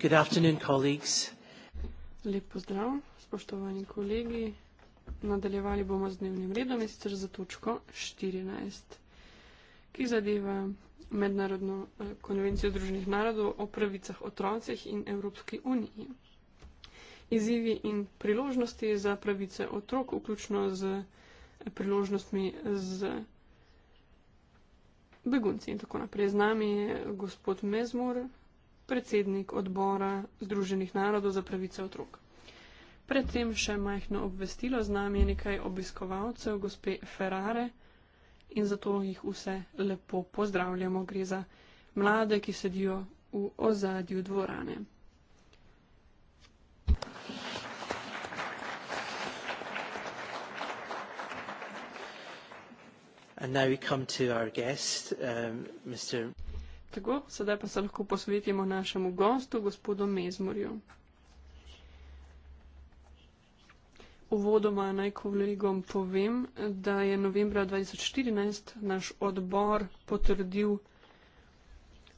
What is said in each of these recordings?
Good afternoon, colleagues. Lep pozdrav, spoštovani kolegi. Nadaljevali bomo z dnevnim redom in sicer za točko 14, ki zadeva Mednarodno eh, konvencijo Združenih narodov o pravicah otrocih in Evropski uniji. Izivi in priložnosti za pravice otrok, vključno z eh, priložnostmi z begunci in tako naprej. Z nami je gospod Mezmur predsednik odbora Združenih narodov za pravice otrok. Predtem še majhno obvestilo, z nami je nekaj obiskovalcev, gospe Ferrare, in zato jih vse lepo pozdravljamo. Gre za mlade, ki sedijo v ozadju dvorane. And now we come to our guest, um, Mr. Tako, sedaj pa se lahko posvetimo našemu gostu, gospodu Mezmorju. Uvodoma naj kolegom povem, da je novembra 2014 naš odbor potrdil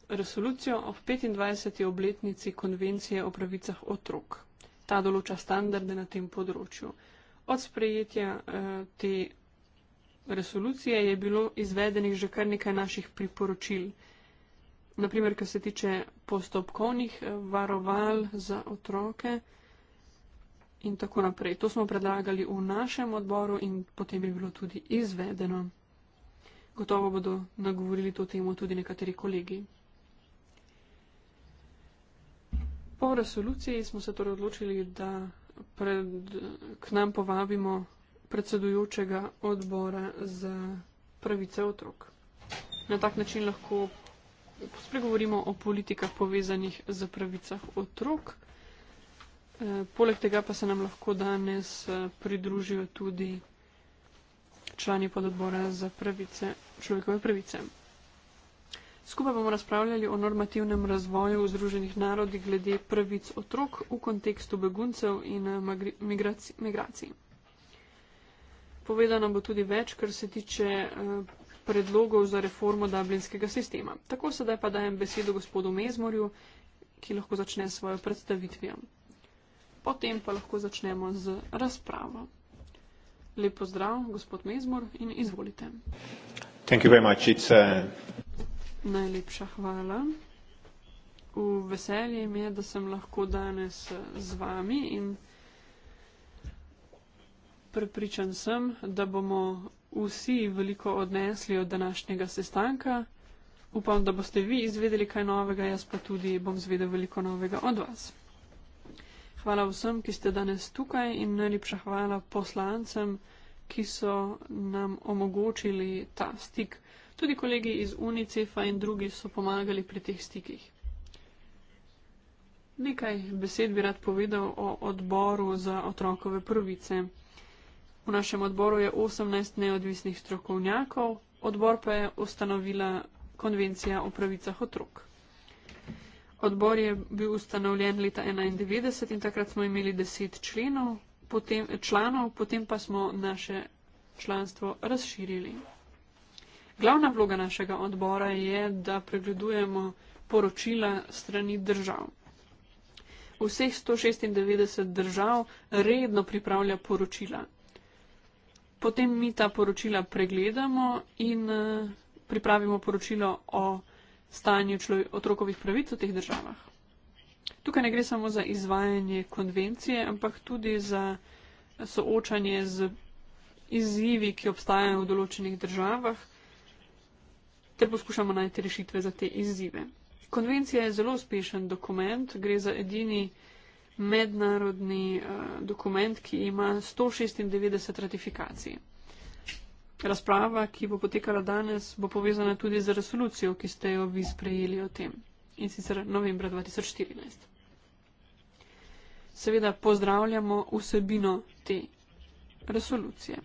resolucijo o 25. obletnici konvencije o pravicah otrok. Ta določa standarde na tem področju. Od sprejetja eh, te resolucije je bilo izvedenih že kar nekaj naših priporočil. Eh, naprimer, kar se tiče postopkovnih eh, varoval za otroke in tako naprej. To smo predlagali v našem odboru in potem je bilo tudi izvedeno. Gotovo bodo nagovorili to temo tudi nekateri kolegi. Po resoluciji smo se torej odločili, da pred, k nam povabimo predsedujočega odbora za pravice otrok. Na tak način lahko ko spregovorimo o politikah povezanih z pravicah otrok. E, poleg tega pa se nam lahko danes eh, pridružijo tudi člani pododbora za pravice, človekove pravice. Skupaj bomo razpravljali o normativnem razvoju Združenih narodih glede pravic otrok v kontekstu beguncev in eh, migraci migracij. Povedano bo tudi več, kar se tiče predlogov za reformo dublinskega sistema. Tako sedaj pa dajem besedo gospodu Mezmorju, ki lahko začne svojo predstavitvijo. Potem pa lahko začnemo z razpravo. Lep pozdrav, gospod Mezmor, in izvolite. Much, a... Uh, Najlepša hvala. V veselje mi je, da sem lahko danes uh, z vami in prepričan sem, da bomo vsi veliko odnesli od današnjega sestanka. Upam, da boste vi izvedeli kaj novega, jaz pa tudi bom izvedel veliko novega od vas. Hvala vsem, ki ste danes tukaj in najlepša hvala poslancem, ki so nam omogočili ta stik. Tudi kolegi iz UNICEF-a in drugi so pomagali pri teh stikih. Nekaj besed bi rad povedal o odboru za otrokove prvice. V našem odboru je 18 neodvisnih strokovnjakov, odbor pa je ustanovila konvencija o pravicah otrok. Odbor je bil ustanovljen leta 1991 in takrat smo imeli 10 členov, potem, članov, potem pa smo naše članstvo razširili. Glavna vloga našega odbora je, da pregledujemo poročila strani držav. Vseh 196 držav redno pripravlja poročila potem mi ta poročila pregledamo in eh, pripravimo poročilo o stanju otrokovih pravic v teh državah. Tukaj ne gre samo za izvajanje konvencije, ampak tudi za soočanje z izzivi, ki obstajajo v določenih državah, ter poskušamo najti rešitve za te izzive. Konvencija je zelo uspešen dokument, gre za edini mednarodni eh, dokument, ki ima 196 ratifikacij. Razprava, ki bo potekala danes, bo povezana tudi z resolucijo, ki ste jo vi sprejeli o tem in sicer novembra 2014. Seveda pozdravljamo vsebino te resolucije.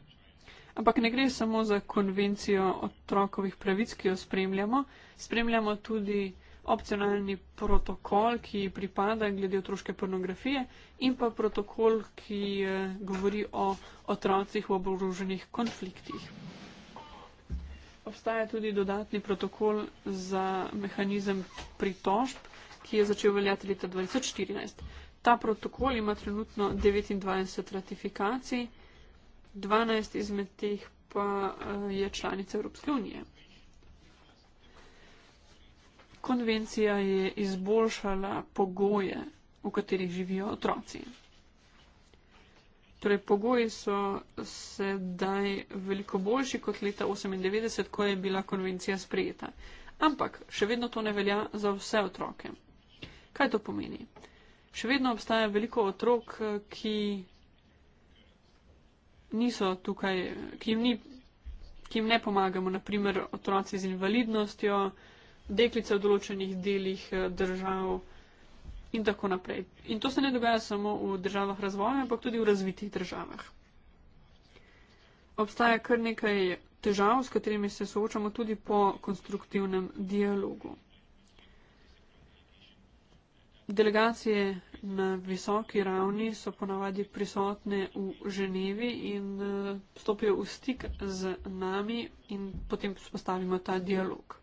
Ampak ne gre samo za konvencijo otrokovih pravic, ki jo spremljamo, spremljamo tudi opcionalni protokol, ki pripada glede otroške pornografije in pa protokol, ki eh, govori o otrocih v oboroženih konfliktih. Obstaja tudi dodatni protokol za mehanizem pritožb, ki je začel veljati leta 2014. Ta protokol ima trenutno 29 ratifikacij, 12 izmed teh pa eh, je članica Evropske unije. Konvencija je izboljšala pogoje, v katerih živijo otroci. Torej, pogoji so sedaj veliko boljši kot leta 1998, ko je bila konvencija sprejeta. Ampak še vedno to ne velja za vse otroke. Kaj to pomeni? Še vedno obstaja veliko otrok, ki niso tukaj, ki jim, ni, ki jim ne pomagamo, naprimer otroci z invalidnostjo, deklice v določenih delih eh, držav in tako naprej. In to se ne dogaja samo v državah razvoja, ampak tudi v razvitih državah. Obstaja kar nekaj težav, s katerimi se soočamo tudi po konstruktivnem dialogu. Delegacije na visoki ravni so ponavadi prisotne v Ženevi in eh, stopijo v stik z nami in potem spostavimo ta dialog. Ja.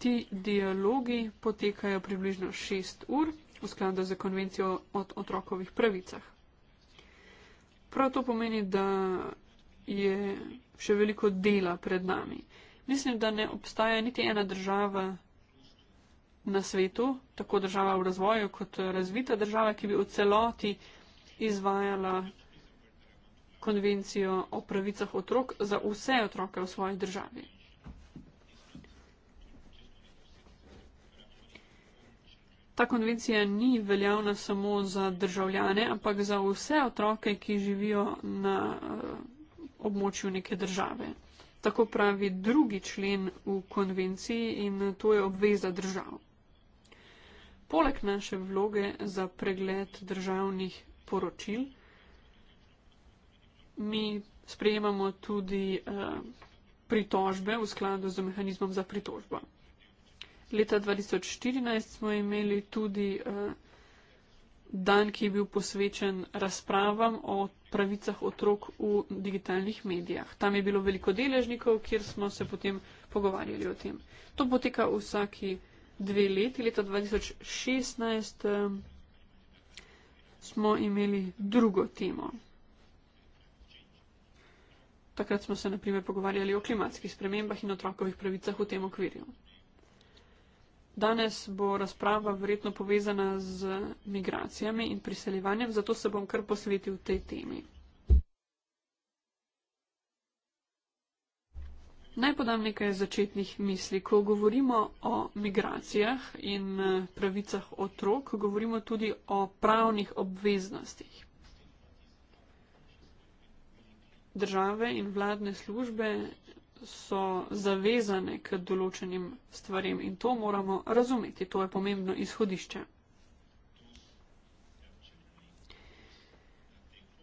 Ti dialogi potekajo približno šest ur v skladu z konvencijo o otrokovih pravicah. Prav to pomeni, da je še veliko dela pred nami. Mislim, da ne obstaja niti ena država na svetu, tako država v razvoju kot razvita država, ki bi v celoti izvajala konvencijo o pravicah otrok za vse otroke v svoji državi. Ta konvencija ni veljavna samo za državljane, ampak za vse otroke, ki živijo na eh, območju neke države. Tako pravi drugi člen v konvenciji in to je obveza držav. Poleg naše vloge za pregled državnih poročil, mi sprejemamo tudi eh, pritožbe v skladu z mehanizmom za pritožbo. Leta 2014 smo imeli tudi uh, dan, ki je bil posvečen razpravam o pravicah otrok v digitalnih medijah. Tam je bilo veliko deležnikov, kjer smo se potem pogovarjali o tem. To poteka vsaki dve leti. Leta 2016 um, eh, smo imeli drugo temo. Takrat smo se naprimer pogovarjali o klimatskih spremembah in otrokovih pravicah v tem okvirju. Danes bo razprava verjetno povezana z migracijami in priseljevanjem, zato se bom kar posvetil tej temi. Naj podam nekaj začetnih misli. Ko govorimo o migracijah in eh, pravicah otrok, govorimo tudi o pravnih obveznostih. Države in vladne službe so zavezane k določenim stvarem in to moramo razumeti. To je pomembno izhodišče.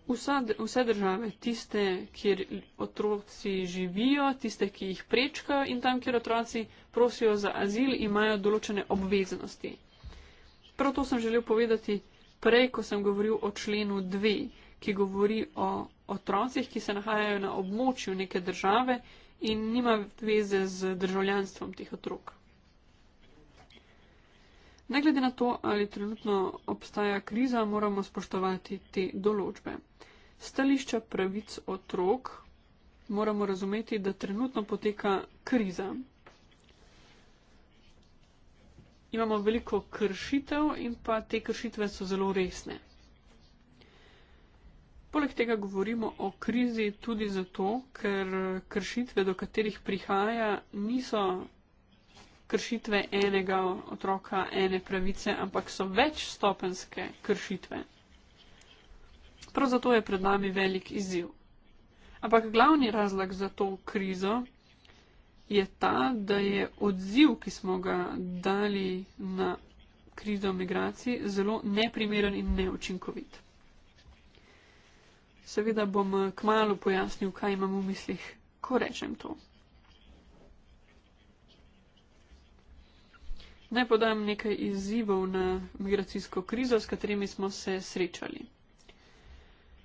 Vsa, vse države, tiste, kjer otroci živijo, tiste, ki jih prečkajo in tam, kjer otroci prosijo za azil, imajo določene obveznosti. Prav to sem želel povedati prej, ko sem govoril o členu 2, ki govori o otrocih, ki se nahajajo na območju neke države in nima veze z državljanstvom teh otrok. Ne glede na to, ali trenutno obstaja kriza, moramo spoštovati te določbe. Stališča pravic otrok moramo razumeti, da trenutno poteka kriza. Imamo veliko kršitev in pa te kršitve so zelo resne. Poleg tega govorimo o krizi tudi zato, ker kršitve, do katerih prihaja, niso kršitve enega otroka, ene pravice, ampak so večstopenske kršitve. Prav zato je pred nami velik izziv. Ampak glavni razlog za to krizo je ta, da je odziv, ki smo ga dali na krizo migracij, zelo neprimeren in neučinkovit. Seveda bom eh, kmalo pojasnil, kaj imam v mislih, ko rečem to. Naj podam nekaj izzivov na migracijsko krizo, s katerimi smo se srečali.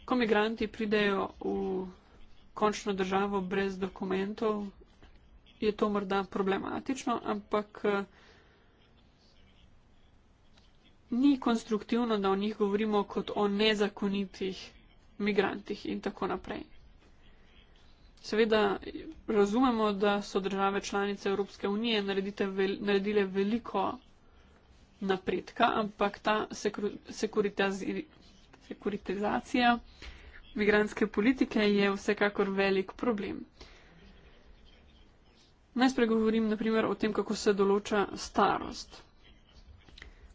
Ko migranti pridejo v končno državo brez dokumentov, je to morda problematično, ampak eh, ni konstruktivno, da o njih govorimo kot o nezakonitih migrantih in tako naprej. Seveda razumemo, da so države članice Evropske unije naredite, vel, naredile veliko napredka, ampak ta sekuritizacija migranske politike je vsekakor velik problem. Naj spregovorim naprimer o tem, kako se določa starost.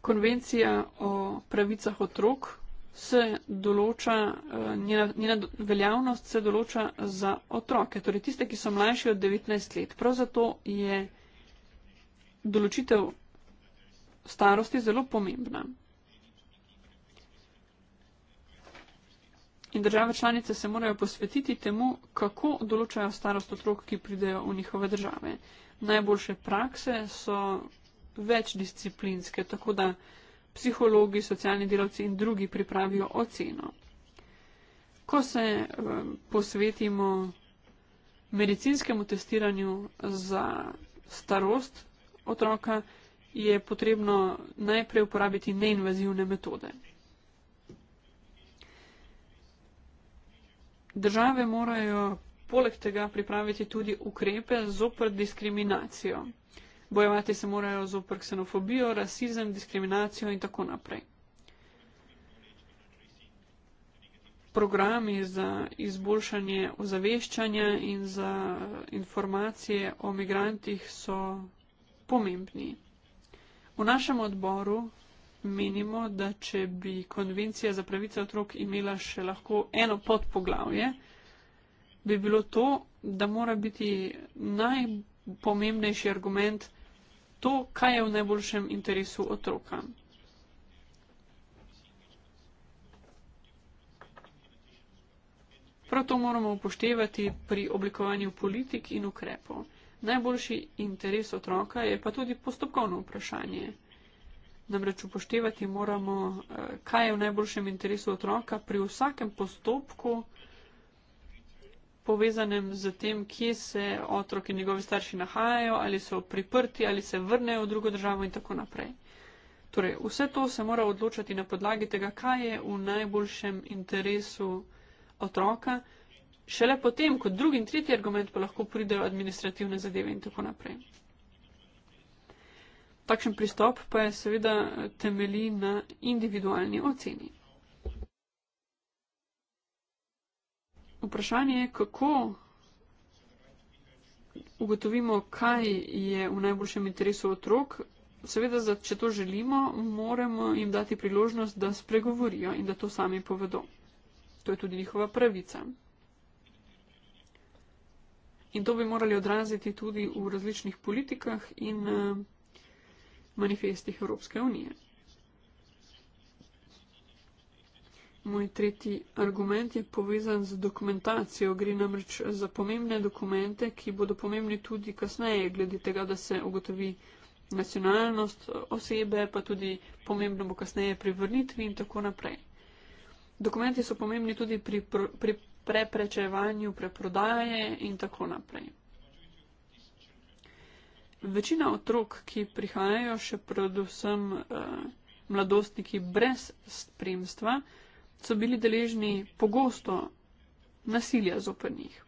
Konvencija o pravicah otrok se določa, eh, njena, njena veljavnost se določa za otroke, torej tiste, ki so mlajši od 19 let. Prav zato je določitev starosti zelo pomembna. In države članice se morajo posvetiti temu, kako določajo starost otrok, ki pridejo v njihove države. Najboljše prakse so večdisciplinske, tako da psihologi, socialni delavci in drugi pripravijo oceno. Ko se eh, posvetimo medicinskemu testiranju za starost otroka, je potrebno najprej uporabiti neinvazivne metode. Države morajo poleg tega pripraviti tudi ukrepe zopr diskriminacijo. Bojevati se morajo zoper ksenofobijo, rasizem, diskriminacijo in tako naprej. Programi za izboljšanje ozaveščanja in za informacije o migrantih so pomembni. V našem odboru menimo, da če bi konvencija za pravice otrok imela še lahko eno podpoglavje, bi bilo to, da mora biti najpomembnejši argument, to, kaj je v najboljšem interesu otroka. Prav to moramo upoštevati pri oblikovanju politik in ukrepov. Najboljši interes otroka je pa tudi postopkovno vprašanje. Namreč upoštevati moramo, eh, kaj je v najboljšem interesu otroka pri vsakem postopku, povezanem z tem, kje se otrok in njegovi starši nahajajo, ali so priprti, ali se vrnejo v drugo državo in tako naprej. Torej, vse to se mora odločati na podlagi tega, kaj je v najboljšem interesu otroka. Šele potem, kot drugi in tretji argument, pa lahko pridejo administrativne zadeve in tako naprej. Takšen pristop pa je seveda temeli na individualni oceni. vprašanje je, kako ugotovimo, kaj je v najboljšem interesu otrok. Seveda, za, če to želimo, moramo jim dati priložnost, da spregovorijo in da to sami povedo. To je tudi njihova pravica. In to bi morali odraziti tudi v različnih politikah in uh, manifestih Evropske unije. Moj tretji argument je povezan z dokumentacijo. Gre namreč za pomembne dokumente, ki bodo pomembni tudi kasneje, glede tega, da se ugotovi nacionalnost osebe, pa tudi pomembno bo kasneje pri vrnitvi in tako naprej. Dokumenti so pomembni tudi pri, pr pri preprečevanju preprodaje in tako naprej. Večina otrok, ki prihajajo, še predvsem eh, mladostniki brez spremstva, so bili deležni pogosto nasilja zoper njih.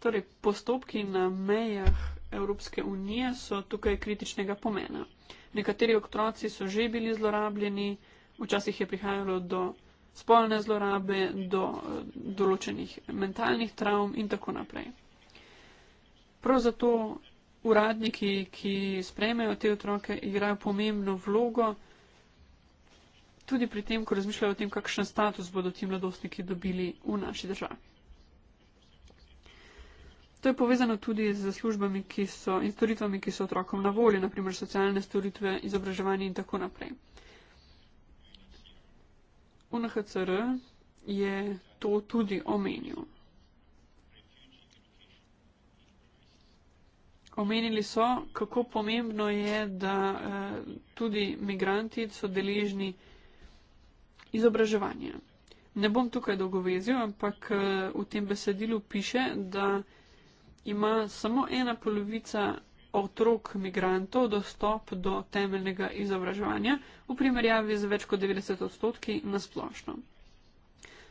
Torej, postopki na mejah Evropske unije so tukaj kritičnega pomena. Nekateri otroci so že bili zlorabljeni, včasih je prihajalo do spolne zlorabe, do eh, določenih mentalnih travm in tako naprej. Prav zato uradniki, ki spremejo te otroke, igrajo pomembno vlogo tudi pri tem, ko razmišljajo o tem, kakšen status bodo ti mladostniki dobili v naši državi. To je povezano tudi z službami so, in storitvami, ki so otrokom na voljo, naprimer socialne storitve, izobraževanje in tako naprej. UNHCR je to tudi omenil. Omenili so, kako pomembno je, da eh, tudi migranti so deležni izobraževanje. Ne bom tukaj dolgovezil, ampak eh, v tem besedilu piše, da ima samo ena polovica otrok migrantov dostop do temeljnega izobraževanja v primerjavi z več kot 90 odstotki nasplošno.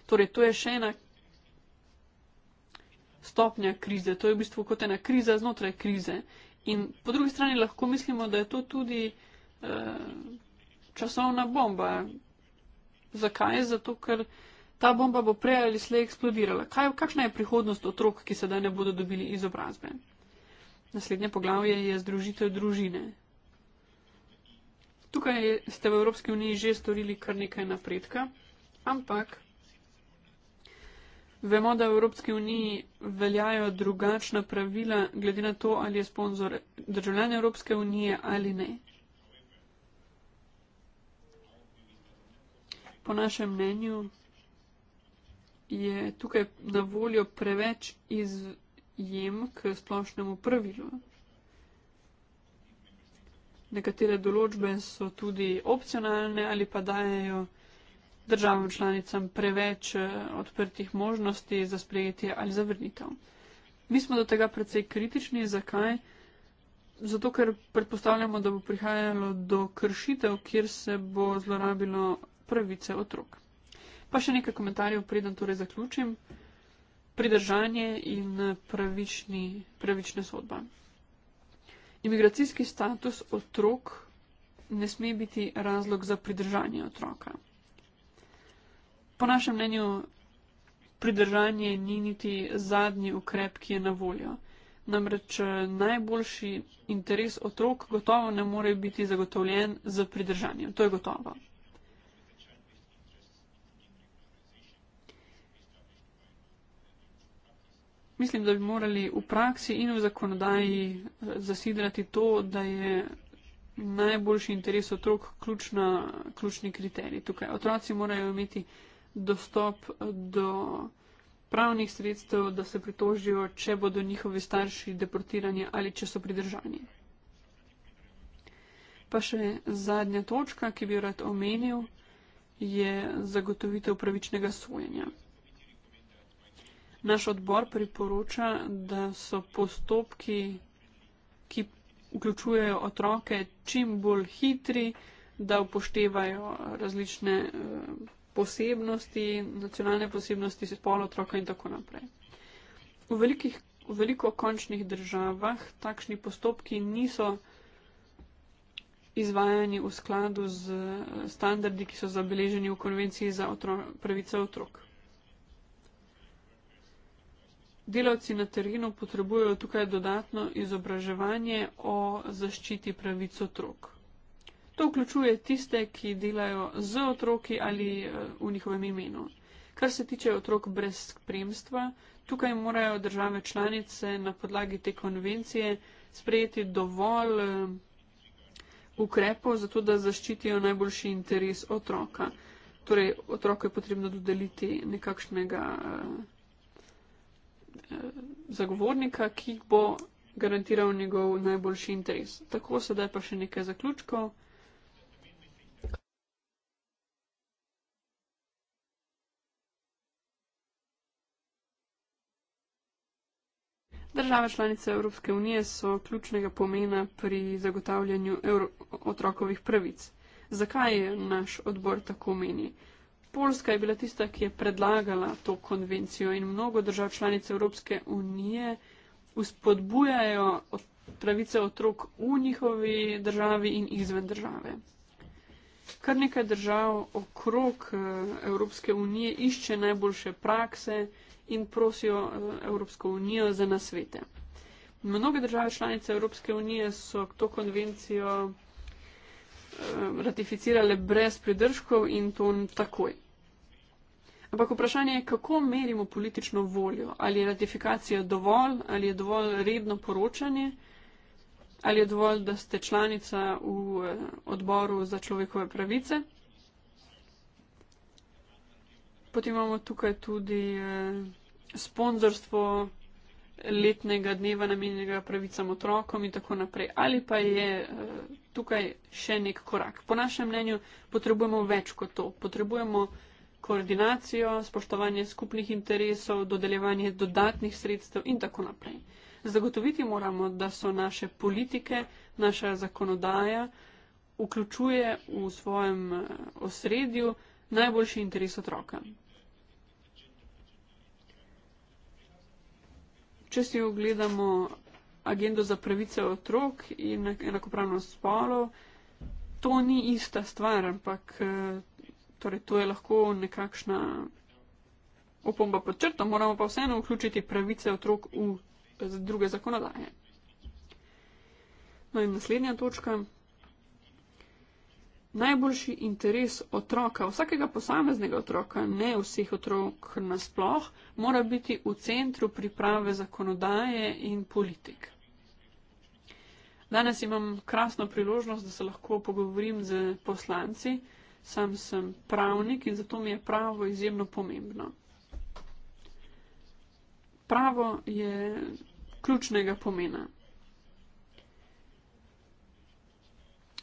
Torej, to je še ena stopnja krize, to je v bistvu kot ena kriza znotraj krize. In po drugi strani lahko mislimo, da je to tudi eh, časovna bomba, Zakaj? Zato, ker ta bomba bo prej ali slej eksplodirala. Kaj, kakšna je prihodnost otrok, ki sedaj ne bodo dobili izobrazbe? Naslednje poglavje je združitev družine. Tukaj ste v Evropski uniji že storili kar nekaj napredka, ampak vemo, da v Evropski uniji veljajo drugačna pravila glede na to, ali je sponzor državljan Evropske unije ali ne. po našem mnenju je tukaj na voljo preveč izjem k splošnemu pravilu. Nekatere določbe so tudi opcionalne ali pa dajajo državam članicam preveč eh, odprtih možnosti za sprejetje ali zavrnitev. Mi smo do tega precej kritični. Zakaj? Zato, ker predpostavljamo, da bo prihajalo do kršitev, kjer se bo zlorabilo pravice otrok. Pa še nekaj komentarjev, preden torej zaključim. Pridržanje in pravični, pravična sodba. Imigracijski status otrok ne sme biti razlog za pridržanje otroka. Po našem mnenju pridržanje ni niti zadnji ukrep, ki je na voljo. Namreč najboljši interes otrok gotovo ne more biti zagotovljen z pridržanjem. To je gotovo. mislim, da bi morali v praksi in v zakonodaji eh, zasidrati to, da je najboljši interes otrok ključna, ključni kriterij tukaj. Otroci morajo imeti dostop eh, do pravnih sredstev, da se pritožijo, če bodo njihovi starši deportirani ali če so pridržani. Pa še zadnja točka, ki bi jo rad omenil, je zagotovitev pravičnega sojenja. Naš odbor priporoča, da so postopki, ki vključujejo otroke, čim bolj hitri, da upoštevajo različne eh, posebnosti, nacionalne posebnosti, spol otroka in tako naprej. V, velikih, v veliko končnih državah takšni postopki niso izvajani v skladu z eh, standardi, ki so zabeleženi v konvenciji za otro, pravice otrok. Delavci na terenu potrebujejo tukaj dodatno izobraževanje o zaščiti pravic otrok. To vključuje tiste, ki delajo z otroki ali eh, v njihovem imenu. Kar se tiče otrok brez spremstva, tukaj morajo države članice na podlagi te konvencije sprejeti dovolj eh, ukrepov, zato da zaščitijo najboljši interes otroka. Torej, otroku je potrebno dodeliti nekakšnega. Uh, zagovornika, ki bo garantiral njegov najboljši interes. Tako sedaj pa še nekaj zaključkov. Države članice Evropske unije so ključnega pomena pri zagotavljanju otrokovih pravic. Zakaj je naš odbor tako meni? Poljska je bila tista, ki je predlagala to konvencijo in mnogo držav članic Evropske unije uspodbujajo pravice otrok v njihovi državi in izven države. Kar nekaj držav okrog eh, Evropske unije išče najboljše prakse in prosijo eh, Evropsko unijo za nasvete. Mnoge države članice Evropske unije so to konvencijo eh, ratificirale brez pridržkov in to takoj. Ampak vprašanje je, kako merimo politično voljo. Ali je ratifikacija dovolj, ali je dovolj redno poročanje, ali je dovolj, da ste članica v eh, odboru za človekove pravice. Potem imamo tukaj tudi eh, sponzorstvo letnega dneva namenjenega pravicam otrokom in tako naprej. Ali pa je eh, tukaj še nek korak. Po našem mnenju potrebujemo več kot to. Potrebujemo koordinacijo, spoštovanje skupnih interesov, dodeljevanje dodatnih sredstev in tako naprej. Zagotoviti moramo, da so naše politike, naša zakonodaja vključuje v svojem eh, osredju najboljši interes otroka. Če si ogledamo agendo za pravice otrok in enakopravnost spolov, to ni ista stvar, ampak eh, Torej, to je lahko nekakšna opomba pod črto, moramo pa vseeno vključiti pravice otrok v druge zakonodaje. No in naslednja točka. Najboljši interes otroka, vsakega posameznega otroka, ne vseh otrok nasploh, mora biti v centru priprave zakonodaje in politik. Danes imam krasno priložnost, da se lahko pogovorim z poslanci sam sem pravnik in zato mi je pravo izjemno pomembno. Pravo je ključnega pomena.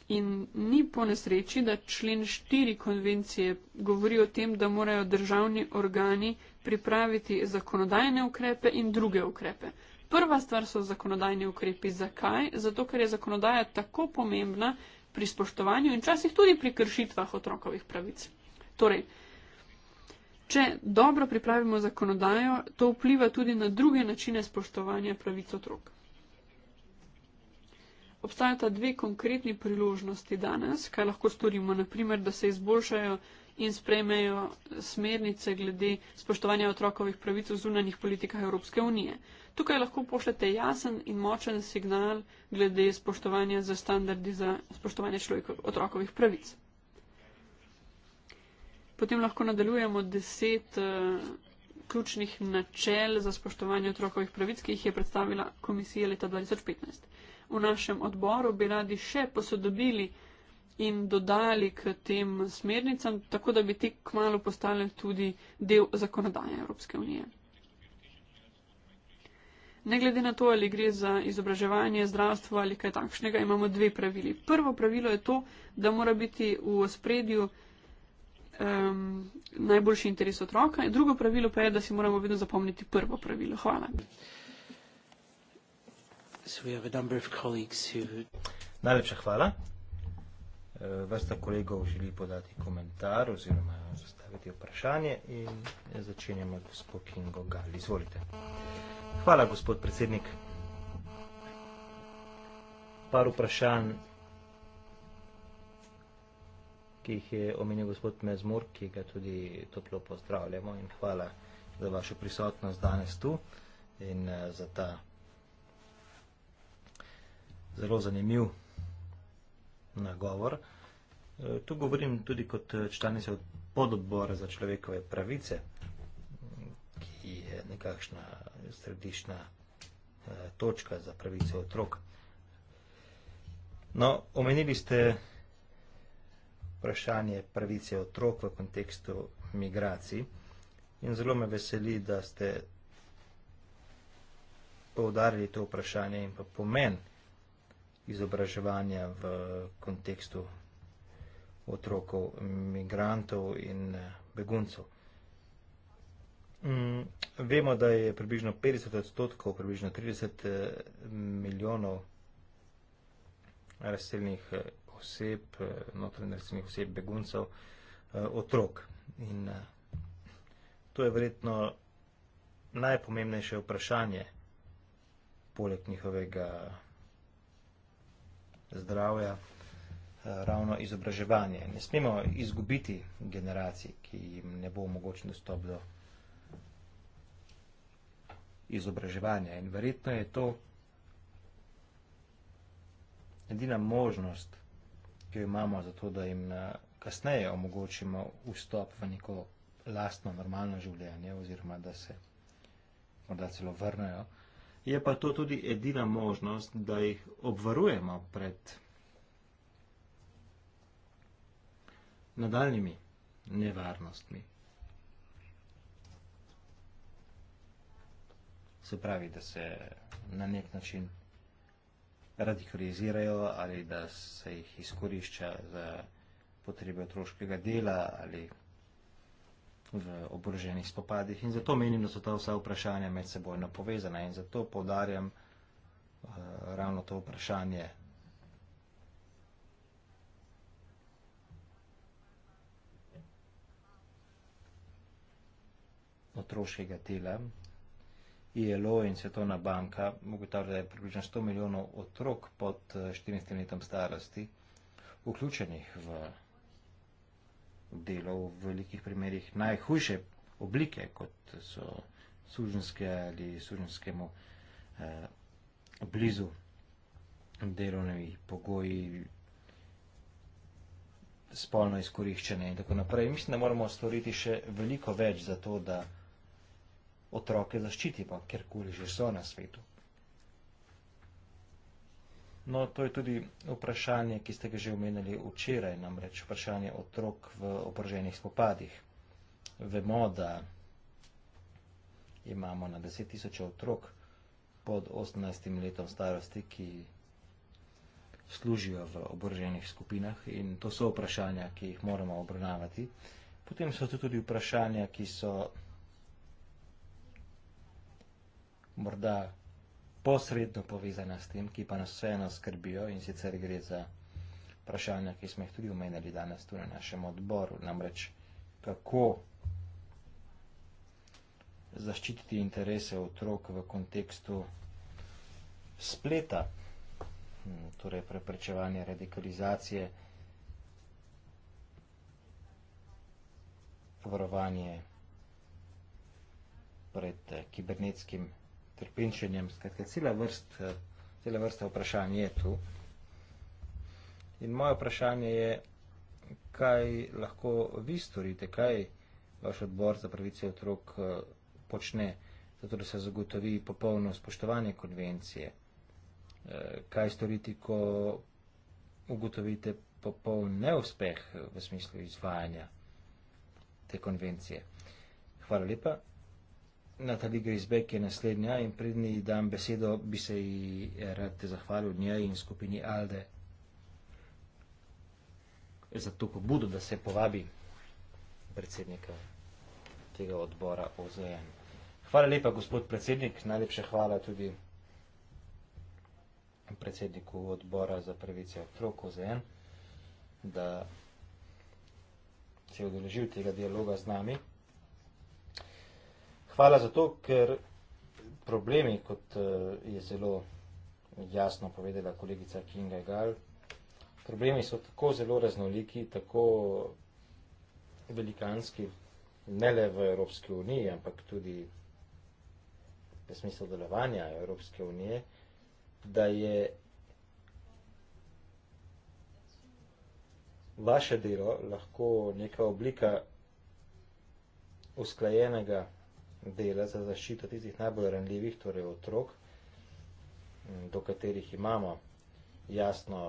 In ni po nesreči, da člen 4 konvencije govori o tem, da morajo državni organi pripraviti zakonodajne ukrepe in druge ukrepe. Prva stvar so zakonodajni ukrepi. Zakaj? Zato, ker je zakonodaja tako pomembna, pri spoštovanju in včasih tudi pri kršitvah otrokovih pravic. Torej, če dobro pripravimo zakonodajo, to vpliva tudi na druge načine spoštovanja pravic otrok. Obstajata dve konkretni priložnosti danes, kaj lahko storimo, naprimer, da se izboljšajo in sprejmejo smernice glede spoštovanja otrokovih pravic v zunanjih politikah Evropske unije. Tukaj lahko pošljete jasen in močen signal glede spoštovanja za standardi za spoštovanje otrokovih pravic. Potem lahko nadaljujemo deset uh, ključnih načel za spoštovanje otrokovih pravic, ki jih je predstavila komisija leta 2015. V našem odboru bi radi še posodobili in dodali k tem smernicam, tako da bi te kmalo postale tudi del zakonodaje Evropske unije. Ne glede na to, ali gre za izobraževanje, zdravstvo ali kaj takšnega, imamo dve pravili. Prvo pravilo je to, da mora biti v spredju um, najboljši interes otroka, in drugo pravilo pa je, da si moramo vedno zapomniti prvo pravilo. Hvala. So Najlepša hvala. Eh, vrsta kolegov želi podati komentar oziroma zastaviti vprašanje in začenjamo gospod Kingo Gal. Izvolite. Hvala, gospod predsednik. Par vprašanj, ki jih je omenil gospod Mezmur, ki ga tudi toplo pozdravljamo in hvala za vašo prisotnost danes tu in eh, za ta zelo zanimiv na govor. E, tu govorim tudi kot e, članica pododbora za človekove pravice, ki je nekakšna središčna e, točka za pravice otrok. No, omenili ste vprašanje pravice otrok v kontekstu migracij in zelo me veseli, da ste poudarili to vprašanje in pa pomen izobraževanja v kontekstu otrokov, migrantov in eh, beguncev. Mm, vemo, da je približno 50 odstotkov, približno 30 eh, milijonov razseljenih eh, oseb, notranje razseljenih oseb, beguncev, otrok. In to je verjetno najpomembnejše vprašanje poleg njihovega zdravja, eh, ravno izobraževanje. Ne smemo izgubiti generacij, ki jim ne bo omogočen dostop do izobraževanja. In verjetno je to edina možnost, ki jo imamo za to, da jim eh, kasneje omogočimo vstop v neko lastno normalno življenje oziroma da se morda celo vrnejo. Je pa to tudi edina možnost, da jih obvarujemo pred nadaljnimi nevarnostmi. Se pravi, da se na nek način radikalizirajo ali da se jih izkorišča za potrebe otroškega dela ali v oboroženih spopadih in zato menim, da so ta vsa vprašanja med sebojno povezana in zato povdarjam uh, eh, ravno to vprašanje. otroškega tela, ILO in Svetovna banka, mogotavlja, da je približno 100 milijonov otrok pod 14 eh, letom starosti, vključenih v delal v velikih primerih najhujše oblike, kot so služenske ali služenskemu eh, blizu delovnevi pogoji, spolno izkoriščene in tako naprej. Mislim, da moramo storiti še veliko več za to, da otroke zaščitimo, kjerkoli že so na svetu. No, to je tudi vprašanje, ki ste ga že omenili včeraj, namreč vprašanje otrok v oboroženih spopadih. Vemo, da imamo na deset tisoče otrok pod 18 letom starosti, ki služijo v oboroženih skupinah in to so vprašanja, ki jih moramo obravnavati. Potem so tu tudi vprašanja, ki so morda posredno povezana s tem, ki pa nas vseeno skrbijo in sicer gre za vprašanja, ki smo jih tudi omenjali danes tu na našem odboru, namreč kako zaščititi interese otrok v kontekstu spleta, hm, torej preprečevanje radikalizacije, varovanje pred eh, kibernetskim trpinčenjem, skratka, cela vrst, eh, cela vrsta vprašanj je tu. In moje vprašanje je, kaj lahko vi storite, kaj vaš odbor za pravice otrok eh, počne, zato da se zagotovi popolno spoštovanje konvencije. Eh, kaj storiti, ko ugotovite popoln neuspeh v smislu izvajanja te konvencije. Hvala lepa. Natalija Grizbek je naslednja in prednji dan besedo bi se ji rad zahvalil njej in skupini Alde za to pobudo, da se povabi predsednika tega odbora OZN. Hvala lepa, gospod predsednik, najlepše hvala tudi predsedniku odbora za pravice otrok OZN, da se je odeležil tega dialoga z nami. Hvala za to, ker problemi, kot eh, je zelo jasno povedala kolegica Kinga Gal, problemi so tako zelo raznoliki, tako velikanski, ne le v Evropski uniji, ampak tudi v smislu delovanja Evropske unije, da je vaše delo lahko neka oblika usklajenega dela za zaščito tistih najbolj ranljivih, torej otrok, do katerih imamo jasno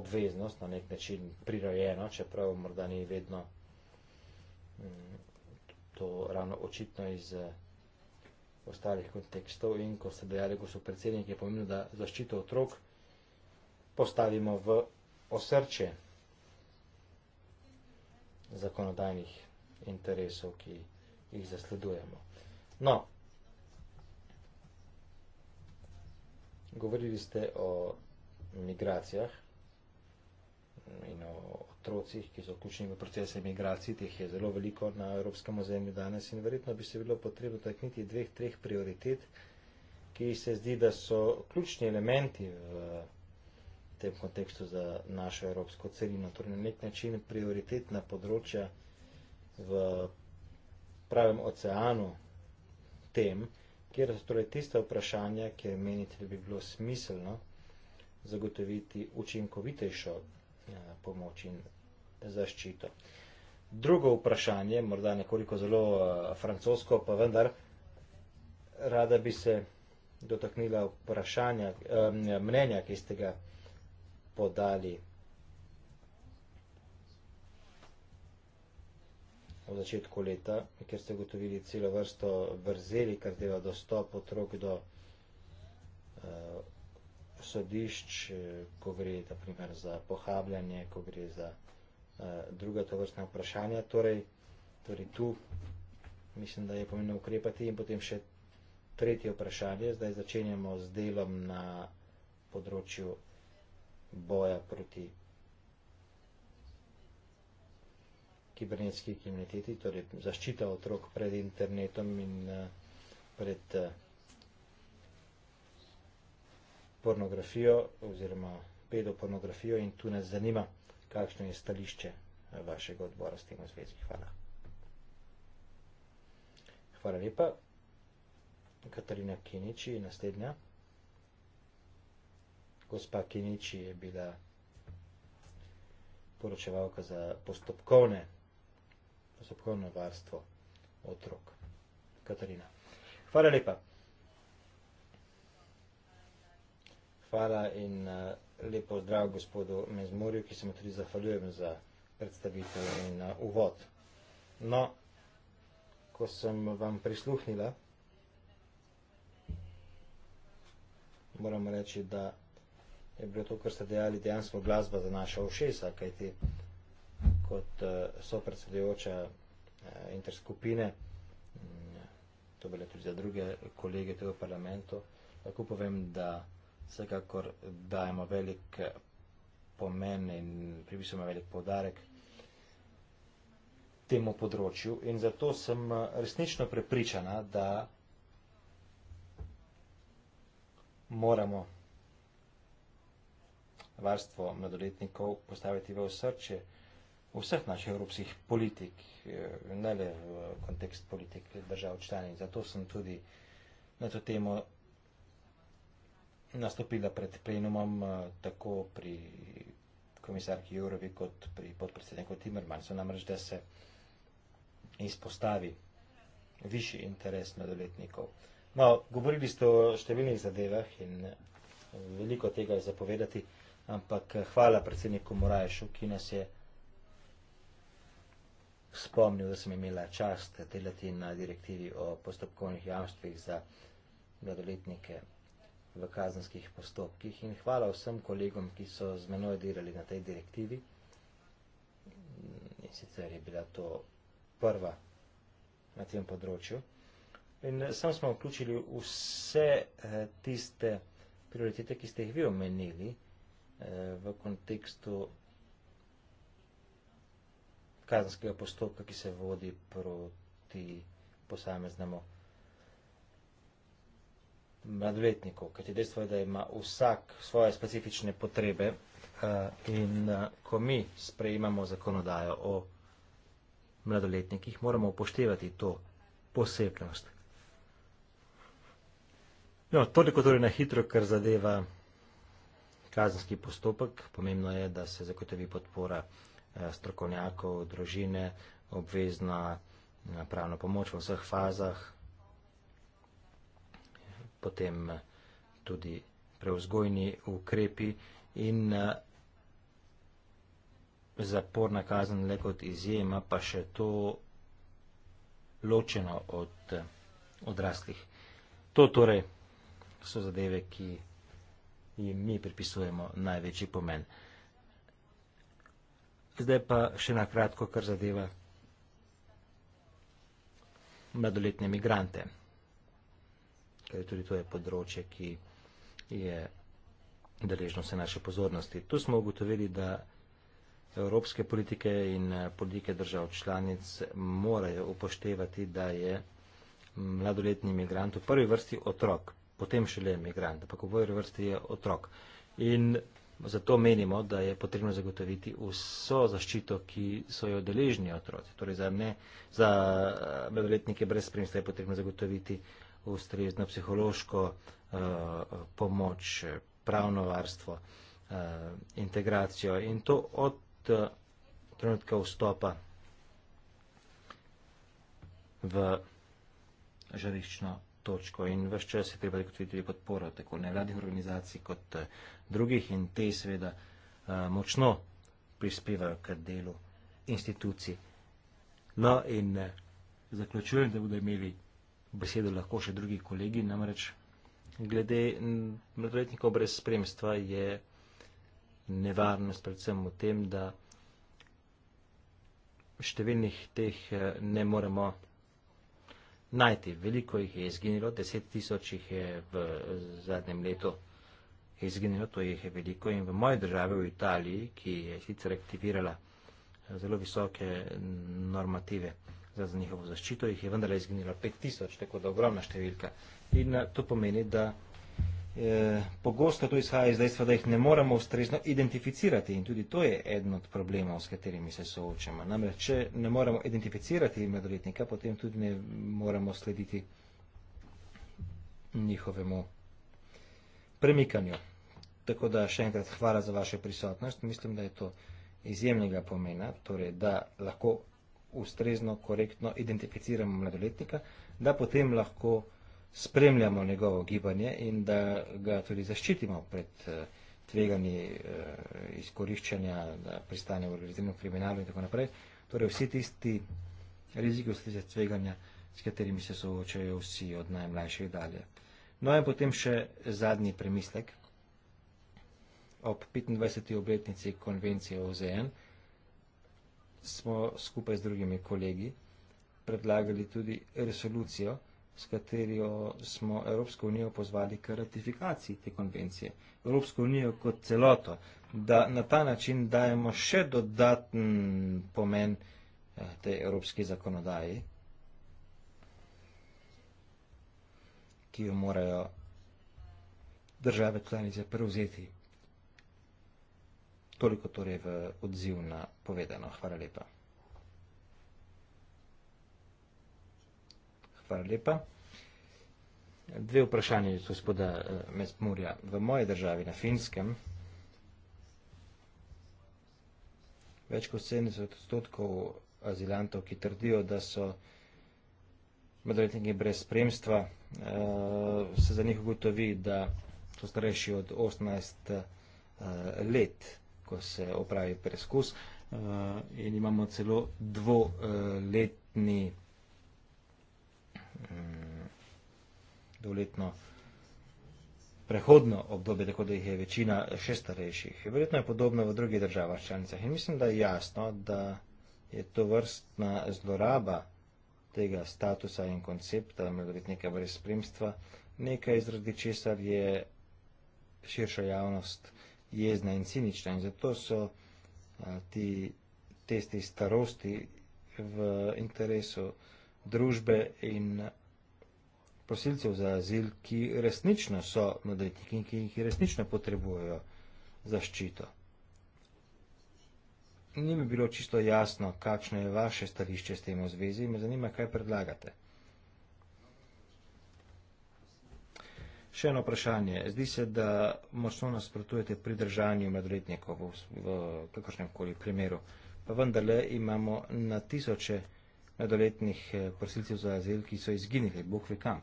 obveznost, na nek način prirojeno, čeprav morda ni vedno mm, to ravno očitno iz eh, ostalih kontekstov in ko ste dejali, ko so predsedniki pomenili, da zaščito otrok postavimo v osrče zakonodajnih interesov, ki jih zasledujemo. No, govorili ste o migracijah in o otrocih, ki so vključeni v procese migracij, teh je zelo veliko na evropskem ozemlju danes in verjetno bi se bilo potrebno takniti dveh, treh prioritet, ki se zdi, da so ključni elementi v tem kontekstu za našo evropsko celino, torej na nek način prioritetna področja v pravem oceanu tem, kjer so torej tiste vprašanja, ki menite, da bi bilo smiselno zagotoviti učinkovitejšo eh, pomoč in zaščito. Drugo vprašanje, morda nekoliko zelo eh, francosko, pa vendar rada bi se dotaknila vprašanja, eh, mnenja, ki ste ga podali v začetku leta, kjer ste ugotovili celo vrsto vrzeli, kar zdaj je dostop otrok do uh, sodišč, ko gre naprimer za pohabljanje, ko gre za uh, druga to vrstna vprašanja. Torej, torej tu mislim, da je pomembno ukrepati in potem še tretje vprašanje. Zdaj začenjamo z delom na področju boja proti kibernetski kriminaliteti, torej zaščita otrok pred internetom in eh, pred eh, pornografijo oziroma pedopornografijo in tu nas zanima, kakšno je stališče eh, vašega odbora s tem v zvezi. Hvala. Hvala lepa. Katarina Kiniči, naslednja. Gospa Kiniči je bila poročevalka za postopkovne postopkovno varstvo otrok. Katarina. Hvala lepa. Hvala in eh, lepo zdrav gospodu Mezmorju, ki se mu tudi zahvaljujem za predstavitev in eh, uvod. No, ko sem vam prisluhnila, moram reči, da je bilo to, kar ste dejali, dejansko glasba za naša ušesa, kajti ti kot eh, sopredsedujoča eh, interskupine, mm, to bile tudi za druge kolege tega parlamentu, lahko povem, da vsekakor dajemo velik eh, pomen in pripisujemo velik podarek temu področju in zato sem resnično prepričana, da moramo varstvo mladoletnikov postaviti v srče vseh naših evropskih politik, eh, ne le v kontekst politik držav članic. Zato sem tudi na to temo nastopila pred plenumom, eh, tako pri komisarki Jurovi kot pri podpredsedniku Timmermansu, namreč, da se izpostavi višji interes mladoletnikov. No, govorili ste o številnih zadevah in veliko tega je zapovedati, ampak eh, hvala predsedniku Morajšu, ki nas je spomnil, da sem imela čast delati na direktivi o postopkovnih jamstvih za mladoletnike v kazenskih postopkih in hvala vsem kolegom, ki so z menoj delali na tej direktivi. In sicer je bila to prva na tem področju. In eh, sam smo vključili vse eh, tiste prioritete, ki ste jih vi omenili eh, v kontekstu kazanskega postopka, ki se vodi proti posameznemu mladoletniku. Ker je dejstvo, da ima vsak svoje specifične potrebe eh, in eh, ko mi sprejemamo zakonodajo o mladoletnikih, moramo upoštevati to posebnost. No, toliko torej na hitro, kar zadeva kazenski postopek. Pomembno je, da se zakotovi podpora vsega. Eh, strokovnjakov, družine, obvezna eh, pravna pomoč v vseh fazah, potem eh, tudi preuzgojni ukrepi in zaporna kazen le kot izjema, pa še to ločeno od odraslih. To torej so zadeve, ki jim mi pripisujemo največji pomen. Zdaj pa še na kratko, kar zadeva mladoletne migrante, ker tudi to je področje, ki je deležno vse naše pozornosti. Tu smo ugotovili, da evropske politike in eh, politike držav članic morajo upoštevati, da je mladoletni migrant v prvi vrsti otrok, potem šele migrant, pa v prvi vrsti je otrok. In Zato menimo, da je potrebno zagotoviti vso zaščito, ki so jo deležni otroci. Torej za za eh, mladoletnike brez spremstva je potrebno zagotoviti ustrezno psihološko uh, pomoč, pravno varstvo, uh, integracijo in to od uh, trenutka vstopa v žariščno točko in vse čas je treba rekoči tudi podporo tako nevladnih organizacij kot eh, drugih in te seveda eh, močno prispevajo k delu institucij. No in eh, zaključujem, da bodo imeli besedo lahko še drugi kolegi, namreč glede mladoletnikov brez spremstva je nevarnost predvsem v tem, da številnih teh ne moremo najti. Veliko jih je izginilo, deset tisoč jih je v eh, zadnjem letu izginilo, to jih je veliko in v moji državi v Italiji, ki je sicer aktivirala eh, zelo visoke normative za njihovo zaščito, jih je vendarle izginilo pet tisoč, tako da ogromna številka. In eh, to pomeni, da Eh, pogosto to izhaja iz dejstva, da jih ne moremo ustrezno identificirati in tudi to je eden od problemov, s katerimi se soočamo. Namreč, če ne moremo identificirati mladoletnika, potem tudi ne moremo slediti njihovemu premikanju. Tako da še enkrat hvala za vašo prisotnost. Mislim, da je to izjemnega pomena, torej, da lahko ustrezno, korektno identificiramo mladoletnika, da potem lahko spremljamo njegovo gibanje in da ga tudi zaščitimo pred eh, tveganji eh, izkoriščanja, pristanja v organiziranem kriminalu in tako naprej. Torej vsi tisti riziki, vsi tisti tveganja, s katerimi se soočajo vsi od najmlajših dalje. No in potem še zadnji premislek ob 25. obletnici konvencije OZN smo skupaj z drugimi kolegi predlagali tudi resolucijo, s katerijo smo Evropsko unijo pozvali k ratifikaciji te konvencije. Evropsko unijo kot celoto, da na ta način dajemo še dodaten pomen eh, tej evropski zakonodaji, ki jo morajo države članice prevzeti. Toliko torej v odziv na povedano. Hvala lepa. Hvala lepa. Dve vprašanje iz gospoda eh, Mesmurja. V moje državi na Finskem več kot 70 odstotkov azilantov, ki trdijo, da so medoletniki brez spremstva, eh, se za njih ugotovi, da so starejši od 18 eh, let, ko se opravi preskus in imamo celo dvoletni preskus Mm, doletno prehodno obdobje, tako da jih je večina še starejših. Verjetno je podobno v drugih državah članicah in mislim, da je jasno, da je to vrstna zloraba tega statusa in koncepta, mladoletnika brez spremstva, nekaj izradi česar je širša javnost jezna in cinična in zato so ti testi starosti v interesu družbe in prosilcev za azil, ki resnično so mladetniki in ki jih resnično potrebujejo zaščito. Ni mi bilo čisto jasno, kakšno je vaše stališče s tem v zvezi in me zanima, kaj predlagate. Še eno vprašanje. Zdi se, da močno nasprotujete pri držanju mladoletnikov v, v kakršnem koli primeru. Pa vendarle imamo na tisoče mladoletnih eh, prosilcev za azil, ki so izginili, Bog ve kam.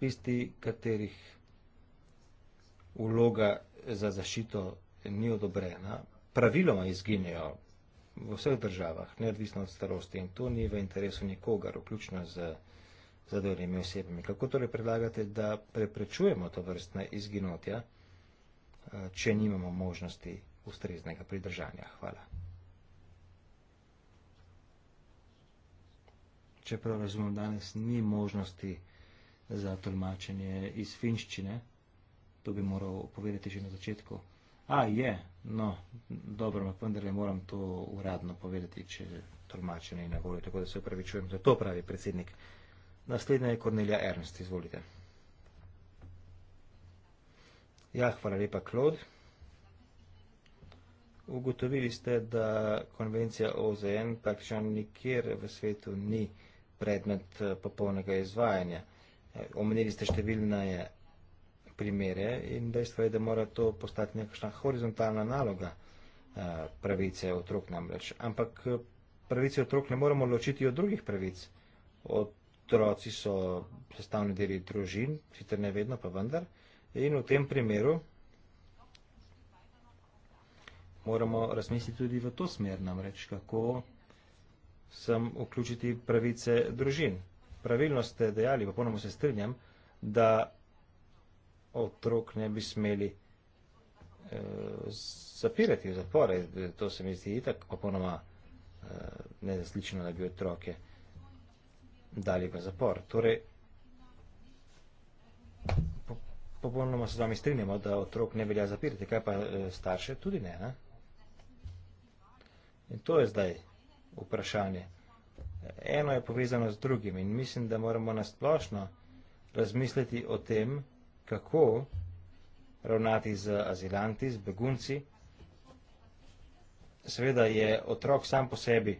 Tisti, katerih vloga za zašito ni odobrena, praviloma izginejo v vseh državah, neodvisno od starosti in to ni v interesu nikogar, vključno z zadovoljnimi osebami. Kako torej predlagate, da preprečujemo to vrstne izginotja, eh, če nimamo možnosti ustreznega pridržanja? Hvala. čeprav razumem, danes ni možnosti za tolmačenje iz finščine. To bi moral povedati že na začetku. A, je, no, dobro, ampak vendar le moram to uradno povedati, če tolmačenje je na voljo, tako da se upravičujem za to, pravi predsednik. Naslednja je Kornelija Ernst, izvolite. Ja, hvala lepa, Klod. Ugotovili ste, da konvencija OZN praktično nikjer v svetu ni predmet eh, popolnega izvajanja. Eh, omenili ste številne primere in dejstvo je, da mora to postati nekakšna horizontalna naloga eh, pravice otrok namreč. Ampak pravice otrok ne moramo ločiti od drugih pravic. Otroci so sestavni deli družin, sicer ne vedno, pa vendar. In v tem primeru moramo razmisliti tudi v to smer namreč, kako sem vključiti pravice družin. Pravilno ste dejali, pa ponovno se strinjam, da otrok ne bi smeli eh, zapirati v zapore. To se mi zdi itak popolnoma eh, nezaslično, da bi otroke dali v zapor. Torej, popolnoma se z vami strinjamo, da otrok ne velja zapirati, kaj pa eh, starše tudi ne. ne? In to je zdaj vprašanje. Eno je povezano z drugim in mislim, da moramo nasplošno razmisliti o tem, kako ravnati z azilanti, z begunci. Seveda je otrok sam po sebi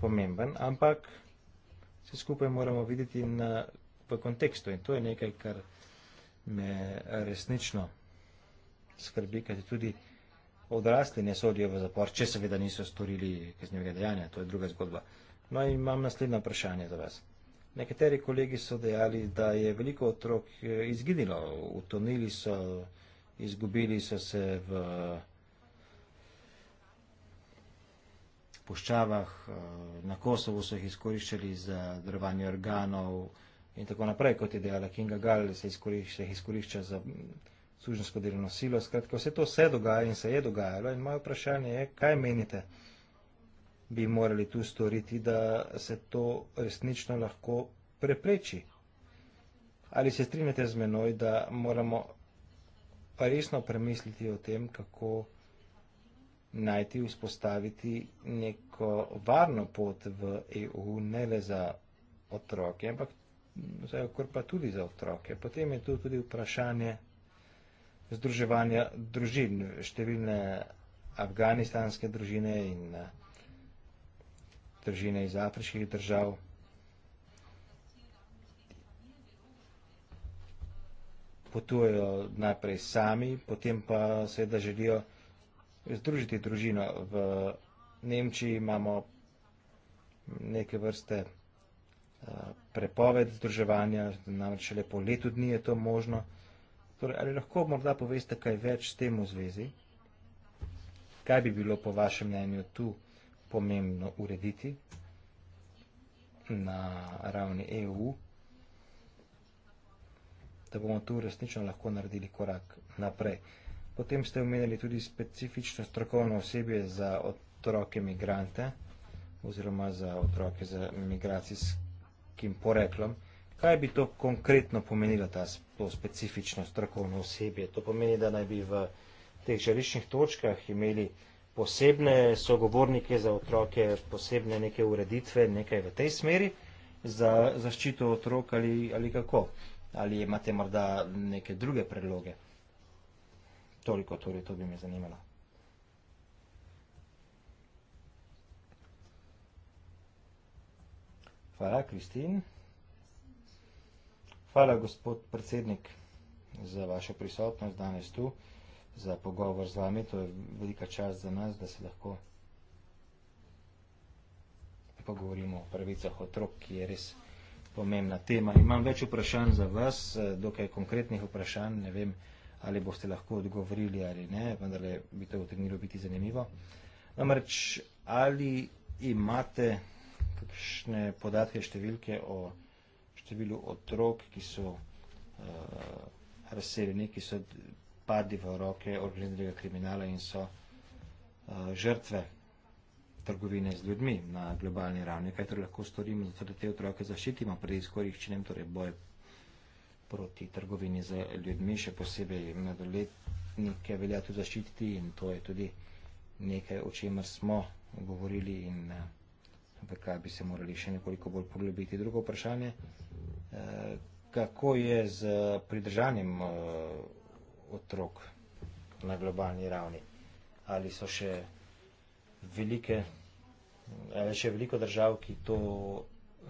pomemben, ampak vse skupaj moramo videti na, v kontekstu in to je nekaj, kar me resnično skrbi, kajti tudi odrasli ne sodijo v zapor, če seveda niso storili kaznjega dejanja, to je druga zgodba. No in imam naslednje vprašanje za vas. Nekateri kolegi so dejali, da je veliko otrok eh, izginilo, utonili so, izgubili so se v puščavah, eh, na Kosovo so jih izkoriščali za drvanje organov in tako naprej, kot je dejala Kinga Gall, se jih izkorišča za sužensko delovno silo. Skratka, vse to se dogaja in se je dogajalo in moje vprašanje je, kaj menite, bi morali tu storiti, da se to resnično lahko prepreči. Ali se strinjate z menoj, da moramo resno premisliti o tem, kako najti, vzpostaviti neko varno pot v EU, ne le za otroke, ampak vsaj okor pa tudi za otroke. Potem je tu tudi vprašanje združevanja družin. Številne afganistanske družine in eh, družine iz afriških držav potujejo najprej sami, potem pa seveda želijo združiti družino. V Nemčiji imamo neke vrste eh, prepoved združevanja, namreč šele po letu dni je to možno. Torej, ali lahko morda poveste kaj več s tem v zvezi? Kaj bi bilo po vašem mnenju tu pomembno urediti na ravni EU, da bomo tu resnično lahko naredili korak naprej? Potem ste omenili tudi specifično strokovno osebje za otroke migrante oziroma za otroke z migracijskim poreklom. Kaj bi to konkretno pomenilo, ta to specifično strokovno osebje? To pomeni, da naj bi v teh žariščnih točkah imeli posebne sogovornike za otroke, posebne neke ureditve, nekaj v tej smeri za zaščito otrok ali, ali kako? Ali imate morda neke druge predloge? Toliko, torej, to bi me zanimalo. Hvala, Kristin. Hvala, gospod predsednik, za vašo prisotnost danes tu, za pogovor z vami. To je velika čast za nas, da se lahko pogovorimo o pravicah otrok, ki je res pomembna tema. Imam več vprašanj za vas, dokaj konkretnih vprašanj, ne vem, ali boste lahko odgovorili ali ne, vendar bi to utegnilo biti zanimivo. Namreč, ali imate kakšne podatke, številke o številu otrok, ki so uh, razseljeni, ki so padli v roke organiziranega kriminala in so uh, žrtve trgovine z ljudmi na globalni ravni. Kaj torej lahko storimo, zato da te otroke zaščitimo pred izkoriščenjem, torej boj proti trgovini z ljudmi, še posebej mladoletnike velja tudi zaščititi in to je tudi nekaj, o čemer smo govorili in uh, v kaj bi se morali še nekoliko bolj poglobiti. Drugo vprašanje, eh, kako je z pridržanjem eh, otrok na globalni ravni? Ali so še velike, ali še veliko držav, ki to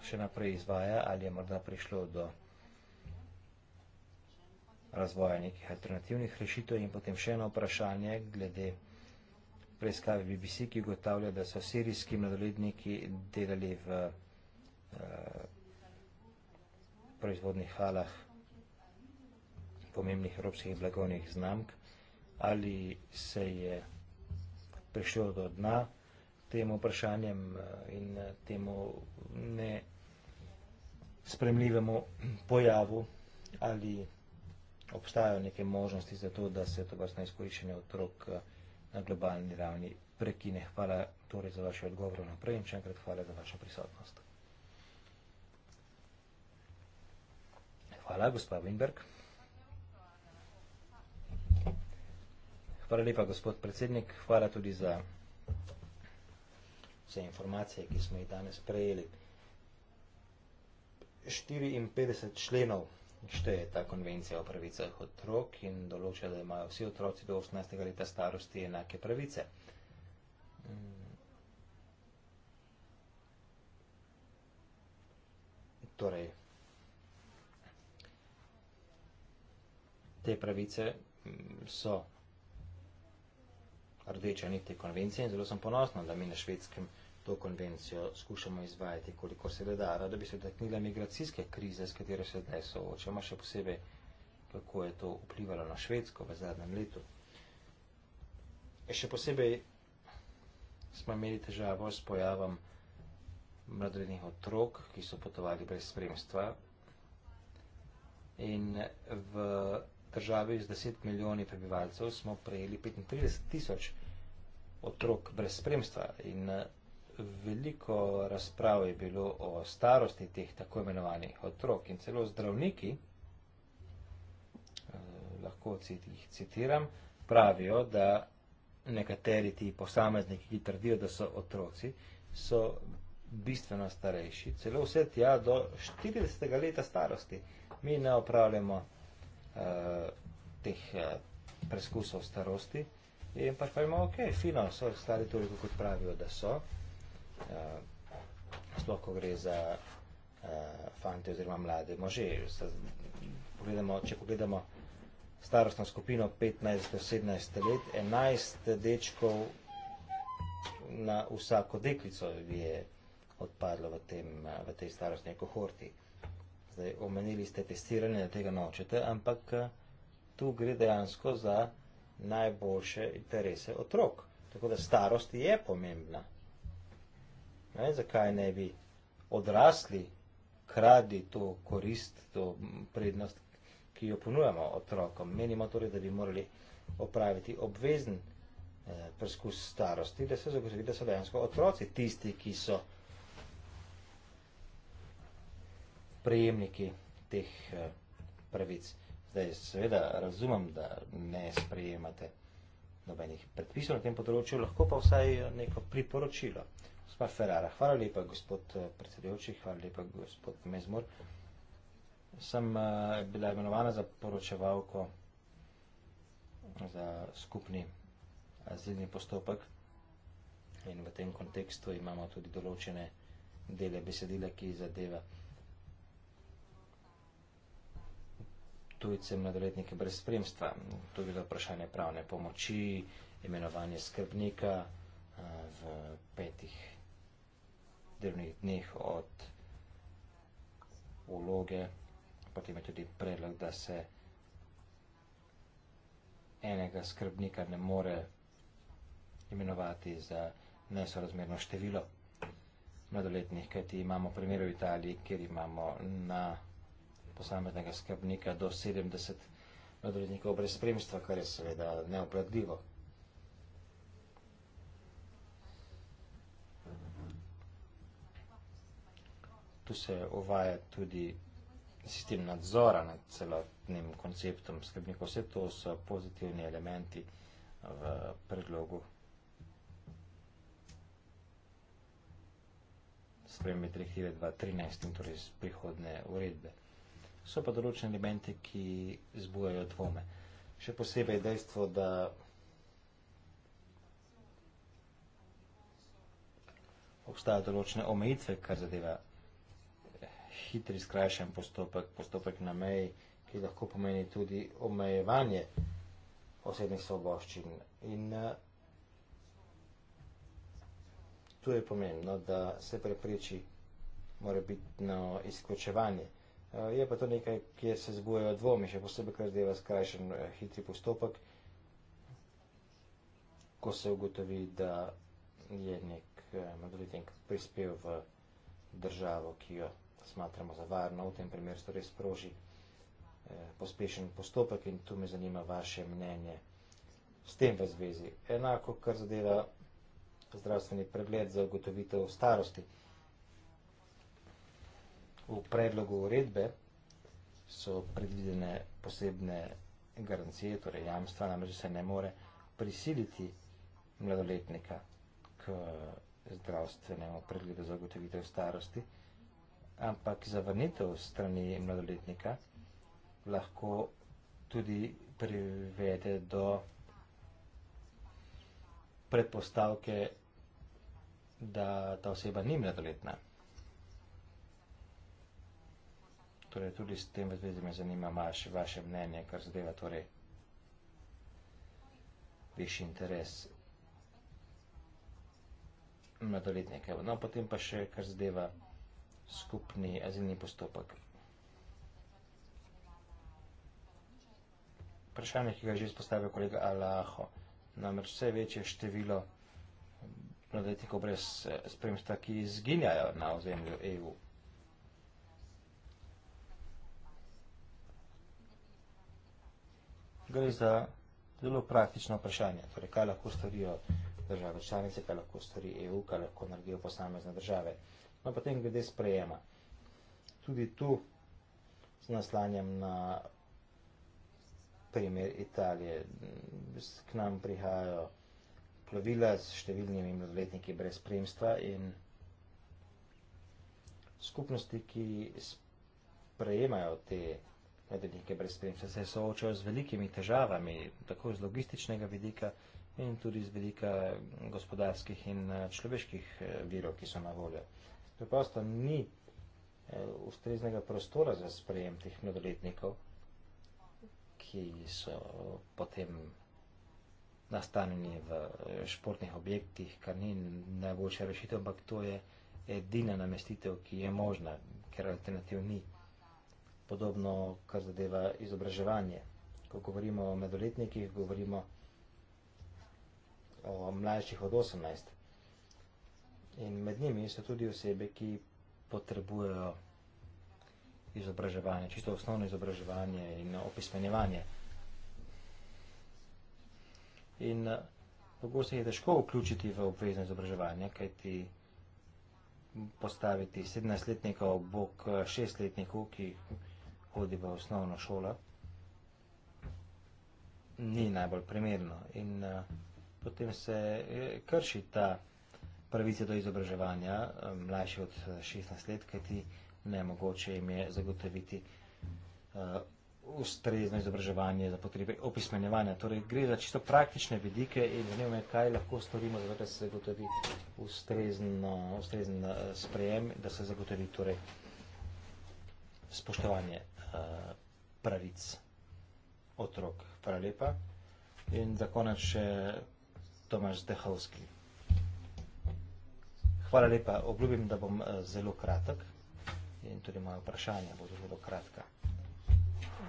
še naprej izvaja, ali je morda prišlo do razvoja nekih alternativnih rešitev in potem še eno vprašanje glede preiskave BBC, ki ugotavlja, da so sirijski mladoletniki delali v uh, proizvodnih halah pomembnih evropskih blagovnih znamk, ali se je prišlo do dna eh, eh, temu vprašanjem in temu nespremljivemu pojavu, ali obstajajo neke možnosti za to, da se to vrstne izkoriščenje otrok vprašanje na globalni ravni prekine. Hvala torej za vaše odgovore naprej in še enkrat hvala za vašo prisotnost. Hvala, gospa Winberg. Hvala lepa, gospod predsednik. Hvala tudi za vse informacije, ki smo jih danes prejeli. 54 členov šteje ta konvencija o pravicah otrok in določa, da imajo vsi otroci do 18. leta starosti enake pravice. Mm. Torej, te pravice mm, so rdeča nit te konvencije in zelo sem ponosna, da mi na švedskem to konvencijo skušamo izvajati, koliko se le da, rada bi se odteknila migracijske krize, s katero se zdaj soočamo, še posebej, kako je to vplivalo na Švedsko v zadnjem letu. E še posebej smo imeli težavo s pojavom mladoletnih otrok, ki so potovali brez spremstva. In v državi z 10 milijoni prebivalcev smo prejeli 35 tisoč otrok brez spremstva. In veliko razprav je bilo o starosti teh tako imenovanih otrok in celo zdravniki, eh, lahko jih citiram, pravijo, da nekateri ti posamezniki, ki trdijo, da so otroci, so bistveno starejši, celo vse tja do 40. leta starosti. Mi ne opravljamo uh, teh uh, preskusov starosti in pač pa imamo, ok, fino, so stari toliko, kot pravijo, da so uh, sploh ko gre za uh, fante oziroma mlade može. Pogledamo, če pogledamo starostno skupino 15 do 17 let, 11 dečkov na vsako deklico je odpadlo v, tem, v tej starostni kohorti. Zdaj, omenili ste testiranje, da tega nočete, ampak eh, tu gre dejansko za najboljše interese otrok. Tako da starost je pomembna. Ne, zakaj ne bi odrasli kradi to korist, to prednost, ki jo ponujamo otrokom? Menimo torej, da bi morali opraviti obvezen eh, preskus starosti, da se zagotovi, da so dejansko otroci tisti, ki so prejemniki teh eh, pravic. Zdaj, seveda, razumem, da ne sprejemate nobenih predpisov na tem področju, lahko pa vsaj neko priporočilo. Gospa Ferrara, hvala lepa, gospod eh, predsedujoči, hvala lepa, gospod Mezmor. Sem uh, bila imenovana za poročevalko za skupni azilni postopek in v tem kontekstu imamo tudi določene dele besedila, ki zadeva tujce mladoletnike brez spremstva. To je bilo vprašanje pravne pomoči, imenovanje skrbnika uh, v petih delovnih dneh od vloge, potem je tudi predlog, da se enega skrbnika ne more imenovati za nesorazmerno število mladoletnih, kajti imamo primer v Italiji, kjer imamo na posameznega skrbnika do 70 mladoletnikov brez spremstva, kar je seveda neobladljivo. tu se uvaja tudi sistem nadzora nad celotnim konceptom skrbnikov. Vse to so pozitivni elementi v predlogu. spremembe direktive 2013 in torej z prihodne uredbe. So pa določene elemente, ki zbujajo dvome. Še posebej je dejstvo, da obstajajo določene omejitve, kar zadeva hitri skrajšen postopek, postopek na meji, ki lahko pomeni tudi omejevanje osebnih svoboščin. In eh, tu je pomembno, da se prepriči mora biti na izključevanje. Eh, je pa to nekaj, kjer se zbujajo dvomi, še posebej, kar zdaj skrajšen eh, hitri postopek, ko se ugotovi, da je nek medoviten prispev v državo, ki jo smatramo za varno, v tem primeru torej sproži eh, pospešen postopek in tu me zanima vaše mnenje s tem v zvezi. Enako, kar zadeva zdravstveni pregled za ugotovitev starosti. V predlogu uredbe so predvidene posebne garancije, torej jamstva, namreč se ne more prisiliti mladoletnika k zdravstvenemu pregledu za ugotovitev starosti ampak zavrnitev strani mladoletnika lahko tudi privede do predpostavke, da ta oseba ni mladoletna. Torej, tudi s tem v zvezi me zanima vaše, vaše mnenje, kar zadeva torej višji interes mladoletnika. No, potem pa še, kar zadeva skupni azilni postopek. Vprašanje, ki ga je že izpostavil kolega Alaho, namreč vse večje število mladetnikov brez spremstva, ki izginjajo na ozemlju EU. Gre za zelo praktično vprašanje, torej kaj lahko storijo države članice, kaj lahko stori EU, kaj lahko naredijo posamezne države. No, potem glede sprejema. Tudi tu s naslanjem na primer Italije. K nam prihajajo plovila s številnimi mladoletniki brez spremstva in skupnosti, ki sprejemajo te mladoletnike brez spremstva, se soočajo z velikimi težavami, tako iz logističnega vidika in tudi iz velika gospodarskih in eh, človeških eh, virov, ki so na voljo preprosto ni eh, ustreznega prostora za sprejem teh mladoletnikov, ki so eh, potem nastanjeni v eh, športnih objektih, kar ni najboljša rešitev, ampak to je edina namestitev, ki je možna, ker alternativ ni. Podobno, kar zadeva izobraževanje. Ko govorimo o mladoletnikih, govorimo o mlajših od 18. In med njimi so tudi osebe, ki potrebujejo izobraževanje, čisto osnovno izobraževanje in opismenjevanje. In eh, pogosto je težko vključiti v obvezno izobraževanje, kaj ti postaviti 17-letnika ob bok 6-letniku, eh, ki hodi v osnovno šolo, ni najbolj primerno. In eh, potem se krši ta vsega, pravice do izobraževanja eh, mlajši od 16 eh, let, kajti nemogoče jim je zagotoviti uh, ustrezno izobraževanje za potrebe opismenjevanja. Torej, gre za čisto praktične vidike in ne vem, kaj lahko storimo, da se zagotovi ustrezno, ustrezen sprejem, da se zagotovi torej spoštovanje uh, pravic otrok. Hvala lepa. In za konec še Tomaš Dehovski. Hvala lepa. Obljubim, da bom eh, zelo kratek in tudi moje vprašanje bo zelo kratka.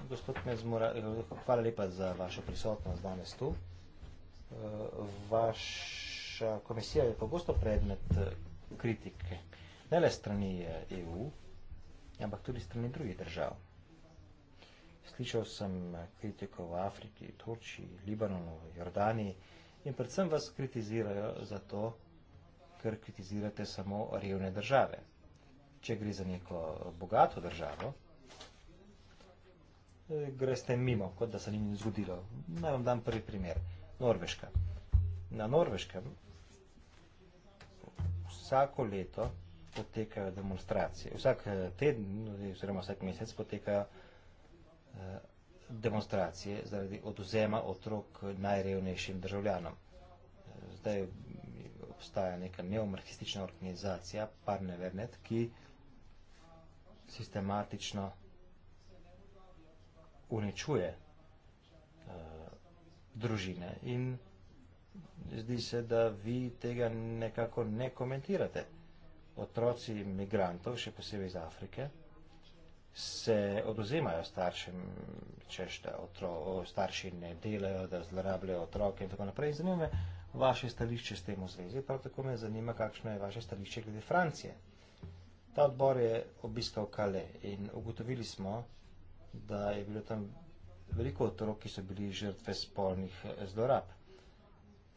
Gospod Mezmora, eh, hvala lepa za vašo prisotnost danes tu. Eh, vaša komisija je pogosto predmet kritike, ne le strani EU, e ampak tudi strani drugih držav. Slišal sem kritiko v Afriki, Turčiji, Libanonu, Jordaniji in predvsem vas kritizirajo za to, ker kritizirate samo revne države. Če gre za neko bogato državo, eh, greste mimo, kot da se ni zgodilo. Naj vam dam prvi primer. Norveška. Na Norveškem vsako leto potekajo demonstracije. Vsak eh, teden, oziroma vsak mesec potekajo eh, demonstracije zaradi oduzema otrok najrevnejšim državljanom. Zdaj, obstaja neka neomarhistična organizacija, Parnevernet, ki sistematično uničuje uh, družine in zdi se, da vi tega nekako ne komentirate. Otroci migrantov, še posebej iz Afrike, se oduzemajo staršem, češ, da otro, starši ne delajo, da zlorabljajo otroke in tako naprej. Zanima me, vaše stališče s tem v zvezi. Prav tako me zanima, kakšno je vaše stališče glede Francije. Ta odbor je obiskal Kale in ugotovili smo, da je bilo tam veliko otrok, ki so bili žrtve spolnih eh, zlorab.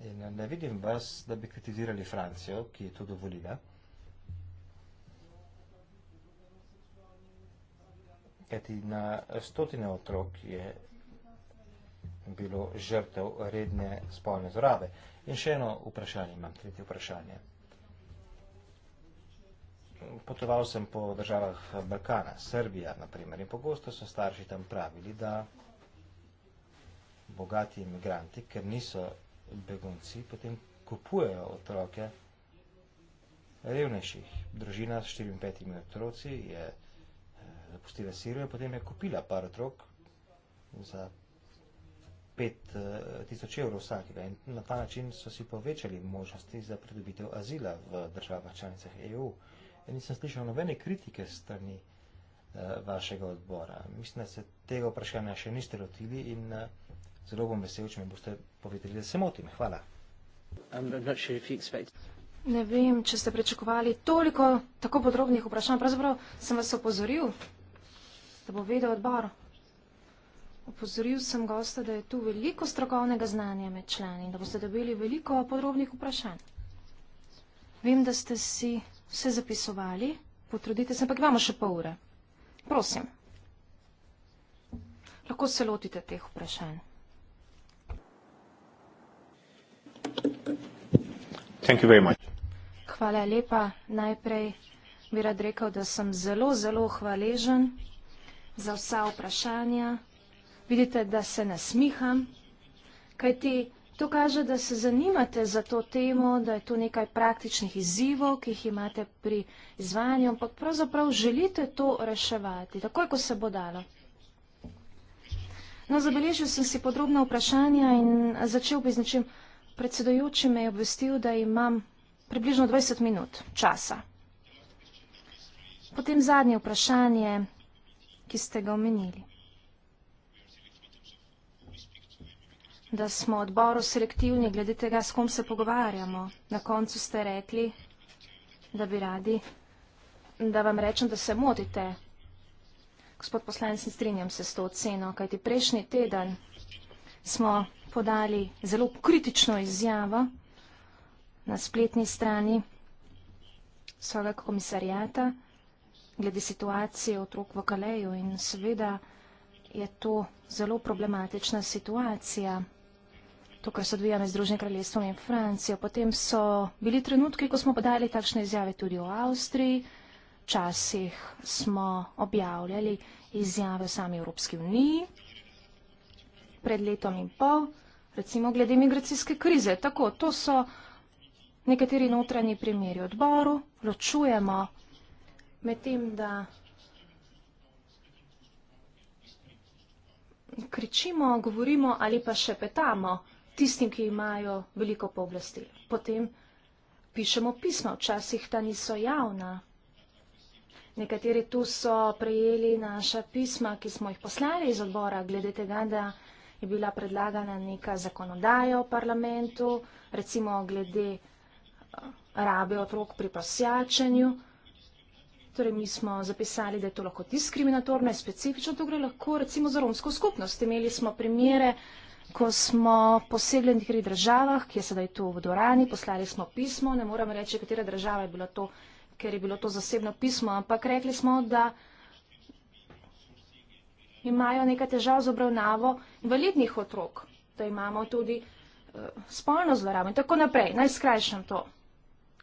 In eh, ne vidim vas, da bi kritizirali Francijo, ki je to dovolila. Kajti na stotine otrok je bilo žrtev redne spolne zorabe. In še eno vprašanje imam, tretje vprašanje. Potoval sem po državah Balkana, Srbija naprimer, in pogosto so starši tam pravili, da bogati imigranti, ker niso begunci, potem kupujejo otroke revnejših. Družina s 4-5 otroci je eh, zapustila Sirijo, potem je kupila par otrok za 5000 evrov vsakega in na ta način so si povečali možnosti za pridobitev azila v državah članicah EU. In nisem slišal nobene kritike strani eh, vašega odbora. Mislim, da se tega vprašanja še niste rotili in eh, zelo bom vesel, če mi boste povedali, da se motim. Hvala. Um, ne vem, če ste prečakovali toliko tako podrobnih vprašanj. Pravzaprav sem vas opozoril, da bo vedel odbor. Opozoril sem gosta, da je tu veliko strokovnega znanja med člani in da boste dobili veliko podrobnih vprašanj. Vem, da ste si vse zapisovali, potrudite se, ampak imamo še pol ure. Prosim. Lahko se lotite teh vprašanj. Thank you very much. Hvala lepa. Najprej bi rad rekel, da sem zelo, zelo hvaležen za vsa vprašanja. Vidite, da se nasmiham, kajti to kaže, da se zanimate za to temo, da je to nekaj praktičnih izzivov, ki jih imate pri izvajanju, ampak pravzaprav želite to reševati, takoj, ko se bo dalo. No, zabeležil sem si podrobno vprašanje in začel bi z nečim. Predsedojoči me je obvestil, da imam približno 20 minut časa. Potem zadnje vprašanje, ki ste ga omenili. da smo odboru selektivni glede tega, s kom se pogovarjamo. Na koncu ste rekli, da bi radi, da vam rečem, da se modite. Gospod poslanec, strinjam se s to oceno, kajti prejšnji teden smo podali zelo kritično izjavo na spletni strani svojega komisarijata glede situacije otrok v Kaleju in seveda je to zelo problematična situacija to, kar se odvija med Združenim kraljestvom in Francijo. Potem so bili trenutki, ko smo podali takšne izjave tudi v Avstriji, včasih smo objavljali izjave v sami Evropski uniji, pred letom in pol, recimo glede migracijske krize. Tako, to so nekateri notranji primeri odboru, ločujemo med tem, da kričimo, govorimo ali pa še petamo tistim, ki imajo veliko pooblastil. Potem pišemo pisma, včasih ta niso javna. Nekateri tu so prejeli naša pisma, ki smo jih poslali iz odbora, glede tega, da je bila predlagana neka zakonodaja v parlamentu, recimo glede eh, rabe otrok pri prosjačenju. Torej, mi smo zapisali, da je to lahko diskriminatorno in specifično, to gre lahko recimo za romsko skupnost. Imeli smo primere, ko smo posegli v nekaterih državah, ki je sedaj tu v dvorani, poslali smo pismo, ne moram reči, katera država je bila to, ker je bilo to zasebno pismo, ampak rekli smo, da imajo nekaj težav z obravnavo invalidnih otrok, da imamo tudi eh, spolno zlorabo in tako naprej. Naj skrajšam to.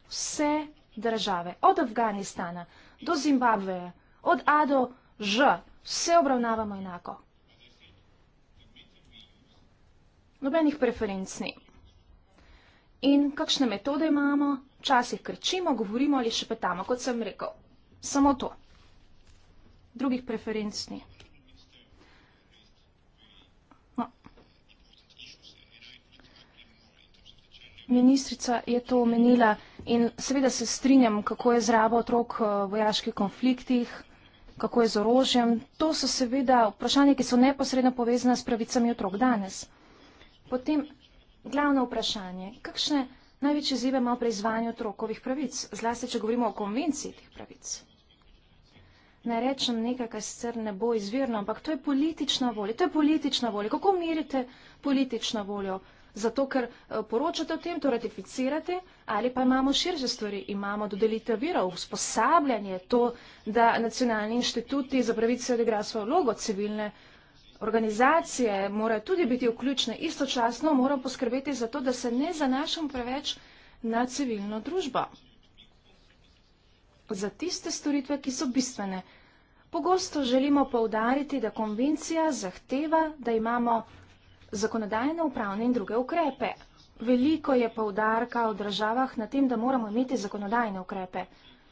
Vse države, od Afganistana do Zimbabveja, od A do Ž, vse obravnavamo enako. nobenih preferenc ni. In kakšne metode imamo, včasih krčimo, govorimo ali še petamo, kot sem rekel. Samo to. Drugih preferenc ni. No. Ministrica je to omenila in seveda se strinjam, kako je zraba otrok eh, v vojaških konfliktih, kako je z orožjem. To so seveda vprašanje, ki so neposredno povezane s pravicami otrok danes. Potem glavno vprašanje, kakšne največje zive imamo pri izvanju otrokovih pravic, zlasti, če govorimo o konvenciji teh pravic? Ne rečem nekaj, kar sicer ne bo izvirno, ampak to je politična volja. To je politična volja. Kako merite politično voljo? Zato, ker eh, poročate o tem, to ratificirate ali pa imamo širše stvari. Imamo dodelitev virov, usposabljanje, to, da nacionalni inštituti za pravice odigra svojo vlogo civilne politike organizacije morajo tudi biti vključene, istočasno moramo poskrbeti za to, da se ne zanašamo preveč na civilno družbo. Za tiste storitve, ki so bistvene. Pogosto želimo povdariti, da konvencija zahteva, da imamo zakonodajne upravne in druge ukrepe. Veliko je povdarka v državah na tem, da moramo imeti zakonodajne ukrepe.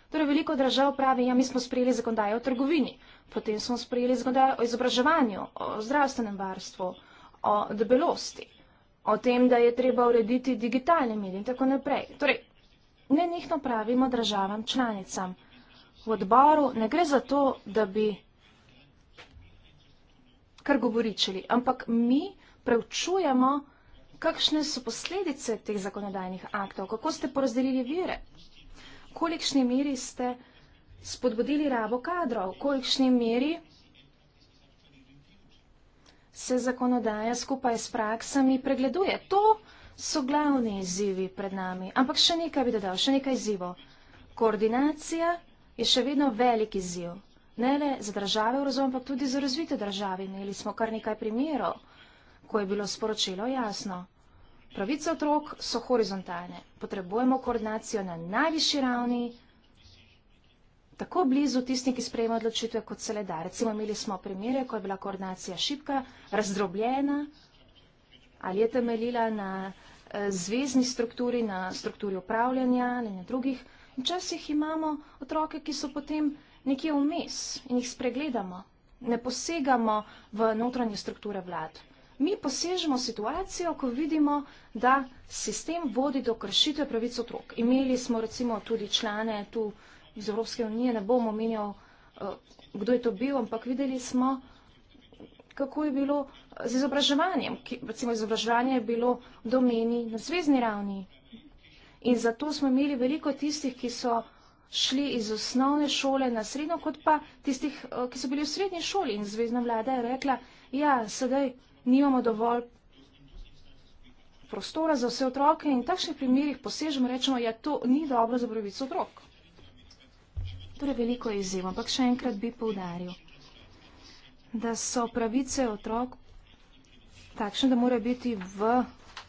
Torej, veliko držav pravi, ja, mi smo sprejeli zakonodajo o trgovini, potem smo sprejeli zakonodajo o izobraževanju, o zdravstvenem varstvu, o debelosti, o tem, da je treba urediti digitalne medije in tako naprej. Torej, ne njihno pravimo državam članicam. V odboru ne gre za to, da bi kar govoričili, ampak mi preučujemo, kakšne so posledice teh zakonodajnih aktov, kako ste porazdelili vire kolikšni meri ste spodbudili rabo kadrov, kolikšni meri se zakonodaja skupaj s praksami pregleduje. To so glavni izzivi pred nami. Ampak še nekaj bi dodal, še nekaj izzivov. Koordinacija je še vedno velik izziv. Ne le za države, razumem, pa tudi za razvite države. Imeli smo kar nekaj primerov, ko je bilo sporočilo jasno. Pravice otrok so horizontalne. Potrebujemo koordinacijo na najvišji ravni, tako blizu tistih, ki sprejemajo odločitve, kot se le da. Recimo imeli smo primere, ko je bila koordinacija šipka, razdrobljena ali je temeljila na eh, zvezdni strukturi, na strukturi upravljanja ali na drugih. In časih imamo otroke, ki so potem nekje vmes in jih spregledamo. Ne posegamo v notranje strukture vlad mi posežemo v situacijo, ko vidimo, da sistem vodi do kršitve pravic otrok. Imeli smo recimo tudi člane tu iz Evropske unije, ne bom omenjal, eh, kdo je to bil, ampak videli smo, kako je bilo z izobraževanjem. Recimo izobraževanje je bilo v domeni na zvezdni ravni. In zato smo imeli veliko tistih, ki so šli iz osnovne šole na srednjo, kot pa tistih, eh, ki so bili v srednji šoli. In zvezdna vlada je rekla, ja, sedaj nimamo dovolj prostora za vse otroke in v takšnih primerjih posežemo in rečemo, da ja, to ni dobro za pravico otrok. Torej veliko je izjem, ampak še enkrat bi poudaril, da so pravice otrok takšne, da morajo biti v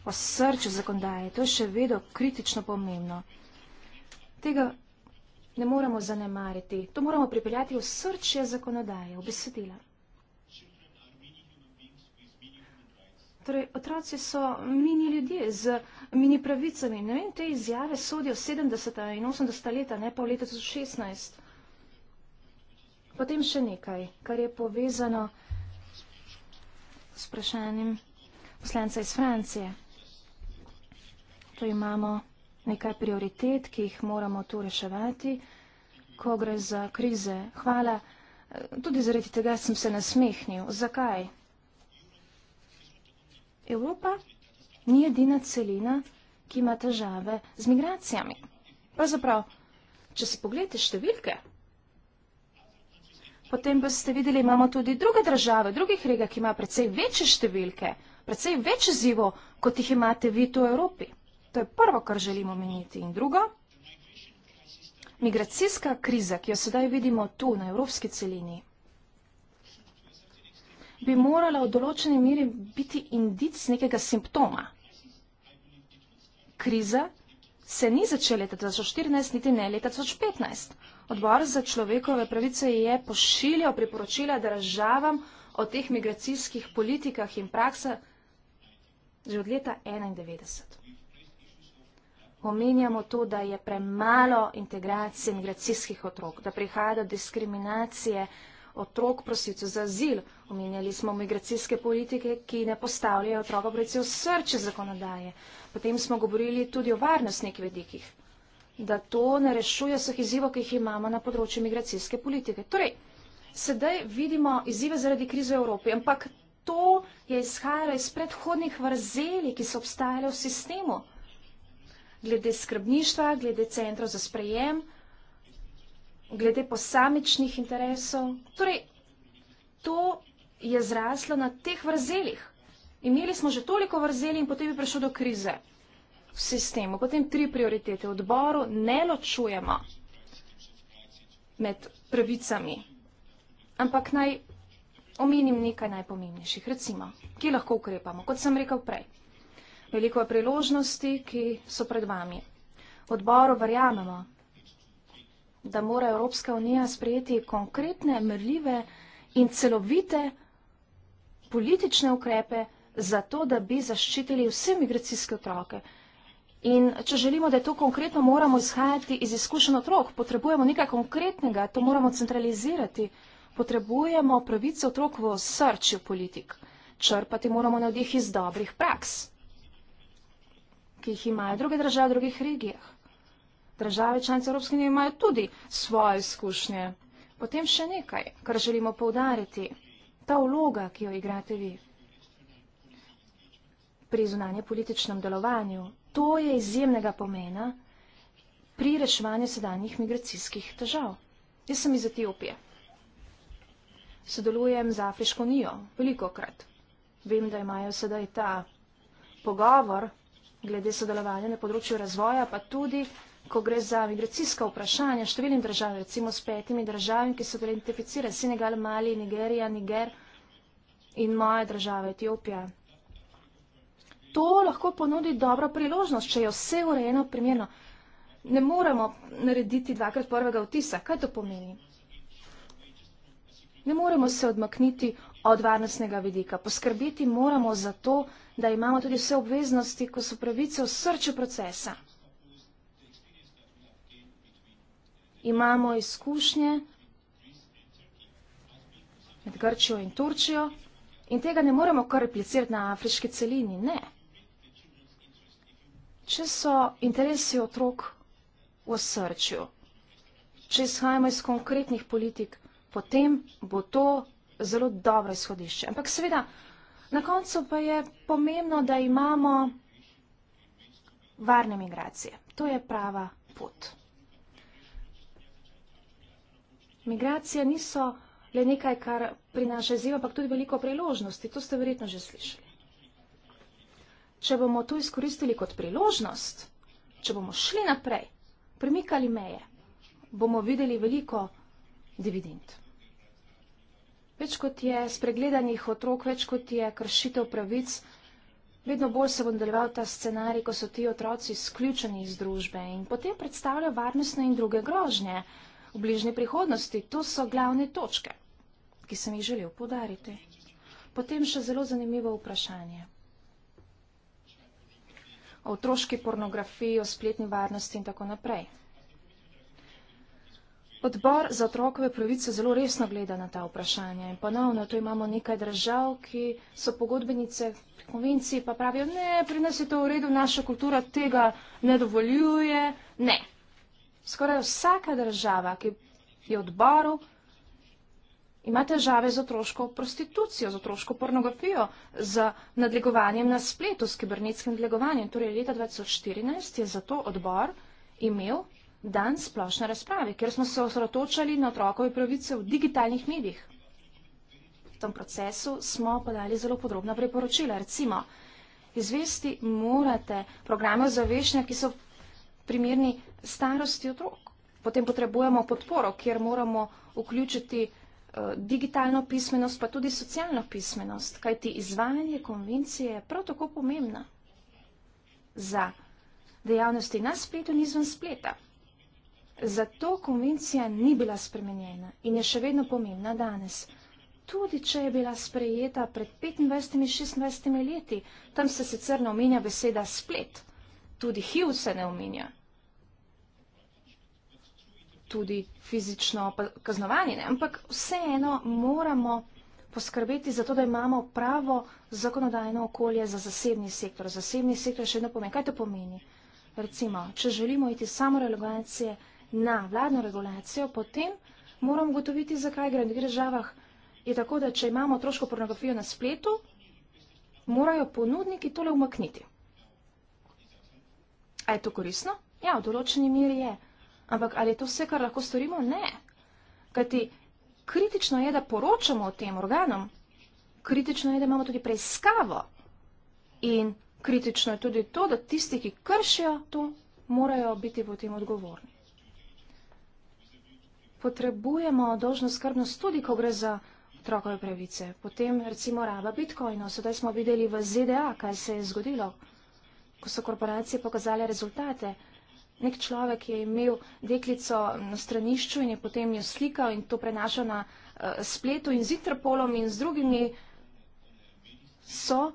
osrču zakondaje. To je še vedno kritično pomembno. Tega ne moramo zanemariti. To moramo pripeljati v srčje zakonodaje, v besedila. Torej, otroci so mini ljudje z mini pravicami. Ne vem, te izjave sodijo 70. in 80. leta, ne pa v letu 2016. Potem še nekaj, kar je povezano s vprašanjem poslanca iz Francije. To imamo nekaj prioritet, ki jih moramo tu reševati, ko gre za krize. Hvala. Eh, tudi zaradi tega sem se nasmehnil. Zakaj? Evropa ni edina celina, ki ima težave z migracijami. Pravzaprav, če si pogledate številke, potem pa ste videli, imamo tudi druge države, drugih rega, ki ima precej večje številke, precej večje zivo, kot jih imate vi tu v Evropi. To je prvo, kar želimo meniti. In drugo, migracijska kriza, ki jo sedaj vidimo tu na evropski celini, bi morala v določeni meri biti indic nekega simptoma. Kriza se ni začela leta 2014, niti ne leta 2015. Odbor za človekove pravice je pošiljal priporočila državam o teh migracijskih politikah in praksa že od leta 1991. Omenjamo to, da je premalo integracije migracijskih otrok, da prihaja do diskriminacije otrok, prosilcev za azil. Omenjali smo migracijske politike, ki ne postavljajo otroka predvsem v srče zakonodaje. Potem smo govorili tudi o varnostnih vedikih, da to ne rešuje vseh izzivov, ki jih imamo na področju migracijske politike. Torej, sedaj vidimo izzive zaradi krize v Evropi, ampak to je izhajalo iz predhodnih vrzeli, ki so obstajale v sistemu. Glede skrbništva, glede centrov za sprejem, glede posamičnih interesov. Torej, to je zraslo na teh vrzelih. Imeli smo že toliko vrzeli in potem je prišlo do krize v sistemu. Potem tri prioritete v odboru ne ločujemo med pravicami, ampak naj omenim nekaj najpomembnejših, recimo, ki lahko ukrepamo, kot sem rekel prej. Veliko je priložnosti, ki so pred vami. Odboru verjamemo, da mora Evropska unija sprejeti konkretne, merljive in celovite politične ukrepe za to, da bi zaščitili vse migracijske otroke. In če želimo, da je to konkretno, moramo izhajati iz izkušen otrok, potrebujemo nekaj konkretnega, to moramo centralizirati, potrebujemo pravice otrok v srčju politik, črpati moramo na vdih iz dobrih praks, ki jih imajo druge države v drugih regijah. Države članice Evropske unije imajo tudi svoje izkušnje. Potem še nekaj, kar želimo povdariti. Ta vloga, ki jo igrate vi pri zunanje političnem delovanju, to je izjemnega pomena pri reševanju sedanjih migracijskih težav. Jaz sem iz Etiopije. Sodelujem z Afriško unijo veliko krat. Vem, da imajo sedaj ta pogovor glede sodelovanja na področju razvoja, pa tudi ko gre za migracijska vprašanja številnim državam, recimo s petimi državami, ki so bile identificirane, Senegal, Mali, Nigerija, Niger in moja država Etiopija. To lahko ponudi dobro priložnost, če je vse urejeno primerno. Ne moremo narediti dvakrat prvega vtisa. Kaj to pomeni? Ne moremo se odmakniti od varnostnega vidika. Poskrbiti moramo za to, da imamo tudi vse obveznosti, ko so pravice v srču procesa. imamo izkušnje med Grčijo in Turčijo in tega ne moremo kar replicirati na afriški celini, ne. Če so interesi otrok v srčju, če izhajamo iz konkretnih politik, potem bo to zelo dobro izhodišče. Ampak seveda, na koncu pa je pomembno, da imamo varne migracije. To je prava pot. Migracije niso le nekaj, kar prinaša izziv, ampak tudi veliko priložnosti. To ste verjetno že slišali. Če bomo to izkoristili kot priložnost, če bomo šli naprej, premikali meje, bomo videli veliko dividend. Več kot je spregledanih otrok, več kot je kršitev pravic, vedno bolj se bo nadaljeval ta scenarij, ko so ti otroci izključeni iz družbe in potem predstavljajo varnostne in druge grožnje v bližnji prihodnosti. To so glavne točke, ki sem jih želel podariti. Potem še zelo zanimivo vprašanje. O otroški pornografiji, o spletni varnosti in tako naprej. Odbor za otrokove pravice zelo resno gleda na ta vprašanja in ponovno tu imamo nekaj držav, ki so pogodbenice pri konvenciji, pa pravijo, ne, pri nas je to v redu, naša kultura tega ne dovoljuje, ne skoraj vsaka država, ki je odboru, ima težave z otroško prostitucijo, z otroško pornografijo, z nadlegovanjem na spletu, s kibernetskim nadlegovanjem. Torej leta 2014 je zato odbor imel dan splošne razprave, kjer smo se osrotočali na otrokove pravice v digitalnih medijih. V tem procesu smo podali zelo podrobna priporočila. Recimo, izvesti morate programe ozaveščanja, ki so primerni starosti otrok. Potem potrebujemo podporo, kjer moramo vključiti eh, digitalno pismenost, pa tudi socialno pismenost, kajti izvajanje konvencije je prav tako pomembna za dejavnosti na spletu in izven spleta. Zato konvencija ni bila spremenjena in je še vedno pomembna danes. Tudi, če je bila sprejeta pred 25-26 leti, tam se sicer ne omenja beseda splet, tudi HIV se ne omenja tudi fizično kaznovanje. Ne? Ampak vseeno moramo poskrbeti za to, da imamo pravo zakonodajno okolje za zasebni sektor. Zasebni sektor še vedno pomeni. Kaj to pomeni? Recimo, če želimo iti samo regulacije na vladno regulacijo, potem moramo gotoviti, zakaj gre. V državah je tako, da če imamo otroško pornografijo na spletu, morajo ponudniki tole umakniti. A je to koristno? Ja, v določeni meri je. Ampak ali je to vse, kar lahko storimo? Ne. Kajti kritično je, da poročamo o tem organom, kritično je, da imamo tudi preiskavo in kritično je tudi to, da tisti, ki kršijo to, morajo biti potem odgovorni. Potrebujemo dožno skrbnost tudi, ko gre za otrokove pravice. Potem recimo raba bitcoinov. Sedaj smo videli v ZDA, kaj se je zgodilo, ko so korporacije pokazale rezultate nek človek je imel deklico na stranišču in je potem jo slikal in to prenašal na uh, spletu in z Interpolom in z drugimi so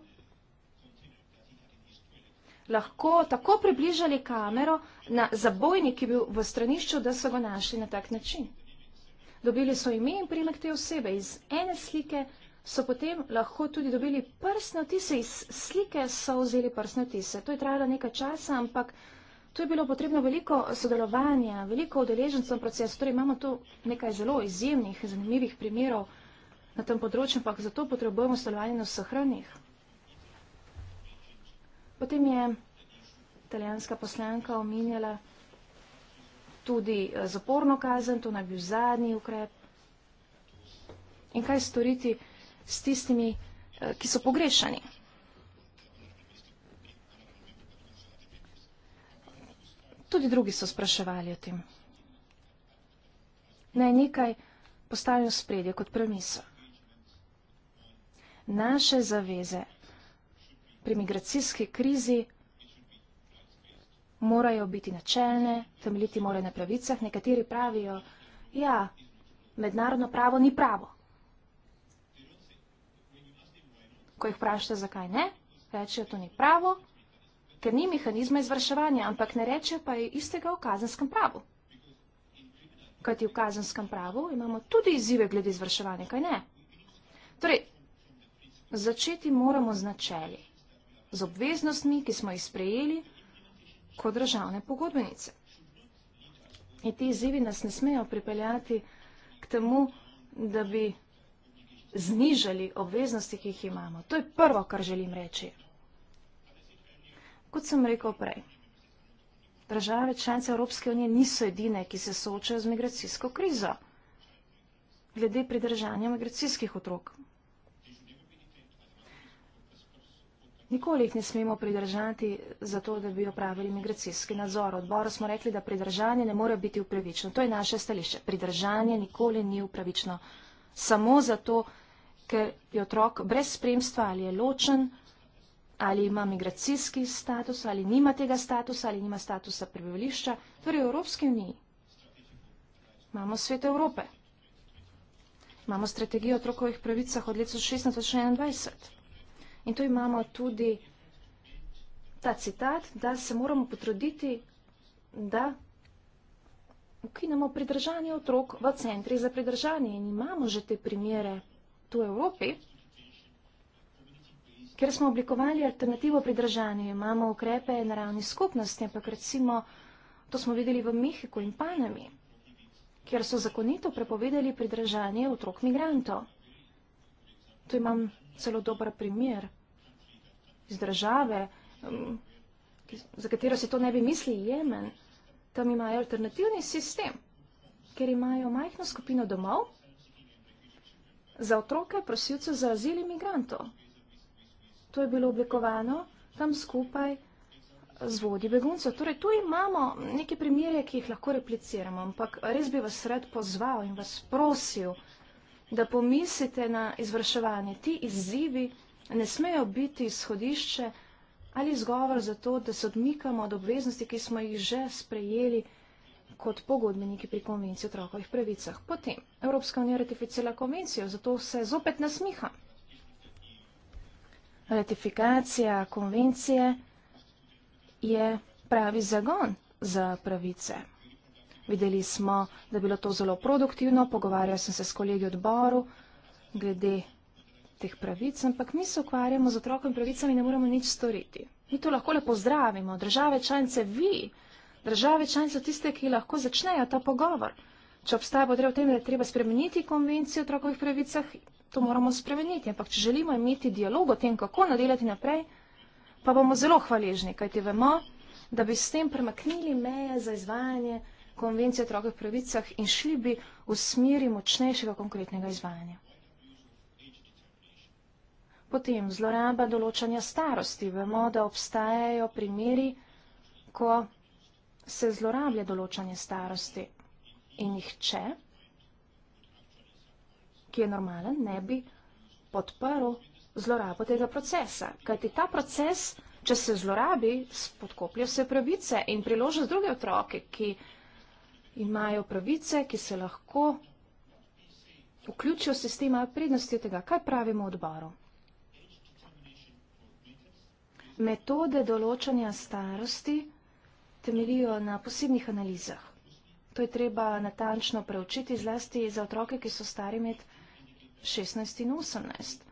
lahko tako približali kamero na zabojnik, ki je bil v stranišču, da so ga našli na tak način. Dobili so ime in primek te osebe. Iz ene slike so potem lahko tudi dobili prstne otise, iz slike so vzeli prstne otise. To je trajalo nekaj časa, ampak Tu je bilo potrebno veliko sodelovanja, veliko odeležencev procesa, torej imamo tu nekaj zelo izjemnih, zanimivih primerov na tem področju, ampak zato potrebujemo sodelovanje na vseh ranih. Potem je italijanska poslanka omenjala tudi eh, zaporno kazen, to naj bil zadnji ukrep. In kaj storiti s tistimi, eh, ki so pogrešani? Tudi drugi so spraševali o tem. Naj nekaj postavim spredje kot premiso. Naše zaveze pri migracijski krizi morajo biti načelne, temeljiti morajo na pravicah. Nekateri pravijo, ja, mednarodno pravo ni pravo. Ko jih vprašate, zakaj ne, rečejo, to ni pravo, ker ni mehanizma izvrševanja, ampak ne reče pa je istega v kazenskem pravu. Kajti v kazenskem pravu imamo tudi izzive glede izvrševanja, kaj ne? Torej, začeti moramo z načeli, z obveznostmi, ki smo jih sprejeli kot državne pogodbenice. In ti izzivi nas ne smejo pripeljati k temu, da bi znižali obveznosti, ki jih imamo. To je prvo, kar želim reči. Kot sem rekel prej, države članice Evropske unije niso edine, ki se soočajo z migracijsko krizo glede pridržanja migracijskih otrok. Nikoli jih ne smemo pridržati zato, da bi opravili migracijski nadzor. Odboru smo rekli, da pridržanje ne more biti upravično. To je naše stališče. Pridržanje nikoli ni upravično. Samo zato, ker je otrok brez spremstva ali je ločen, ali ima migracijski status, ali nima tega statusa, ali nima statusa prebivališča. Torej, v Evropski uniji imamo svet Evrope. Imamo strategijo otrokovih pravicah od leta 1621. In tu imamo tudi ta citat, da se moramo potruditi, da ukinemo pridržanje otrok v centri za pridržanje. In imamo že te primere tu v Evropi, Ker smo oblikovali alternativo pridržanju, imamo ukrepe na ravni skupnosti, ampak recimo to smo videli v Mehiku in Panami, kjer so zakonito prepovedali pridržanje otrok migrantov. Tu imam celo dober primer iz države, um, za katero se to ne bi mislil Jemen. Tam imajo alternativni sistem, ker imajo majhno skupino domov za otroke prosilcev za azil imigrantov to je bilo oblikovano tam skupaj z vodi beguncev. Torej, tu imamo neke primere, ki jih lahko repliciramo, ampak res bi vas rad pozval in vas prosil, da pomislite na izvrševanje. Ti izzivi ne smejo biti izhodišče ali izgovor za to, da se odmikamo od obveznosti, ki smo jih že sprejeli kot pogodbeniki pri konvenciji o otrokovih pravicah. Potem, Evropska unija ratificira konvencijo, zato se zopet nasmiha ratifikacija konvencije je pravi zagon za pravice. Videli smo, da je bilo to zelo produktivno, pogovarjal sem se s kolegi odboru glede teh pravic, ampak mi se ukvarjamo z otrokom in pravicami, ne moremo nič storiti. Mi to lahko lepo zdravimo, države članice vi, države članice tiste, ki lahko začnejo ta pogovor. Če obstaja potreba v tem, da je treba spremeniti konvencijo o otrokovih pravicah, to moramo spremeniti. Ampak, če želimo imeti dialog o tem, kako nadaljati naprej, pa bomo zelo hvaležni, kajti vemo, da bi s tem premaknili meje za izvajanje konvencije o otrokovih pravicah in šli bi v smeri močnejšega konkretnega izvajanja. Potem zloraba določanja starosti. Vemo, da obstajajo primeri, ko se zlorablja določanje starosti in jih če ki je normalen, ne bi podprl zlorabo tega procesa. Kajti ta proces, če se zlorabi, spodkoplja vse pravice in priložnost druge otroke, ki imajo pravice, ki se lahko vključijo v sistema prednosti tega, kaj pravimo odboru. Metode določanja starosti temelijo na posebnih analizah. To je treba natančno preučiti zlasti za otroke, ki so stari med šestnajst in osemnajst.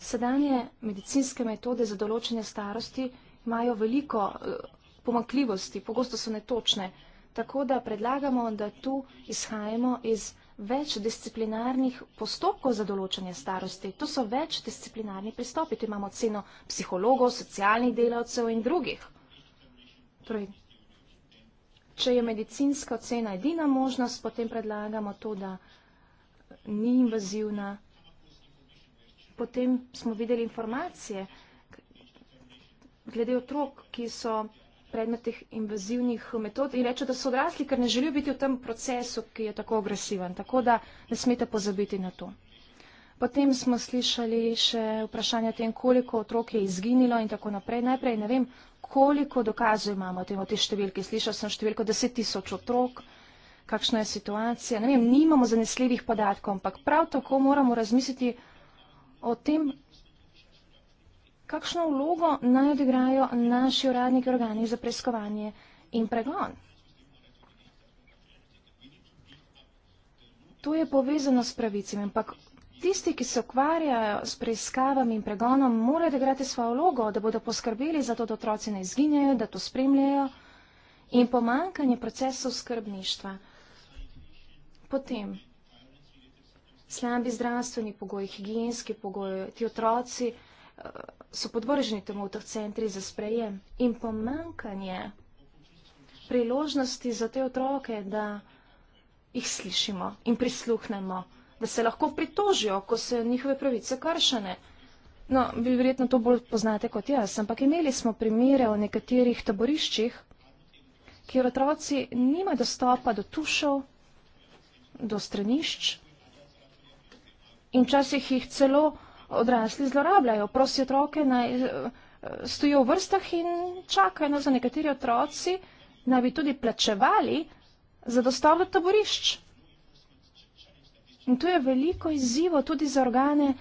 Sedanje medicinske metode za določene starosti imajo veliko eh, pomakljivosti, pogosto so netočne, tako da predlagamo, da tu izhajamo iz več disciplinarnih postopkov za določanje starosti. To so več disciplinarni pristopi. Tu imamo ceno psihologov, socialnih delavcev in drugih. Torej, če je medicinska ocena edina možnost, potem predlagamo to, da ni invazivna. Potem smo videli informacije glede otrok, ki so predmet teh invazivnih metod in reče, da so odrasli, ker ne želijo biti v tem procesu, ki je tako agresiven. Tako da ne smete pozabiti na to. Potem smo slišali še vprašanje o tem, koliko otrok je izginilo in tako naprej. Najprej ne vem, koliko dokazov imamo o tem, o te številke. Slišal sem številko 10 tisoč otrok, kakšna je situacija. Ne vem, nimamo zanesljivih podatkov, ampak prav tako moramo razmisliti o tem, kakšno vlogo naj odigrajo naši uradniki organi za preiskovanje in pregon. To je povezano s pravicami, ampak tisti, ki se ukvarjajo s preiskavami in pregonom, morajo odigrati svojo vlogo, da bodo poskrbeli za to, da otroci ne izginjajo, da to spremljajo in pomankanje procesov skrbništva. Potem, slabi zdravstveni pogoji, higijenski pogoji, ti otroci eh, so podvrženi temu v teh centrih za sprejem in pomankanje priložnosti za te otroke, da jih slišimo in prisluhnemo, da se lahko pritožijo, ko so njihove pravice kršene. No, vi verjetno to bolj poznate kot jaz, ampak imeli smo primere v nekaterih taboriščih, kjer otroci nima dostopa do tušev, do stranišč in včasih jih celo odrasli zlorabljajo. Prosijo otroke naj eh, stojijo v vrstah in čakajo, no za nekateri otroci naj bi tudi plačevali za dostop do taborišč. In tu je veliko izzivo tudi za organe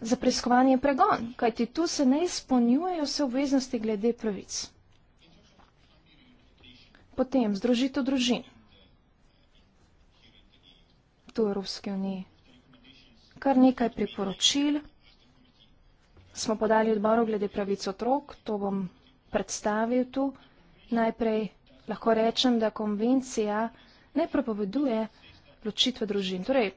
za preiskovanje pregon, kajti tu se ne izpolnjujejo vse obveznosti glede pravic. Potem združitev družin do Evropske unije. Kar nekaj priporočil smo podali odboru glede pravic otrok, to bom predstavil tu. Najprej lahko rečem, da konvencija ne prepoveduje ločitve družin. Torej,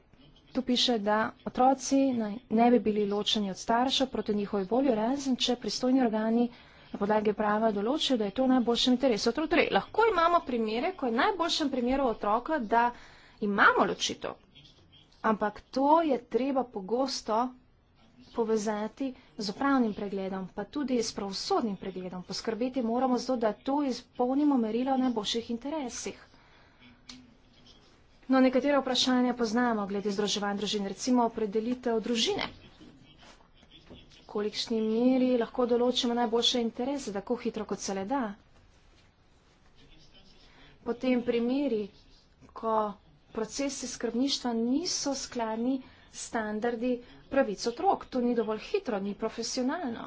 tu piše, da otroci ne bi bili ločeni od staršev proti njihovi volji, razen če pristojni organi na podlagi prava določijo, da je to v najboljšem interesu otrok. Torej, lahko imamo primere, ko je v najboljšem primeru otroka, da imamo ločitev. Ampak to je treba pogosto povezati z upravnim pregledom, pa tudi s pravosodnim pregledom. Poskrbeti moramo zato, da to izpolnimo merilo v najboljših interesih. No, nekatere vprašanja poznamo glede združevanja družin, recimo opredelitev družine. Kolikšni meri lahko določimo najboljše interese, tako hitro kot se le da. Potem primeri, ko procesi skrbništva niso skladni standardi pravic otrok. To ni dovolj hitro, ni profesionalno.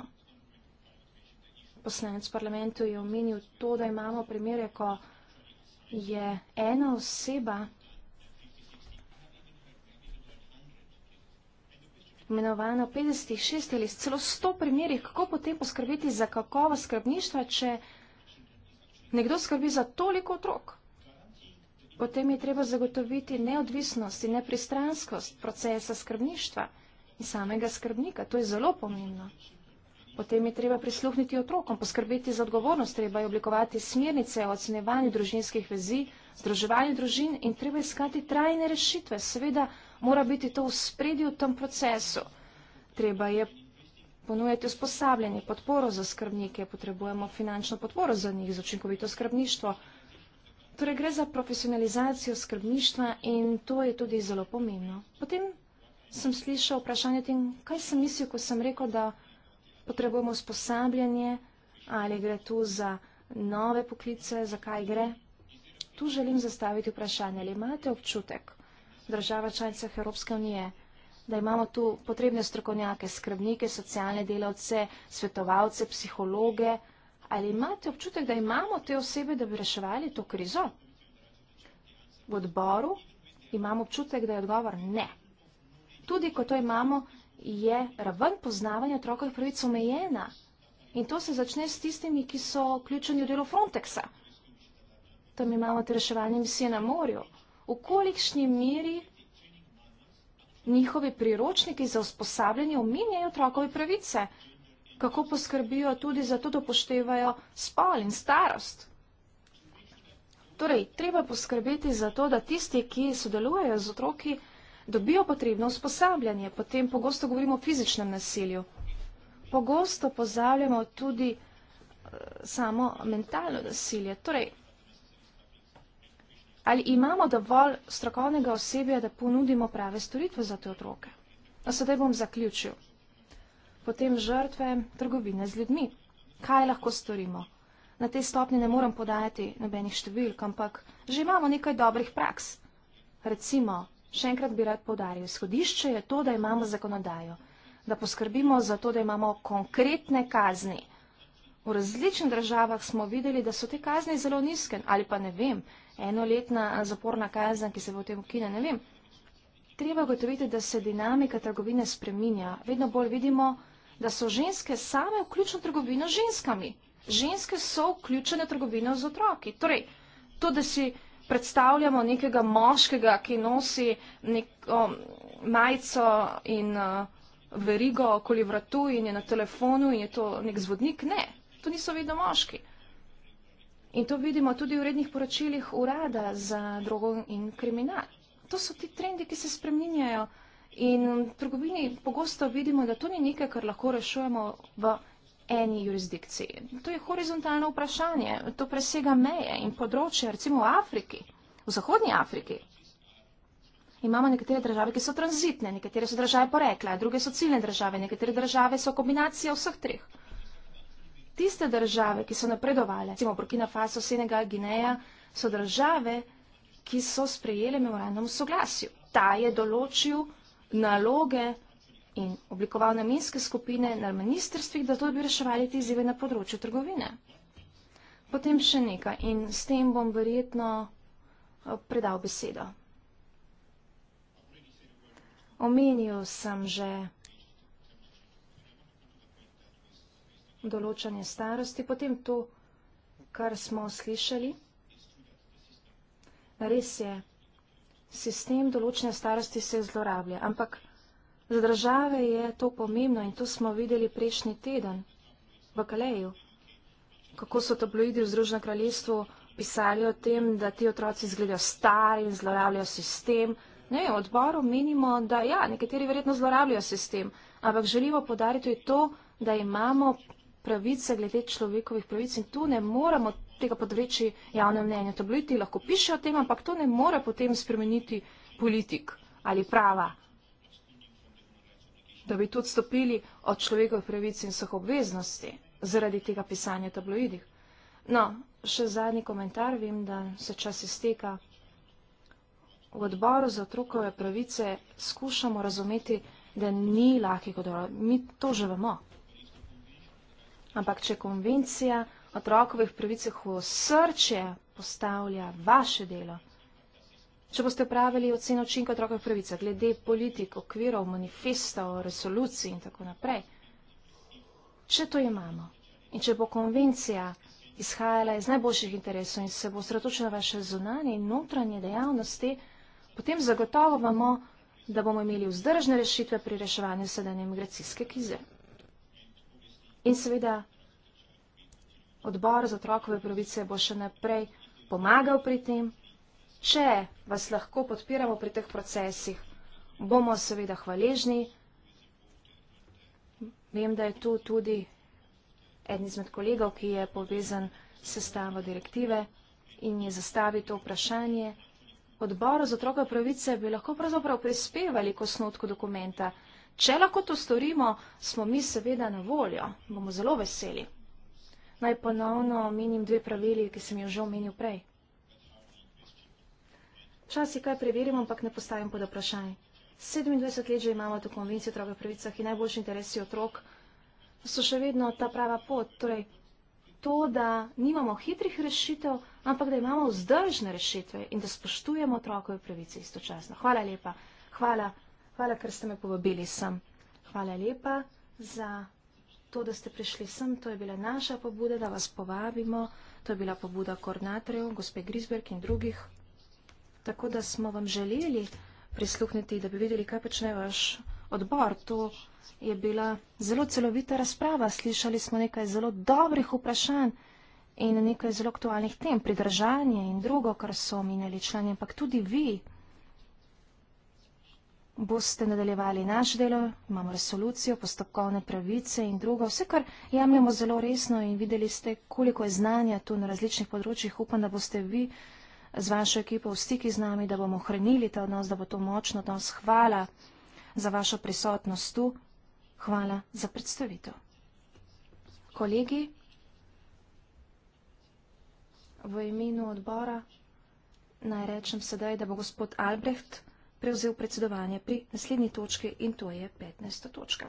Poslanec parlamentu je omenil to, da imamo primere, ko je ena oseba imenovana v 56 ali celo 100 primerih, kako potem poskrbeti za kakovo skrbništva, če nekdo skrbi za toliko otrok potem je treba zagotoviti neodvisnost in nepristranskost procesa skrbništva in samega skrbnika. To je zelo pomembno. Potem je treba prisluhniti otrokom, poskrbeti za odgovornost, treba je oblikovati smernice o ocenevanju družinskih vezi, združevanju družin in treba iskati trajne rešitve. Seveda mora biti to v spredju v tem procesu. Treba je ponujati usposabljanje, podporo za skrbnike, potrebujemo finančno podporo za njih, za učinkovito skrbništvo. Torej gre za profesionalizacijo skrbništva in to je tudi zelo pomembno. Potem sem slišal vprašanje tem, kaj sem mislil, ko sem rekel, da potrebujemo usposabljanje ali gre tu za nove poklice, za kaj gre. Tu želim zastaviti vprašanje, ali imate občutek država članica Evropske unije, da imamo tu potrebne strokovnjake, skrbnike, socialne delavce, svetovalce, psihologe, Ali imate občutek, da imamo te osebe, da bi reševali to krizo? V odboru imamo občutek, da je odgovor ne. Tudi, ko to imamo, je raven poznavanja otrokovih pravic omejena. In to se začne s tistimi, ki so vključeni v delo Frontexa. Tam imamo te reševalne misije na morju. V kolikšni meri njihovi priročniki za usposabljanje omenjajo otrokovi pravice? kako poskrbijo tudi za to, da poštevajo spol in starost. Torej, treba poskrbeti za to, da tisti, ki sodelujejo z otroki, dobijo potrebno usposabljanje. Potem pogosto govorimo o fizičnem nasilju. Pogosto pozabljamo tudi eh, samo mentalno nasilje. Torej, ali imamo dovolj strokovnega osebja, da ponudimo prave storitve za te otroke? A no, sedaj bom zaključil potem žrtve trgovine z ljudmi. Kaj lahko storimo? Na tej stopni ne morem podajati nobenih številk, ampak že imamo nekaj dobrih praks. Recimo, še enkrat bi rad povdaril, izhodišče je to, da imamo zakonodajo, da poskrbimo za to, da imamo konkretne kazni. V različnih državah smo videli, da so te kazni zelo nizke, ali pa ne vem, enoletna zaporna kazen, ki se bo v tem ukine, ne vem. Treba gotoviti, da se dinamika trgovine spreminja. Vedno bolj vidimo, da so ženske same vključene v trgovino z ženskami. Ženske so vključene v trgovino z otroki. Torej, to, da si predstavljamo nekega moškega, ki nosi neko um, majico in uh, verigo okoli vratu in je na telefonu in je to nek zvodnik, ne, to niso vedno moški. In to vidimo tudi v rednih poročilih urada za drogo in kriminal. To so ti trendi, ki se spreminjajo. In um, v trgovini pogosto vidimo, da to ni nekaj, kar lahko rešujemo v eni jurisdikciji. To je horizontalno vprašanje, to presega meje in področje, recimo v Afriki, v Zahodnji Afriki. Imamo nekatere države, ki so tranzitne, nekatere so države porekla, druge so ciljne države, nekatere države so kombinacija vseh treh. Tiste države, ki so napredovale, recimo Burkina Faso, Senegal, Gineja, so države, ki so sprejele memorandum v soglasju. Ta je določil naloge in oblikoval namenske skupine na ministrstvih, da to bi reševali te izzive na področju trgovine. Potem še nekaj in s tem bom verjetno eh, predal besedo. Omenil sem že določanje starosti, potem to, kar smo slišali. Res je, sistem določene starosti se zlorablja. Ampak za države je to pomembno in to smo videli prejšnji teden v Kaleju, kako so tabloidi v Združenem kraljestvu pisali o tem, da ti otroci izgledajo stari in zlorabljajo sistem. Ne, v odboru menimo, da ja, nekateri verjetno zlorabljajo sistem, ampak želimo podariti to, da imamo pravice glede človekovih pravic in tu ne moremo tega podreči javne mnenje. Tabloidi lahko pišejo o tem, ampak to ne more potem spremeniti politik ali prava, da bi tudi stopili od človekovih pravic in vseh obveznosti zaradi tega pisanja tabloidih. No, še zadnji komentar, vem, da se čas izteka. V odboru za otrokove pravice skušamo razumeti, da ni lahkih odgovorov. Mi to že vemo. Ampak če konvencija otrokovih pravicah v srče postavlja vaše delo. Če boste upravili oceno učinka otrokovih pravic, glede politik, okvirov, manifestov, resolucij in tako naprej, če to imamo in če bo konvencija izhajala iz najboljših interesov in se bo sredočila vaše zunanje in notranje dejavnosti, potem zagotovo vamo, da bomo imeli vzdržne rešitve pri reševanju sedanje migracijske krize. In seveda Odbor za otrokove pravice bo še naprej pomagal pri tem. Če vas lahko podpiramo pri teh procesih, bomo seveda hvaležni. Vem, da je tu tudi eden izmed kolegov, ki je povezan s sestavo direktive in je zastavil to vprašanje. Odbor za otrokove pravice bi lahko pravzaprav prispevali k osnotku dokumenta. Če lahko to storimo, smo mi seveda na voljo, bomo zelo veseli. Naj ponovno omenim dve pravili, ki sem jo že omenil prej. Včasih kaj preverim, ampak ne postavim pod vprašanje. 27 let že imamo to konvencijo o otrokovih pravicah in najboljši interesi otrok so še vedno ta prava pot. Torej, to, da nimamo hitrih rešitev, ampak da imamo vzdržne rešitve in da spoštujemo otrokovih pravice istočasno. Hvala lepa. Hvala. Hvala, ker ste me povabili sem. Hvala lepa za to, da ste prišli sem, to je bila naša pobuda, da vas povabimo, to je bila pobuda koordinatorjev, gospe Grisberg in drugih. Tako da smo vam želeli prisluhniti, da bi videli, kaj počne vaš odbor. To je bila zelo celovita razprava, slišali smo nekaj zelo dobrih vprašanj in nekaj zelo aktualnih tem, pridržanje in drugo, kar so omenjali člani, ampak tudi vi boste nadaljevali naš delo, imamo resolucijo, postopkovne pravice in drugo. Vse, kar jemljamo zelo resno in videli ste, koliko je znanja tu na različnih področjih, upam, da boste vi z vašo ekipo v stiki z nami, da bomo ohranili ta odnos, da bo to močno odnos. Hvala za vašo prisotnost tu. Hvala za predstavitev. Kolegi, v imenu odbora naj rečem sedaj, da bo gospod Albrecht prevzel predsedovanje pri naslednji točki in to je petnajsta točka.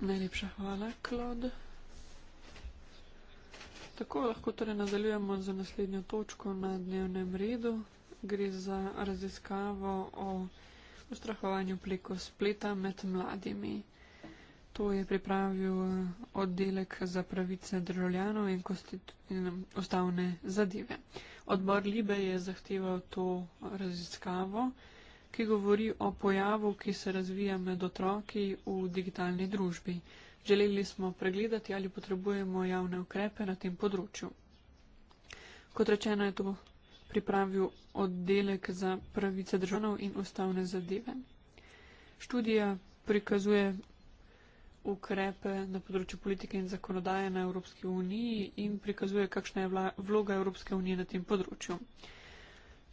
Najlepša hvala, Klod. Tako lahko torej nadaljujemo z naslednjo točko na dnevnem redu. Gre za raziskavo o ustrahovanju pleko spleta med mladimi. To je pripravil oddelek za pravice državljanov in, in ustavne zadeve. Odbor Libe je zahteval to raziskavo ki govori o pojavu, ki se razvija med otroki v digitalni družbi. Želeli smo pregledati, ali potrebujemo javne ukrepe na tem področju. Kot rečeno, je to pripravil oddelek za pravice državljanov in ustavne zadeve. Študija prikazuje ukrepe na področju politike in zakonodaje na Evropski uniji in prikazuje, kakšna je vloga Evropske unije na tem področju.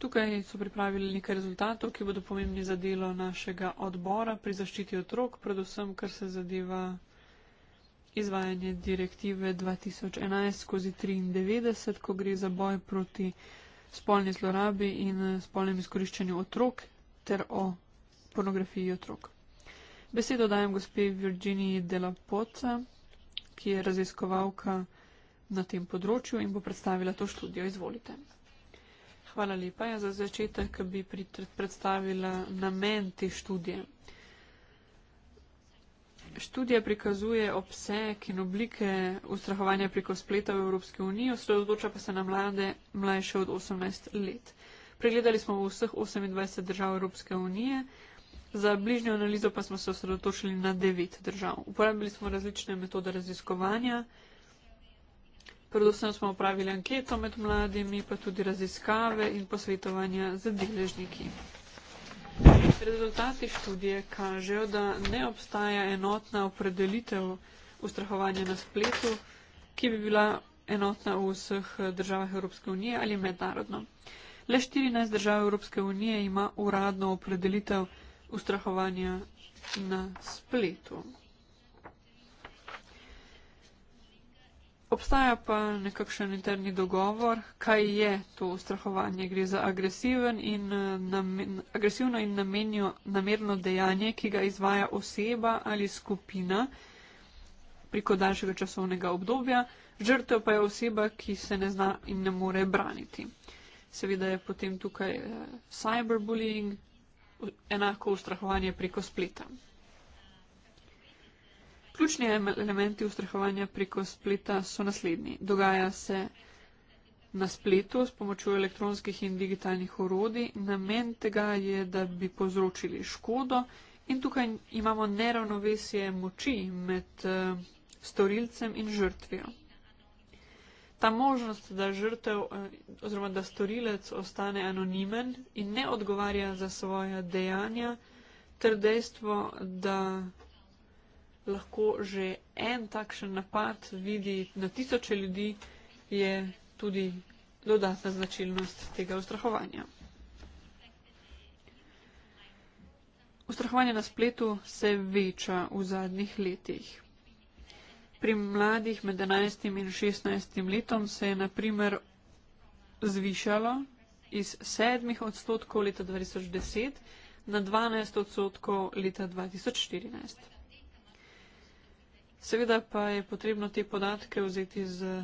Tukaj so pripravili nekaj rezultatov, ki bodo pomembni za delo našega odbora pri zaščiti otrok, predvsem kar se zadeva izvajanje direktive 2011-93, ko gre za boj proti spolni zlorabi in spolnem izkoriščanju otrok ter o pornografiji otrok. Besedo dajem gospe Virginiji Dela Poca, ki je raziskovalka na tem področju in bo predstavila to študijo. Izvolite. Hvala lepa. Ja, za začetek bi predstavila namen te študije. Študija prikazuje obseg in oblike ustrahovanja preko spleta v Evropski uniji, osredotoča pa se na mlade mlajše od 18 let. Pregledali smo vseh 28 držav Evropske unije, za bližnjo analizo pa smo se osredotočili na 9 držav. Uporabili smo različne metode raziskovanja, Predvsem smo upravili anketo med mladimi, pa tudi raziskave in posvetovanja z deležniki. Rezultati študije kažejo, da ne obstaja enotna opredelitev ustrahovanja na spletu, ki bi bila enotna v vseh državah Evropske unije ali mednarodno. Le 14 držav Evropske unije ima uradno opredelitev ustrahovanja na spletu. Obstaja pa nekakšen interni dogovor, kaj je to ustrahovanje. Gre za in eh, namen, agresivno in namenjo, namerno dejanje, ki ga izvaja oseba ali skupina preko daljšega časovnega obdobja, žrtev pa je oseba, ki se ne zna in ne more braniti. Seveda je potem tukaj eh, cyberbullying, enako ustrahovanje preko spleta. Ključni elementi ustrahovanja preko spleta so naslednji. Dogaja se na spletu s pomočjo elektronskih in digitalnih orodij. Namen tega je, da bi povzročili škodo in tukaj imamo neravnovesje moči med eh, storilcem in žrtvijo. Ta možnost, da žrtev eh, oziroma da storilec ostane anonimen in ne odgovarja za svoja dejanja, ter dejstvo, da lahko že en takšen napad vidi na tisoče ljudi, je tudi dodatna značilnost tega ustrahovanja. Ustrahovanje na spletu se veča v zadnjih letih. Pri mladih med 11 in 16 letom se je naprimer zvišalo iz 7 odstotkov leta 2010 na 12 odstotkov leta 2014. Seveda pa je potrebno te podatke vzeti z eh,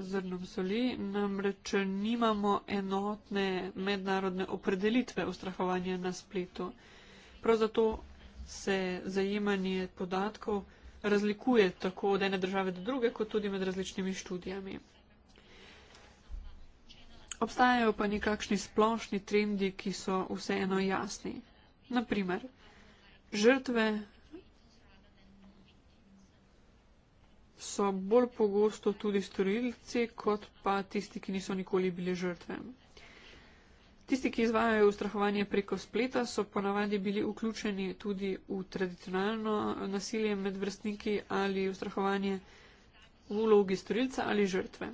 zrnom soli, namreč nimamo enotne mednarodne opredelitve ustrahovanja na spletu. Prav zato se zajemanje podatkov razlikuje tako od ene države do druge, kot tudi med različnimi študijami. Obstajajo pa nekakšni splošni trendi, ki so vseeno jasni. Naprimer, žrtve so bolj pogosto tudi storilci, kot pa tisti, ki niso nikoli bili žrtve. Tisti, ki izvajajo ustrahovanje preko spleta, so ponavadi bili vključeni tudi v tradicionalno nasilje med vrstniki ali ustrahovanje v vlogi storilca ali žrtve.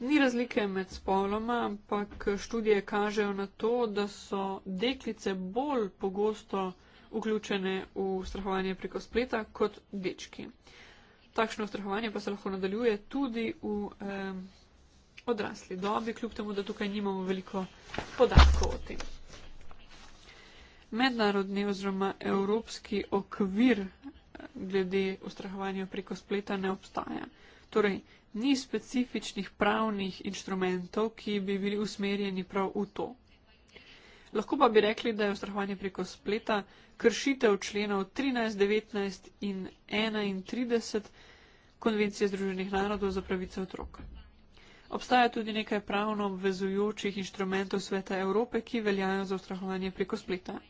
Ni razlike med spoloma, ampak študije kažejo na to, da so deklice bolj pogosto vključene v strahovanje preko spleta kot dečki takšno ustrahovanje pa se lahko nadaljuje tudi v um, odrasli dobi, kljub temu, da tukaj nimamo veliko podatkov o tem. Mednarodni oziroma evropski okvir eh, glede ustrahovanja preko spleta ne obstaja. Torej, ni specifičnih pravnih inštrumentov, ki bi bili usmerjeni prav v to. Lahko pa bi rekli, da je ustrahovanje preko spleta kršitev členov 13, 19 in 31 konvencije Združenih narodov za pravice otrok. Obstaja tudi nekaj pravno obvezujočih inštrumentov Sveta Evrope, ki veljajo za ustrahovanje preko spleta.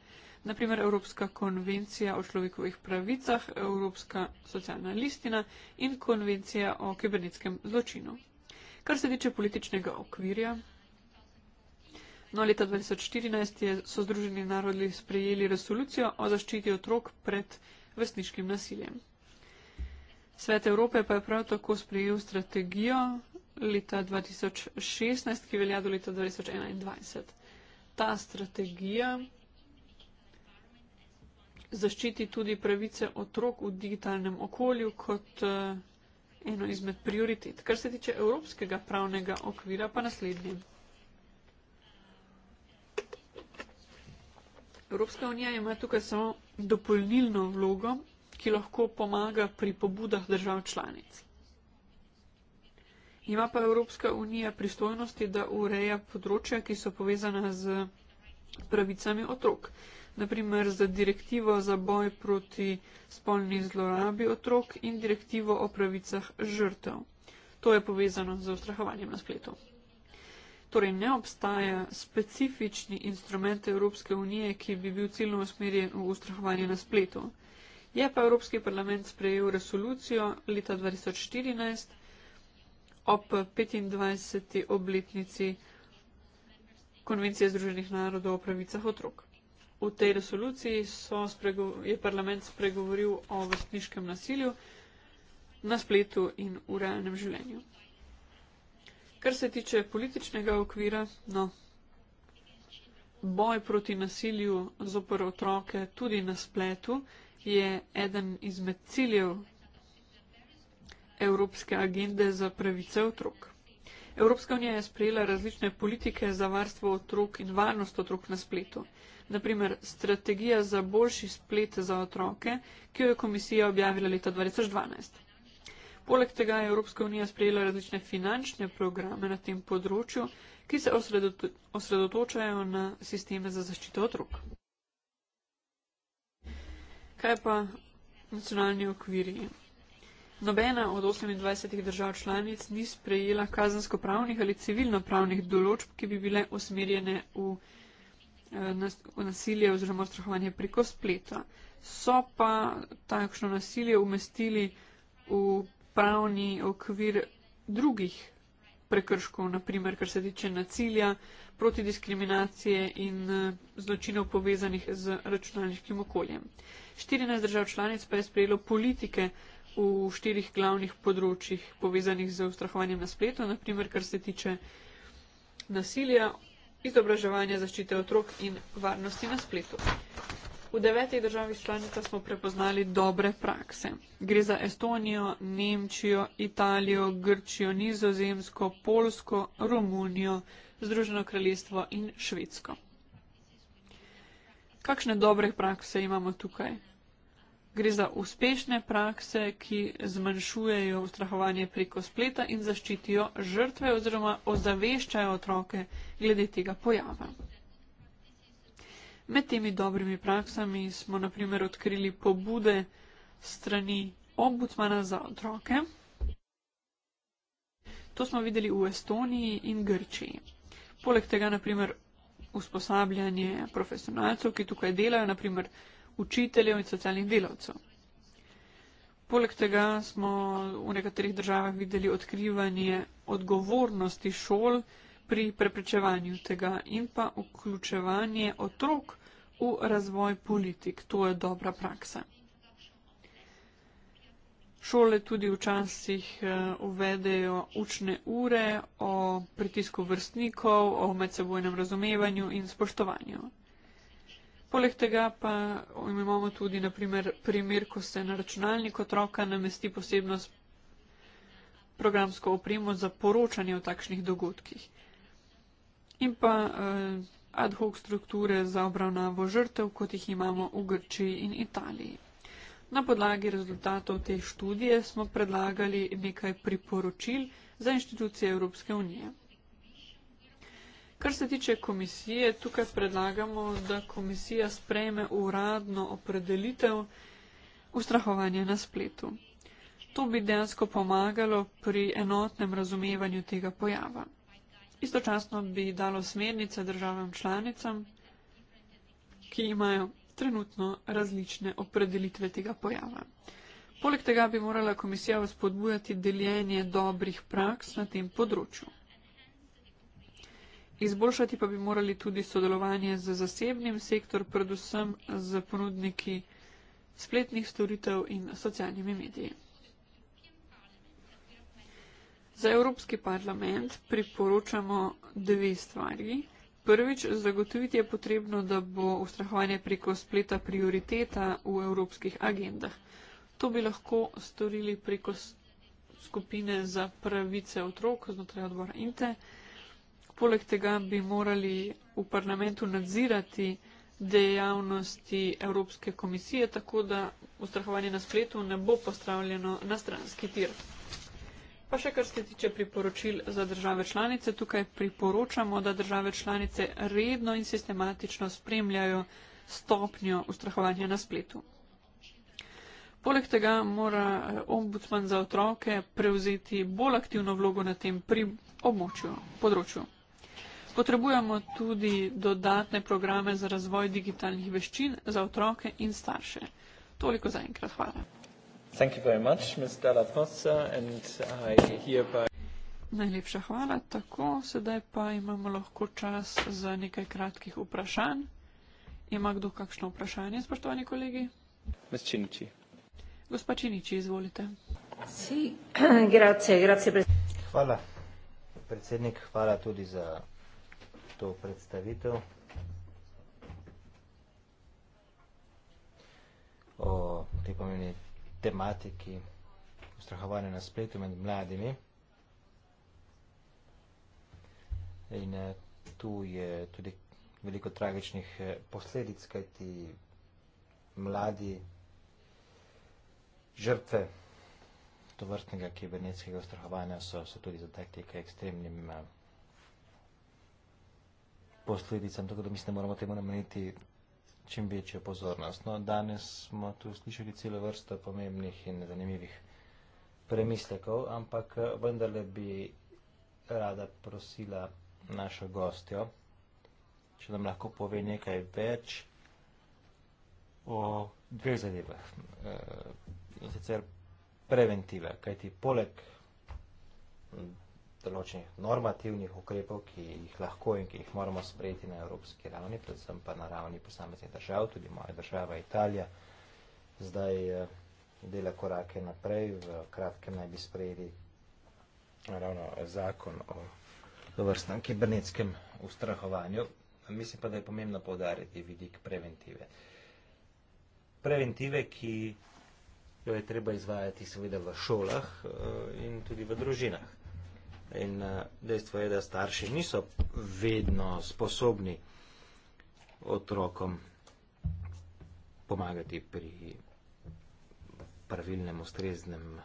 Naprimer Evropska konvencija o človekovih pravicah, Evropska socialna listina in konvencija o kibernetskem zločinu. Kar se tiče političnega okvirja, No, leta 2014 je, so Združeni narodi sprejeli resolucijo o zaščiti otrok pred vrstniškim nasiljem. Svet Evrope pa je prav tako sprejel strategijo leta 2016, ki velja do leta 2021. Ta strategija zaščiti tudi pravice otrok v digitalnem okolju kot eh, eno izmed prioritet. Kar se tiče evropskega pravnega okvira, pa naslednje. Evropska unija ima tukaj samo dopolnilno vlogo, ki lahko pomaga pri pobudah držav članic. Ima pa Evropska unija pristojnosti, da ureja področja, ki so povezana z pravicami otrok. Naprimer za direktivo za boj proti spolni zlorabi otrok in direktivo o pravicah žrtev. To je povezano z ustrahovanjem na spletu. Torej, ne obstaja specifični instrument Evropske unije, ki bi bil ciljno usmerjen v ustrahovanje na spletu. Je pa Evropski parlament sprejel resolucijo leta 2014 ob 25. obletnici Konvencije Združenih narodov o pravicah otrok. V tej resoluciji je parlament spregovoril o vrstniškem nasilju na spletu in v realnem življenju. Kar se tiče političnega okvira, no, boj proti nasilju zopr otroke tudi na spletu je eden izmed ciljev Evropske agende za pravice otrok. Evropska unija je sprejela različne politike za varstvo otrok in varnost otrok na spletu. Naprimer, strategija za boljši splet za otroke, ki jo je komisija objavila leta 2012. Poleg tega je Evropska unija sprejela različne finančne programe na tem področju, ki se osredoto osredotočajo na sisteme za zaščito otrok. Kaj pa nacionalni okviri? Nobena od 28 držav članic ni sprejela kazensko-pravnih ali civilno-pravnih določb, ki bi bile usmerjene v, eh, v nasilje oziroma strahovanje preko spleta. So pa takšno nasilje umestili v pravni okvir drugih prekrškov, naprimer, kar se tiče nacilja, protidiskriminacije in eh, zločinov povezanih z računalniškim okoljem. 14 držav članic pa je sprejelo politike v štirih glavnih področjih povezanih z ustrahovanjem na spletu, naprimer, kar se tiče nasilja, izobraževanja, zaščite otrok in varnosti na spletu. V devetih državih članica smo prepoznali dobre prakse. Gre za Estonijo, Nemčijo, Italijo, Grčijo, Nizozemsko, Polsko, Romunijo, Združeno kraljestvo in Švedsko. Kakšne dobre prakse imamo tukaj? Gre za uspešne prakse, ki zmanjšujejo ustrahovanje preko spleta in zaščitijo žrtve oziroma ozaveščajo otroke glede tega pojava. Med temi dobrimi praksami smo naprimer odkrili pobude strani ombudsmana za otroke. To smo videli v Estoniji in Grčiji. Poleg tega naprimer usposabljanje profesionalcev, ki tukaj delajo, naprimer učiteljev in socialnih delavcev. Poleg tega smo v nekaterih državah videli odkrivanje odgovornosti šol pri preprečevanju tega in pa vključevanje otrok v razvoj politik. To je dobra praksa. Šole tudi včasih eh, uvedejo učne ure o pritisku vrstnikov, o medsebojnem razumevanju in spoštovanju. Poleg tega pa imamo tudi naprimer, primer, ko se na računalnik otroka namesti posebno programsko opremo za poročanje o takšnih dogodkih. In pa eh, ad hoc strukture za obravnavo žrtev, kot jih imamo v Grčiji in Italiji. Na podlagi rezultatov te študije smo predlagali nekaj priporočil za inštitucije Evropske unije. Kar se tiče komisije, tukaj predlagamo, da komisija sprejme uradno opredelitev ustrahovanja na spletu. To bi dejansko pomagalo pri enotnem razumevanju tega pojava. Istočasno bi dalo smernice državam članicam, ki imajo trenutno različne opredelitve tega pojava. Poleg tega bi morala komisija vzpodbujati deljenje dobrih praks na tem področju. Izboljšati pa bi morali tudi sodelovanje z zasebnim sektor, predvsem z ponudniki spletnih storitev in socialnimi mediji. Za Evropski parlament priporočamo dve stvari. Prvič, zagotoviti je potrebno, da bo ustrahovanje preko spleta prioriteta v evropskih agendah. To bi lahko storili preko skupine za pravice otrok znotraj odbora INTE. Poleg tega bi morali v parlamentu nadzirati dejavnosti Evropske komisije, tako da ustrahovanje na spletu ne bo postavljeno na stranski tir. Pa še kar se tiče priporočil za države članice, tukaj priporočamo, da države članice redno in sistematično spremljajo stopnjo ustrahovanja na spletu. Poleg tega mora eh, ombudsman za otroke prevzeti bolj aktivno vlogo na tem območju, področju. Potrebujemo tudi dodatne programe za razvoj digitalnih veščin za otroke in starše. Toliko za enkrat. Hvala. Thank you very much, Ms. Della Pozza, and I hereby... Najlepša hvala. Tako, sedaj pa imamo lahko čas za nekaj kratkih vprašanj. Ima kdo kakšno vprašanje, spoštovani kolegi? Ms. Činiči. Gospa Činiči, izvolite. Si, grazie, grazie. Hvala, predsednik. Hvala tudi za to predstavitev. O, te pomeni tematiki ustrahovanja na spletu med mladimi. In eh, tu je tudi veliko tragičnih eh, posledic, kajti mladi žrtve tovrstnega kibernetskega ustrahovanja so se tudi zatekli k ekstremnim eh, posledicam, tako da mislim, da moramo temu nameniti čim večjo pozornost. No, danes smo tu slišali celo vrsto pomembnih in zanimivih premislekov, ampak eh, vendarle bi rada prosila našo gostjo, če nam lahko pove nekaj več o dveh zadevah. Eh, in sicer preventiva, kajti poleg določenih normativnih ukrepov, ki jih lahko in ki jih moramo sprejeti na evropski ravni, predvsem pa na ravni posameznih držav, tudi moja država Italija. Zdaj eh, dela korake naprej, v kratkem naj bi sprejeli ravno zakon o dovrstnem kibernetskem ustrahovanju. Mislim pa, da je pomembno povdariti vidik preventive. Preventive, ki jo je treba izvajati seveda v šolah eh, in tudi v družinah. In eh, dejstvo je, da starši niso vedno sposobni otrokom pomagati pri pravilnem, ustreznem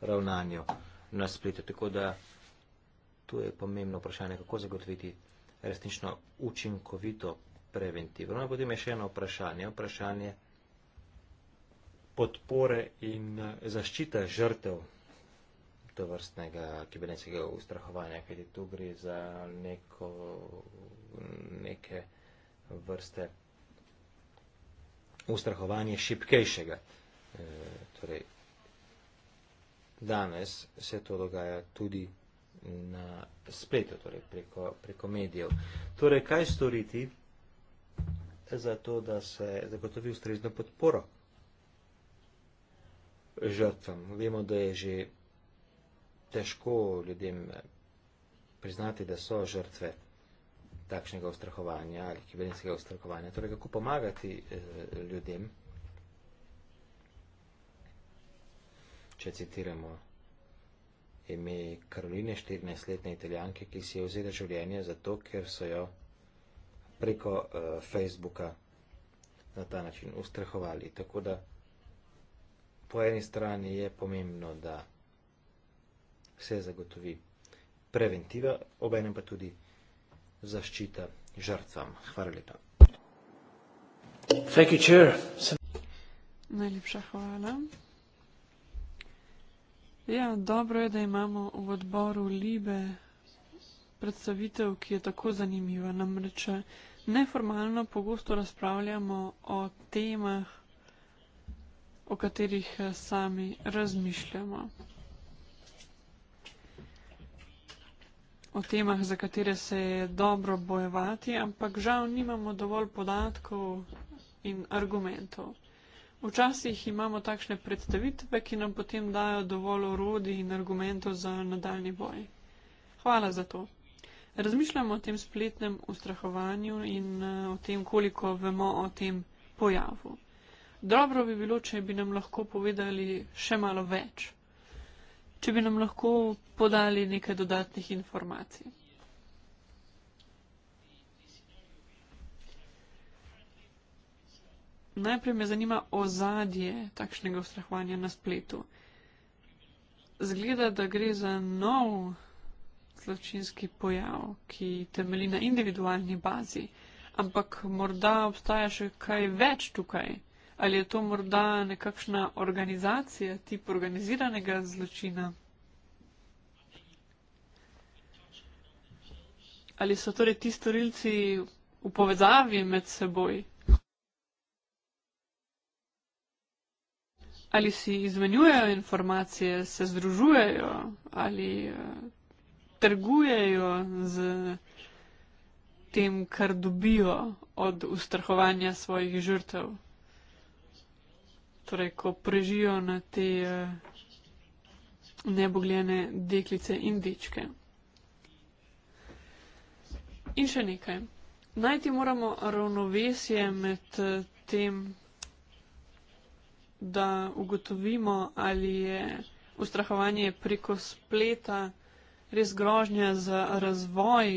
ravnanju na spletu. Tako da tu je pomembno vprašanje, kako zagotoviti resnično učinkovito preventivo. No, potem je še eno vprašanje, vprašanje podpore in eh, zaščita žrtev to vrstnega kibernetskega ustrahovanja, kajti tu gre za neko, neke vrste ustrahovanje šipkejšega. E, torej, danes se to dogaja tudi na spletu, torej preko, preko medijev. Torej, kaj storiti za to, da se zagotovi ustrezno podporo žrtvam? Vemo, da je že težko ljudem priznati, da so žrtve takšnega ustrahovanja ali kibernetskega ustrahovanja. Torej, kako pomagati eh, ljudem, če citiramo ime Karoline, 14-letne italijanke, ki si je vzela življenje zato, ker so jo preko eh, Facebooka na ta način ustrahovali. Tako da po eni strani je pomembno, da vse zagotovi preventiva, obenem pa tudi zaščita žrtvam. Hvala lepa. Thank you, chair. Najlepša hvala. Ja, dobro je, da imamo v odboru Libe predstavitev, ki je tako zanimiva. Namreč neformalno pogosto razpravljamo o temah, o katerih eh, sami razmišljamo. o temah, za katere se je dobro bojevati, ampak žal nimamo dovolj podatkov in argumentov. Včasih imamo takšne predstavitve, ki nam potem dajo dovolj orodij in argumentov za nadaljni boj. Hvala za to. Razmišljamo o tem spletnem ustrahovanju in eh, o tem, koliko vemo o tem pojavu. Dobro bi bilo, če bi nam lahko povedali še malo več če bi nam lahko podali nekaj dodatnih informacij. Najprej me zanima ozadje takšnega ustrahovanja na spletu. Zgleda, da gre za nov zločinski pojav, ki temelji na individualni bazi, ampak morda obstaja še kaj več tukaj. Ali je to morda nekakšna organizacija, tip organiziranega zločina? Ali so torej ti storilci v povezavi med seboj? Ali si izmenjujejo informacije, se združujejo ali eh, trgujejo z tem, kar dobijo od ustrahovanja svojih žrtev? torej, ko prežijo na te uh, nebogljene deklice in dečke. In še nekaj. Najti moramo ravnovesje med eh, tem, da ugotovimo, ali je ustrahovanje preko spleta res grožnja za razvoj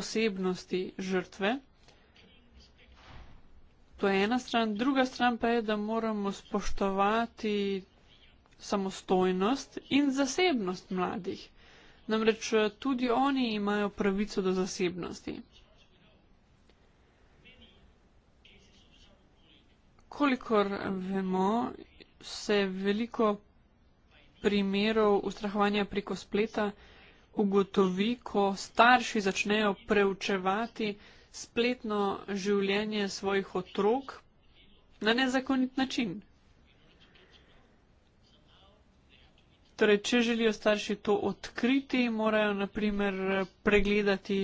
osebnosti žrtve. To je ena stran. Druga stran pa je, da moramo spoštovati samostojnost in zasebnost mladih. Namreč eh, tudi oni imajo pravico do zasebnosti. Kolikor vemo, se veliko primerov ustrahovanja preko spleta ugotovi, ko starši začnejo preučevati spletno življenje svojih otrok na nezakonit način. Torej, če želijo starši to odkriti, morajo naprimer pregledati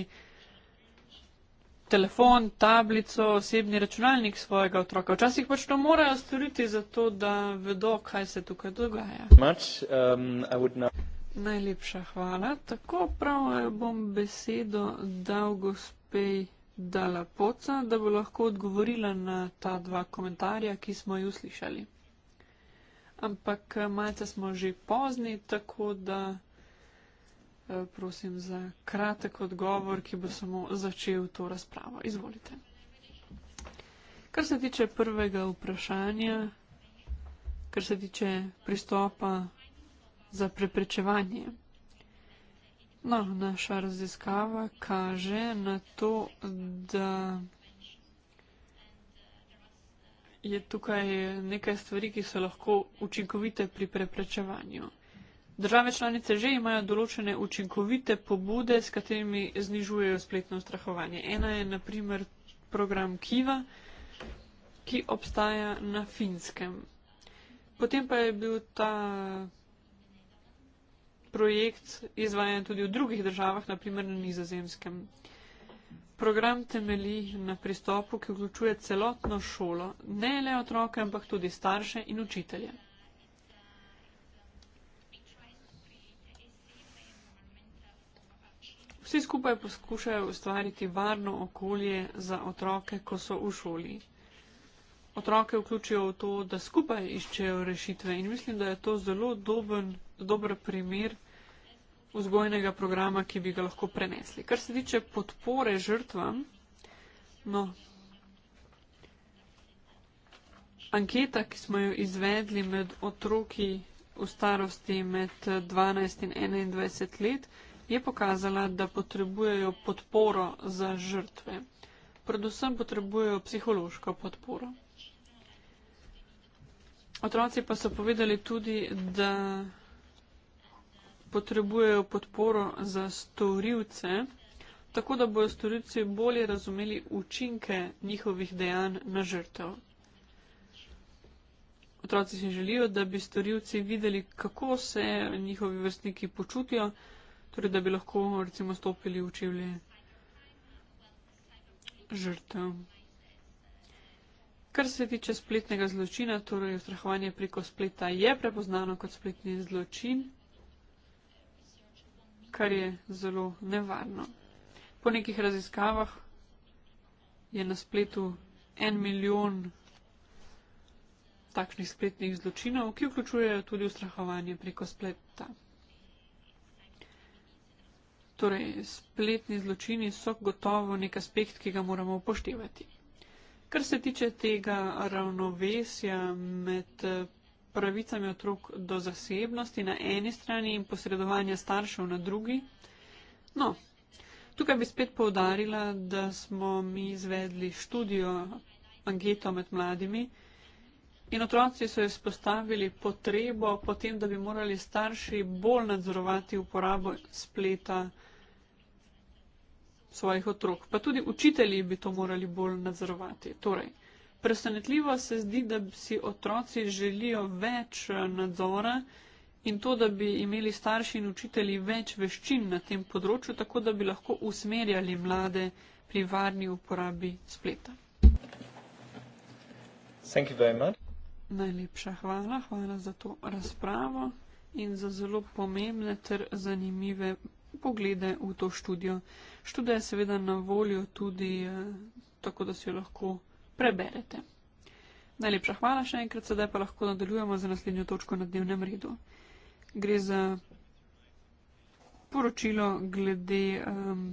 telefon, tablico, osebni računalnik svojega otroka. Včasih pač to morajo storiti, zato da vedo, kaj se tukaj dogaja. Much, um, Najlepša hvala. Tako prav eh, bom besedo dal gospej dala poca, da bo lahko odgovorila na ta dva komentarja, ki smo ju slišali. Ampak eh, malce smo že pozni, tako da eh, prosim za kratek odgovor, ki bo samo začel to razpravo. Izvolite. Kar se tiče prvega vprašanja, kar se tiče pristopa za preprečevanje. No, naša raziskava kaže na to, da je tukaj nekaj stvari, ki so lahko učinkovite pri preprečevanju. Države članice že imajo določene učinkovite pobude, s katerimi znižujejo spletno strahovanje. Ena je naprimer program Kiva, ki obstaja na finskem. Potem pa je bil ta projekt izvajan tudi v drugih državah, naprimer na nizozemskem. Program temeli na pristopu, ki vključuje celotno šolo, ne le otroke, ampak tudi starše in učitelje. Vsi skupaj poskušajo ustvariti varno okolje za otroke, ko so v šoli. Otroke vključijo v to, da skupaj iščejo rešitve in mislim, da je to zelo doben dober primer vzgojnega programa, ki bi ga lahko prenesli. Kar se tiče podpore žrtvam, no, anketa, ki smo jo izvedli med otroki v starosti med 12 in 21 let, je pokazala, da potrebujejo podporo za žrtve. Predvsem potrebujejo psihološko podporo. Otroci pa so povedali tudi, da potrebujejo podporo za storilce, tako da bodo storilci bolje razumeli učinke njihovih dejanj na žrtev. Otroci si želijo, da bi storilci videli, kako se njihovi vrstniki počutijo, torej da bi lahko recimo stopili v čevlje žrtev. Kar se tiče spletnega zločina, torej ustrahovanje preko spleta je prepoznano kot spletni zločin kar je zelo nevarno. Po nekih raziskavah je na spletu en milijon takšnih spletnih zločinov, ki vključujejo tudi ustrahovanje preko spleta. Torej, spletni zločini so gotovo nek aspekt, ki ga moramo upoštevati. Kar se tiče tega ravnovesja med eh, pravicami otrok do zasebnosti na eni strani in posredovanja staršev na drugi. No, tukaj bi spet povdarila, da smo mi izvedli študijo angeto med mladimi in otroci so izpostavili potrebo potem, da bi morali starši bolj nadzorovati uporabo spleta svojih otrok. Pa tudi učitelji bi to morali bolj nadzorovati. Torej, Presenetljivo se zdi, da si otroci želijo več eh, nadzora in to, da bi imeli starši in učitelji več veščin na tem področju, tako da bi lahko usmerjali mlade pri varni uporabi spleta. Najlepša hvala, hvala za to razpravo in za zelo pomembne ter zanimive poglede v to študijo. Študija je seveda na voljo tudi, eh, tako da si jo lahko preberete. Najlepša hvala še enkrat, sedaj pa lahko nadaljujemo za naslednjo točko na dnevnem redu. Gre za poročilo glede um,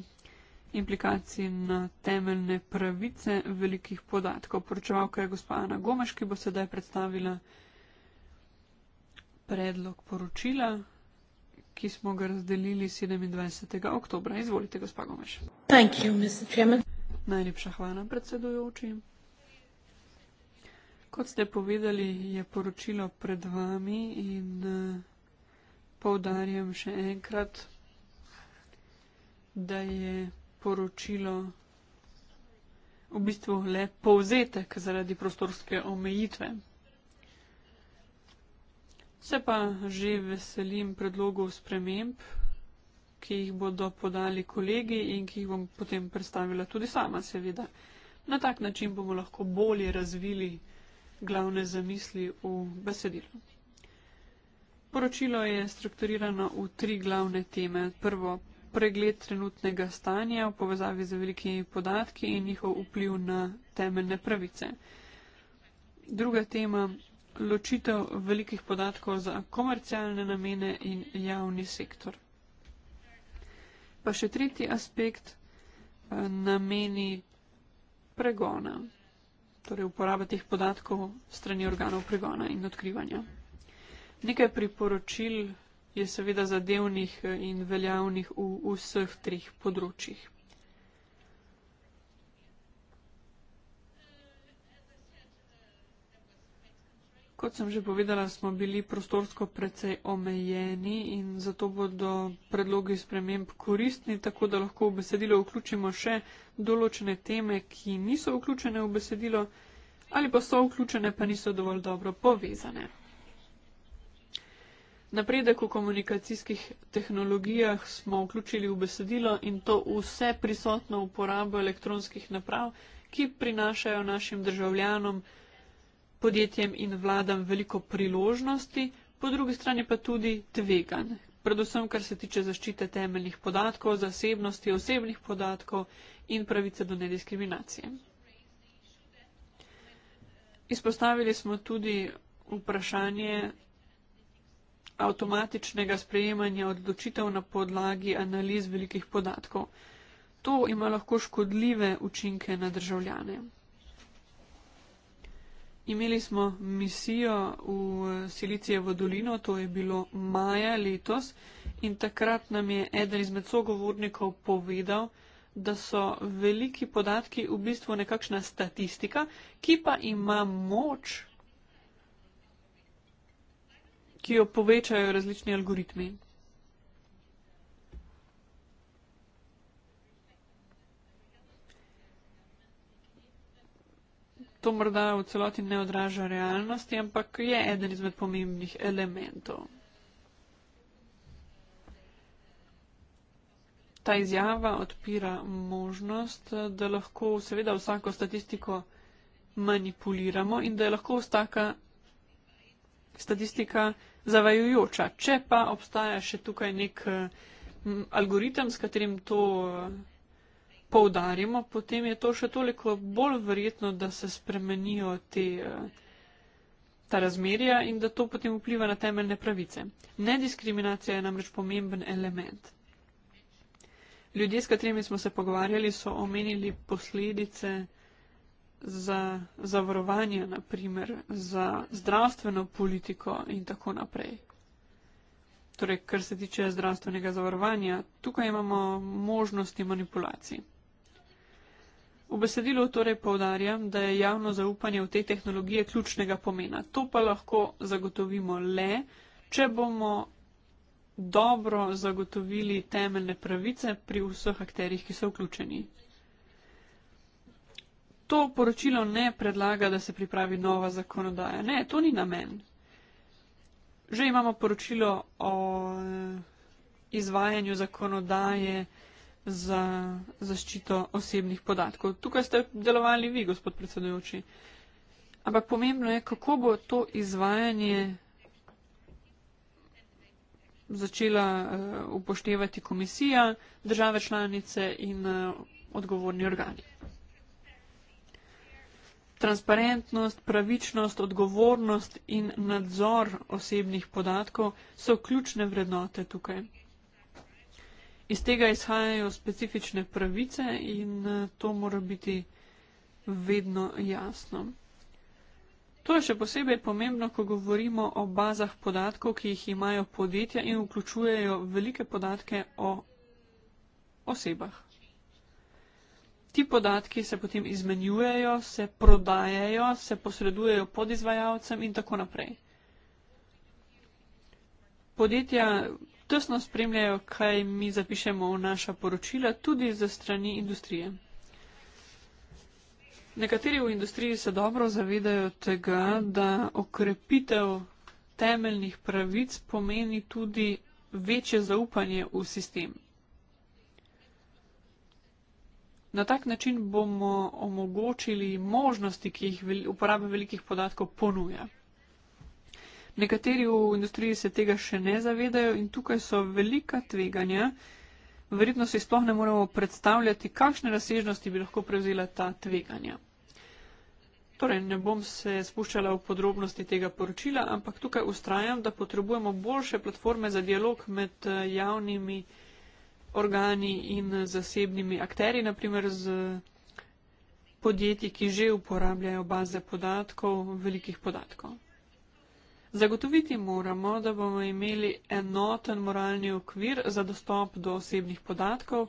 implikacij na temeljne pravice velikih podatkov. Poročevalka je gospa Ana Gomeš, ki bo sedaj predstavila predlog poročila, ki smo ga razdelili 27. oktobra. Izvolite, gospa Gomeš. Najlepša hvala, predsedujoči. Kot ste povedali, je poročilo pred vami in eh, povdarjam še enkrat, da je poročilo v bistvu le povzetek zaradi prostorske omejitve. Se pa že veselim predlogov sprememb, ki jih bodo podali kolegi in ki jih bom potem predstavila tudi sama, seveda. Na tak način bomo lahko bolje razvili glavne zamisli v besedilu. Poročilo je strukturirano v tri glavne teme. Prvo, pregled trenutnega stanja v povezavi z velikimi podatki in njihov vpliv na temeljne pravice. Druga tema, ločitev velikih podatkov za komercialne namene in javni sektor. Pa še tretji aspekt, eh, nameni pregona torej uporaba teh podatkov strani organov pregona in odkrivanja. Nekaj priporočil je seveda zadevnih in veljavnih v vseh treh področjih. Kot sem že povedala, smo bili prostorsko precej omejeni in zato bodo predlogi sprememb koristni, tako da lahko v besedilo vključimo še določene teme, ki niso vključene v besedilo ali pa so vključene, pa niso dovolj dobro povezane. Napredek v komunikacijskih tehnologijah smo vključili v besedilo in to vse prisotno uporabo elektronskih naprav, ki prinašajo našim državljanom podjetjem in vladam veliko priložnosti, po drugi strani pa tudi tvegan, predvsem kar se tiče zaščite temeljnih podatkov, zasebnosti osebnih podatkov in pravice do nediskriminacije. Izpostavili smo tudi vprašanje avtomatičnega sprejemanja odločitev na podlagi analiz velikih podatkov. To ima lahko škodljive učinke na državljane. Imeli smo misijo v eh, Silicijevo dolino, to je bilo maja letos in takrat nam je eden izmed sogovornikov povedal, da so veliki podatki v bistvu nekakšna statistika, ki pa ima moč, ki jo povečajo različni algoritmi. to morda v celoti ne odraža realnosti, ampak je eden izmed pomembnih elementov. Ta izjava odpira možnost, da lahko seveda vsako statistiko manipuliramo in da je lahko vsaka statistika zavajujoča. Če pa obstaja še tukaj nek algoritem, s katerim to poudarimo, potem je to še toliko bolj verjetno, da se spremenijo te, eh, ta razmerja in da to potem vpliva na temeljne pravice. Nediskriminacija je namreč pomemben element. Ljudje, s katerimi smo se pogovarjali, so omenili posledice za zavarovanje, naprimer za zdravstveno politiko in tako naprej. Torej, kar se tiče zdravstvenega zavarovanja, tukaj imamo možnosti manipulacij. V besedilu torej povdarjam, da je javno zaupanje v te tehnologije ključnega pomena. To pa lahko zagotovimo le, če bomo dobro zagotovili temeljne pravice pri vseh akterjih, ki so vključeni. To poročilo ne predlaga, da se pripravi nova zakonodaja. Ne, to ni namen. Že imamo poročilo o eh, izvajanju zakonodaje za zaščito osebnih podatkov. Tukaj ste delovali vi, gospod predsedujoči. Ampak pomembno je, kako bo to izvajanje začela uh, upoštevati komisija, države članice in uh, odgovorni organi. Transparentnost, pravičnost, odgovornost in nadzor osebnih podatkov so ključne vrednote tukaj iz tega izhajajo specifične pravice in eh, to mora biti vedno jasno. To je še posebej pomembno, ko govorimo o bazah podatkov, ki jih imajo podjetja in vključujejo velike podatke o osebah. Ti podatki se potem izmenjujejo, se prodajajo, se posredujejo pod izvajalcem in tako naprej. Podjetja tesno spremljajo, kaj mi zapišemo v naša poročila, tudi za strani industrije. Nekateri v industriji se dobro zavedajo tega, da okrepitev temeljnih pravic pomeni tudi večje zaupanje v sistem. Na tak način bomo omogočili možnosti, ki jih uporaba velikih podatkov ponuja. Nekateri v industriji se tega še ne zavedajo in tukaj so velika tveganja. Verjetno si sploh ne moremo predstavljati, kakšne razsežnosti bi lahko prevzela ta tveganja. Torej, ne bom se spuščala v podrobnosti tega poročila, ampak tukaj ustrajam, da potrebujemo boljše platforme za dialog med eh, javnimi organi in zasebnimi akteri, naprimer z podjetji, ki že uporabljajo baze podatkov, velikih podatkov. Zagotoviti moramo, da bomo imeli enoten moralni okvir za dostop do osebnih podatkov,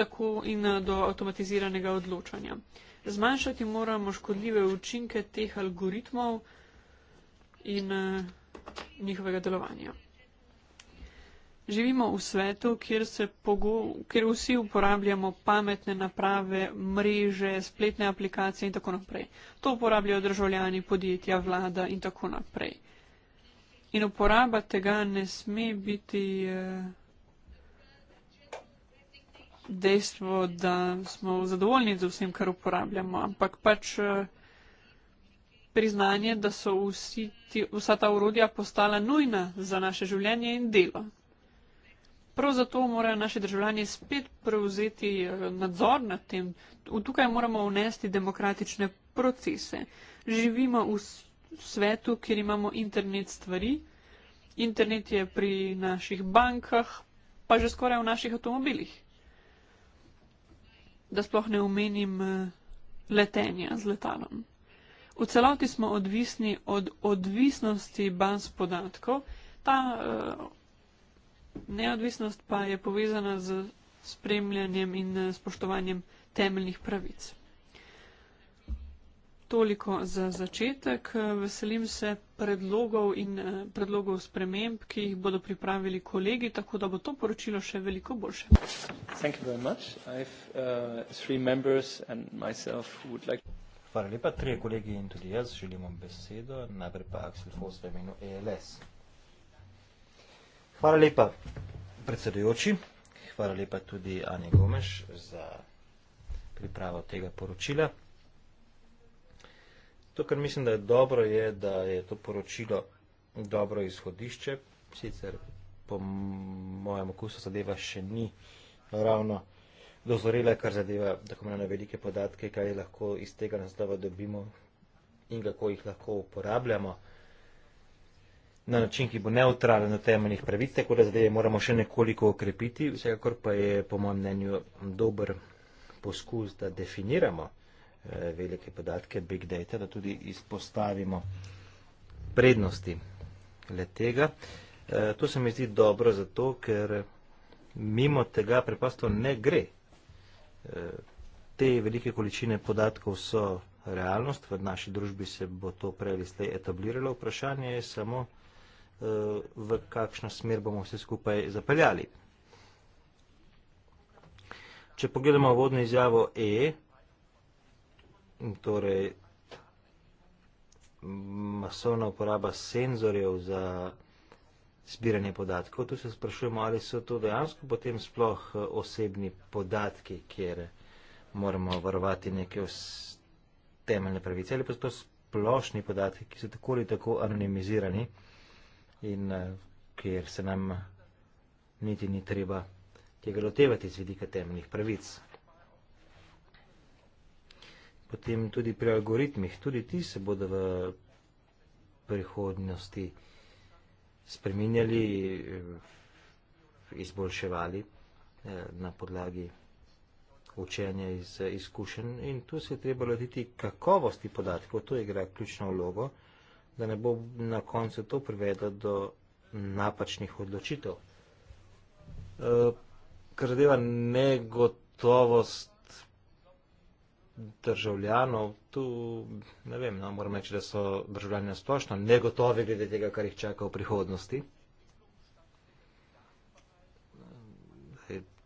tako in eh, do avtomatiziranega odločanja. Zmanjšati moramo škodljive učinke teh algoritmov in eh, njihovega delovanja. Živimo v svetu, kjer, pogo, kjer vsi uporabljamo pametne naprave, mreže, spletne aplikacije in tako naprej. To uporabljajo državljani, podjetja, vlada in tako naprej in uporaba tega ne sme biti eh, dejstvo, da smo zadovoljni z vsem, kar uporabljamo, ampak pač eh, priznanje, da so vsi ti, vsa ta urodja postala nujna za naše življenje in delo. Prav zato morajo naši državljani spet prevzeti eh, nadzor nad tem. Tukaj moramo vnesti demokratične procese. Živimo v svetu, kjer imamo internet stvari. Internet je pri naših bankah, pa že skoraj v naših avtomobilih. Da sploh ne omenim eh, letenja z letalom. V celoti smo odvisni od odvisnosti baz podatkov. Ta uh, neodvisnost pa je povezana z spremljanjem in eh, spoštovanjem temeljnih pravic toliko za začetek. Veselim se predlogov in eh, predlogov sprememb, ki jih bodo pripravili kolegi, tako da bo to poročilo še veliko boljše. Uh, Hvala lepa. Tri kolegi in tudi jaz želimo besedo. Najprej pa Aksel Fos v imenu ELS. Hvala lepa, predsedujoči. Hvala lepa tudi Ani Gomeš za pripravo tega poročila. To, kar mislim, da je dobro, je, da je to poročilo dobro izhodišče. Sicer po mojem okusu zadeva še ni ravno dozorila, kar zadeva, da imamo na velike podatke, kaj lahko iz tega naslova dobimo in kako jih lahko uporabljamo na način, ki bo neutralen na temeljnih pravic, tako da zadeve moramo še nekoliko okrepiti. Vsekakor pa je po mojem mnenju dober poskus, da definiramo Eh, velike podatke Big Data, da tudi izpostavimo prednosti letega. Eh, to se mi zdi dobro zato, ker mimo tega preprosto ne gre. Eh, te velike količine podatkov so realnost, v naši družbi se bo to prej slej etabliralo, vprašanje je samo, v kakšno smer bomo vse skupaj zapeljali. Če pogledamo vodno izjavo E, Torej, masovna uporaba senzorjev za zbiranje podatkov. Tu se sprašujemo, ali so to dejansko potem sploh eh, osebni podatki, kjer moramo varovati neke temeljne pravice, ali pa so to splošni podatki, ki so tako ali tako anonimizirani in eh, kjer se nam niti ni treba tega lotevati z vidika temeljnih pravic potem tudi pri algoritmih, tudi ti se bodo v prihodnosti spreminjali, izboljševali eh, na podlagi učenja iz izkušenj in tu se je treba loditi kakovosti podatkov, to igra ključno vlogo, da ne bo na koncu to privedlo do napačnih odločitev. Eh, kar zadeva negotovost državljanov, tu ne vem, no, moram reči, da so državljani nasplošno negotovi glede tega, kar jih čaka v prihodnosti.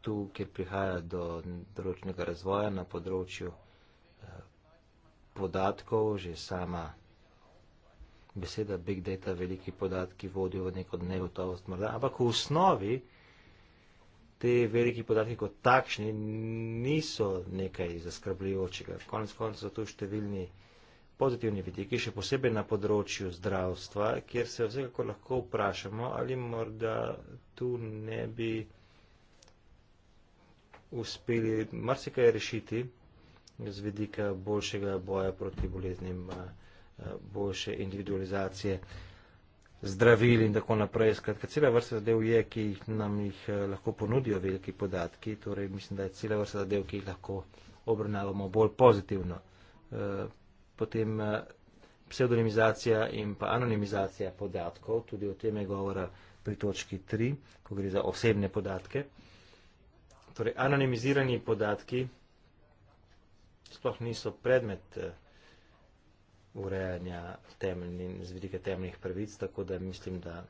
Tu, kjer prihaja do določnega razvoja na področju eh, podatkov, že sama beseda big data, veliki podatki vodijo v neko negotovost morda, ampak v osnovi te veliki podatki kot takšni niso nekaj zaskrbljujočega. Konec konca so tu številni pozitivni vidiki, še posebej na področju zdravstva, kjer se vsekako lahko vprašamo, ali morda tu ne bi uspeli marsikaj rešiti z vidika boljšega boja proti boleznim, eh, boljše individualizacije zdravil in tako naprej. Skratka, cela vrsta zadev je, ki nam jih eh, lahko ponudijo veliki podatki, torej mislim, da je cela vrsta zadev, ki jih lahko obrnavamo bolj pozitivno. Eh, potem eh, pseudonimizacija in pa anonimizacija podatkov, tudi o tem je govora pri točki 3, ko gre za osebne podatke. Torej, anonimizirani podatki sploh niso predmet podatkov, urejanja temeljnih, z vidika temeljnih pravic, tako da mislim, da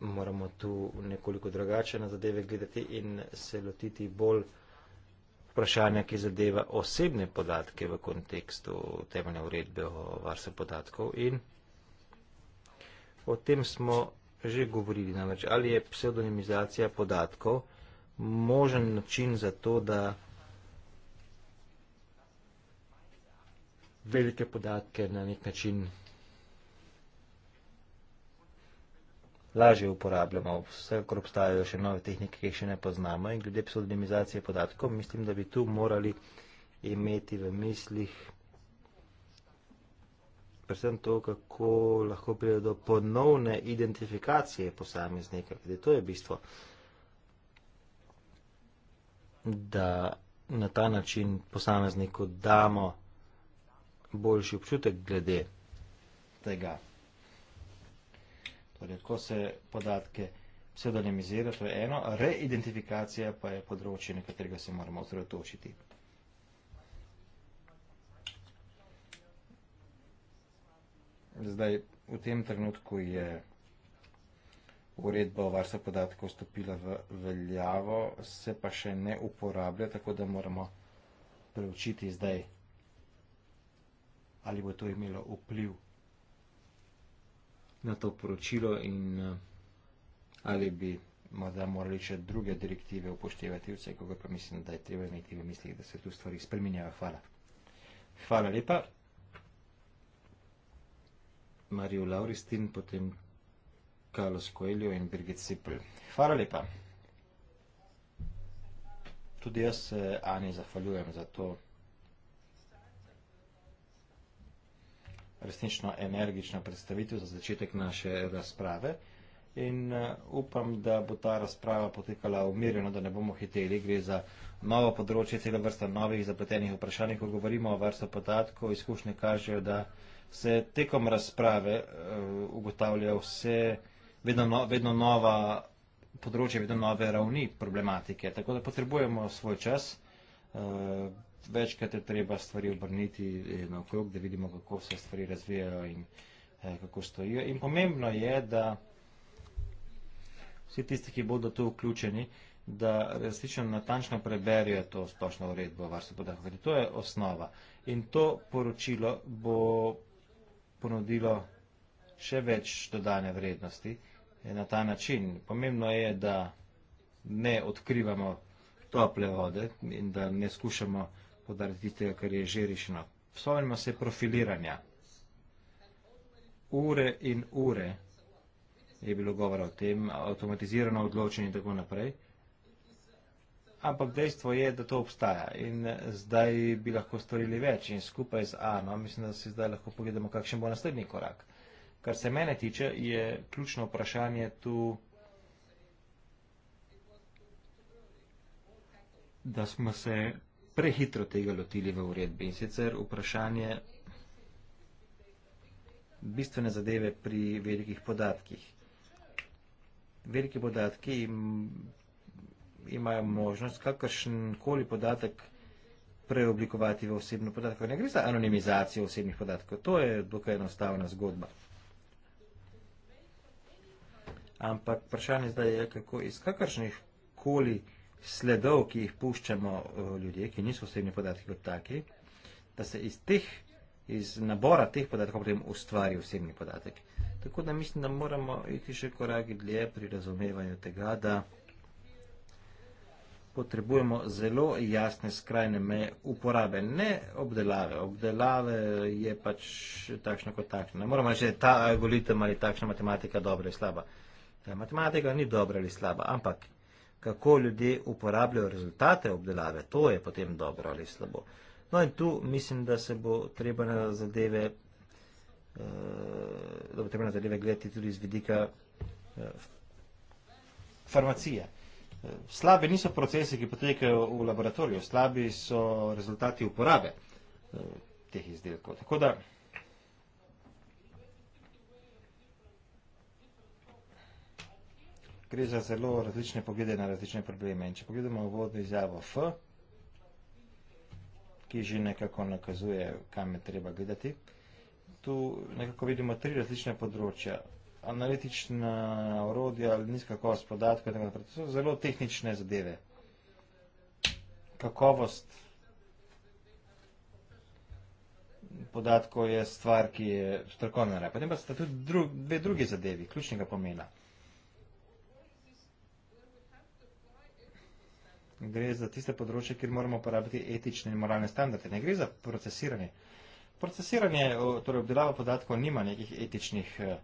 moramo tu nekoliko drugače na zadeve gledati in se lotiti bolj vprašanja, ki zadeva osebne podatke v kontekstu temeljne uredbe o varstvu podatkov in o tem smo že govorili namreč, ali je pseudonimizacija podatkov možen način za to, da velike podatke na nek način lažje uporabljamo. Vsekakor obstajajo še nove tehnike, ki jih še ne poznamo in glede pseudonimizacije podatkov mislim, da bi tu morali imeti v mislih predvsem to, kako lahko pride do ponovne identifikacije posameznika, kde to je bistvo, da na ta način posamezniku damo vsega, boljši občutek glede tega. Torej, ko se podatke pseudonimizira, to je eno, reidentifikacija pa je področje, na katerega se moramo osredotočiti. Zdaj, v tem trenutku je uredba o varstvu podatkov vstopila v veljavo, se pa še ne uporablja, tako da moramo preučiti zdaj ali bo to imelo vpliv na to poročilo in eh, ali bi morda morali še druge direktive upoštevati vse, kako pa mislim, da je treba imeti v mislih, da se tu stvari spreminjajo. Hvala. Hvala lepa. Mariju Lauristin, potem Carlos Coelho in Birgit Sipel. Hvala lepa. Tudi jaz se Ani zahvaljujem za to, da resnično energična predstavitev za začetek naše razprave in eh, upam, da bo ta razprava potekala umirjeno, da ne bomo hiteli. Gre za novo področje, cela vrsta novih zapletenih vprašanj. Ko govorimo o vrsta podatkov, izkušnje kažejo, da se tekom razprave uh, ugotavlja vse, vedno, no, vedno nova področje, vedno nove ravni problematike. Tako da potrebujemo svoj čas. Uh, večkrat je treba stvari obrniti eh, na okrog, da vidimo, kako se stvari razvijajo in eh, kako stojijo. In pomembno je, da vsi tisti, ki bodo tu vključeni, da resnično natančno preberijo to splošno uredbo o varstvu podatkov. To je osnova. In to poročilo bo ponudilo še več dodane vrednosti eh, na ta način. Pomembno je, da ne odkrivamo tople vode in da ne skušamo uh, podariti tega, kar je že rešeno. Spomnimo se profiliranja. Ure in ure je bilo govora o tem, avtomatizirano odločenje in tako naprej. Ampak dejstvo je, da to obstaja in zdaj bi lahko storili več in skupaj z A, no, mislim, da se zdaj lahko pogledamo, kakšen bo naslednji korak. Kar se mene tiče, je ključno vprašanje tu, da smo se prehitro tega lotili v uredbi in sicer vprašanje bistvene zadeve pri velikih podatkih. Veliki podatki imajo možnost kakršen koli podatek preoblikovati v osebno podatko. Ne gre za anonimizacijo osebnih podatkov. To je dokaj enostavna zgodba. Ampak vprašanje zdaj je, kako iz kakršnih koli podatkov sledov, ki jih puščamo eh, ljudje, ki niso osebni podatki kot taki, da se iz teh, iz nabora teh podatkov potem ustvari osebni podatek. Tako da mislim, da moramo iti še korak dlje pri razumevanju tega, da potrebujemo zelo jasne skrajne meje uporabe, ne obdelave. Obdelave je pač takšna kot takšna. Ne moramo reči, da je ta algoritem ali takšna matematika dobra ali slaba. Ta matematika ni dobra ali slaba, ampak kako ljudje uporabljajo rezultate obdelave, to je potem dobro ali slabo. No in tu mislim, da se bo treba na zadeve, eh, da bo treba na zadeve gledati tudi z vidika eh, farmacije. Eh, slabi niso procesi, ki potekajo v laboratoriju, slabi so rezultati uporabe teh izdelkov. Tako da, gre za zelo različne poglede na različne probleme. In če pogledamo v vodno izjavo F, ki že nekako nakazuje, kam je treba gledati, tu nekako vidimo tri različne področja. Analitična orodja, nizka kakovost podatkov in tako naprej. To so zelo tehnične zadeve. Kakovost podatkov je stvar, ki je strokovna. Potem pa sta tudi dru dve druge zadevi, ključnega pomena. gre za tiste področje, kjer moramo uporabiti etične in moralne standarde. Ne gre za procesiranje. Procesiranje, torej obdelava podatkov, nima nekih etičnih eh,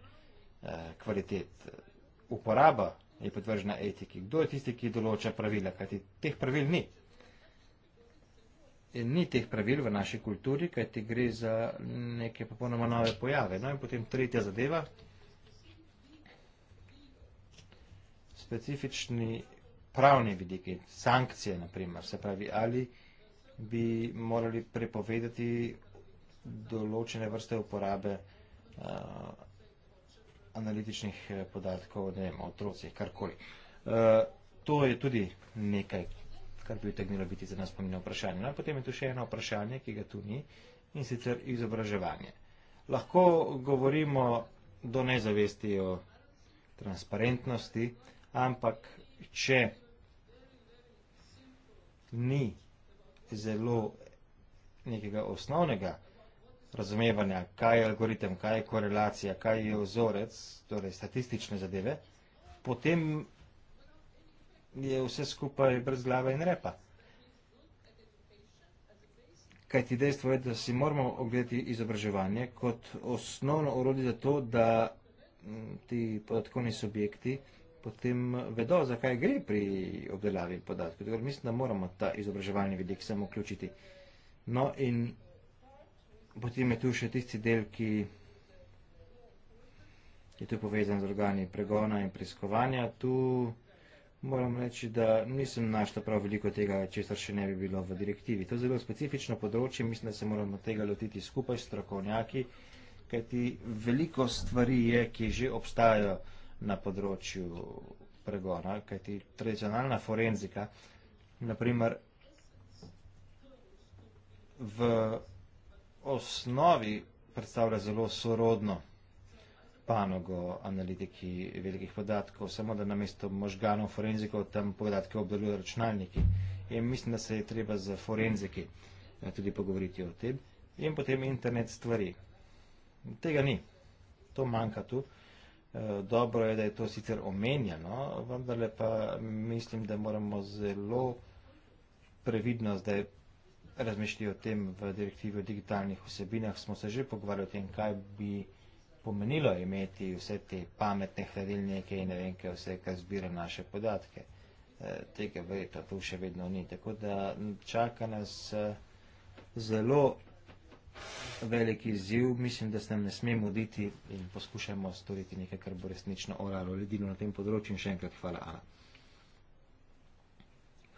eh, kvalitet. Uporaba je podvržena etiki. Kdo je tisti, ki določa pravila? Kajti teh pravil ni. In ni teh pravil v naši kulturi, kajti gre za neke popolnoma nove pojave. No in potem tretja zadeva. Specifični pravni vidiki, sankcije naprimer, se pravi, ali bi morali prepovedati določene vrste uporabe uh, analitičnih eh, podatkov, ne vem, otrocih, karkoli. Uh, to je tudi nekaj, kar bi utegnilo biti za nas pomembno vprašanje. No, potem je tu še eno vprašanje, ki ga tu ni, in sicer izobraževanje. Lahko govorimo do nezavesti o transparentnosti, ampak če ni zelo nekega osnovnega razumevanja, kaj je algoritem, kaj je korelacija, kaj je ozorec, torej statistične zadeve, potem je vse skupaj brez glave in repa. Kaj ti dejstvo je, da si moramo ogledati izobraževanje kot osnovno urodi za to, da ti podatkovni subjekti potem vedo, zakaj gre pri obdelavi podatkov. Tako, mislim, da moramo ta izobraževalni vidik samo vključiti. No in potem je tu še tisti del, ki je tu povezan z organi pregona in preiskovanja. Tu moram reči, da nisem našla prav veliko tega, česar še ne bi bilo v direktivi. To je zelo specifično področje, mislim, da se moramo tega lotiti skupaj s strokovnjaki, kajti veliko stvari je, ki že obstajajo na področju pregona, kajti tradicionalna forenzika, naprimer, v osnovi predstavlja zelo sorodno panogo analitiki velikih podatkov, samo da namesto možganov forenzikov tam podatke obdelujejo računalniki. In mislim, da se je treba z forenziki eh, tudi pogovoriti o tem. In potem internet stvari. Tega ni. To manjka tu. Eh, dobro je, da je to sicer omenjeno, vendar pa mislim, da moramo zelo previdno zdaj razmišljati o tem v direktivi o digitalnih vsebinah. Smo se že pogovarjali o tem, kaj bi pomenilo imeti vse te pametne hladilnike in ne vem, kaj vse, kar zbira naše podatke. Eh, tega verjetno tu še vedno ni. Tako da čaka nas eh, zelo veliki izziv, mislim, da se nam ne sme muditi in poskušajmo storiti nekaj, kar bo resnično oralo ledino na tem področju in še enkrat hvala Ana.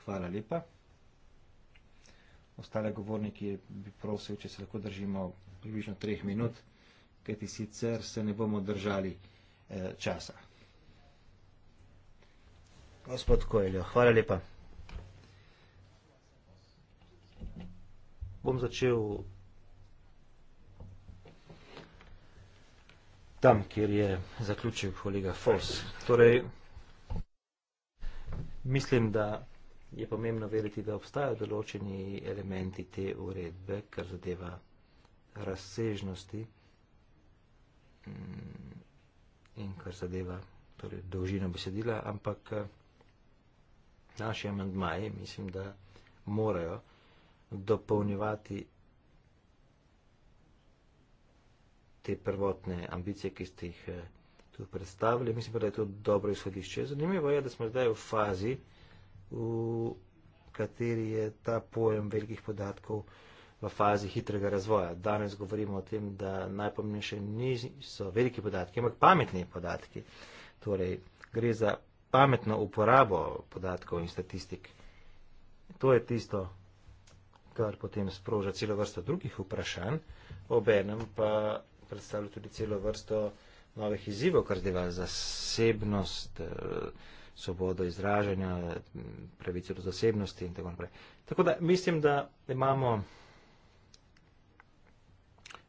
Hvala lepa. Ostale govorniki bi prosil, če se lahko držimo približno treh minut, kaj ti sicer se ne bomo držali eh, časa. Gospod Koeljo, hvala lepa. Bom začel tam, kjer je zaključil kolega Fos. Torej, mislim, da je pomembno veriti, da obstajajo določeni elementi te uredbe, kar zadeva razsežnosti mm, in kar zadeva torej, dolžino besedila, ampak eh, naši amandmaji mislim, da morajo dopolnjevati te prvotne ambicije, ki ste jih eh, tu predstavili. Mislim pa, da je to dobro izhodišče. Zanimivo je, da smo zdaj v fazi, v kateri je ta pojem velikih podatkov v fazi hitrega razvoja. Danes govorimo o tem, da najpomembnejše niso veliki podatki, ampak pametni podatki. Torej, gre za pametno uporabo podatkov in statistik. To je tisto, kar potem sproža celo vrsto drugih vprašanj, ob enem pa predstavlja tudi celo vrsto novih izzivov, kar zdaj zasebnost, eh, svobodo izražanja, pravico do zasebnosti in tako naprej. Tako da mislim, da imamo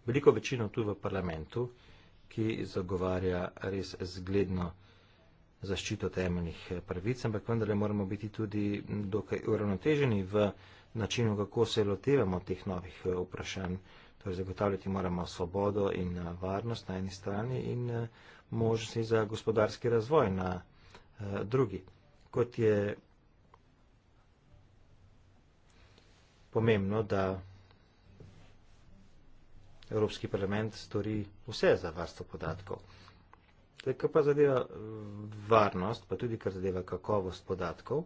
veliko večino tu v parlamentu, ki zagovarja res zgledno zaščito temeljnih eh, pravic, ampak vendar le moramo biti tudi dokaj uravnoteženi v načinu, kako se lotevamo teh novih eh, vprašanj. Torej, zagotavljati moramo svobodo in eh, varnost na eni strani in eh, možnosti za gospodarski razvoj na eh, drugi. Kot je pomembno, da Evropski parlament stori vse za varstvo podatkov. Kar pa zadeva varnost, pa tudi kar zadeva kakovost podatkov,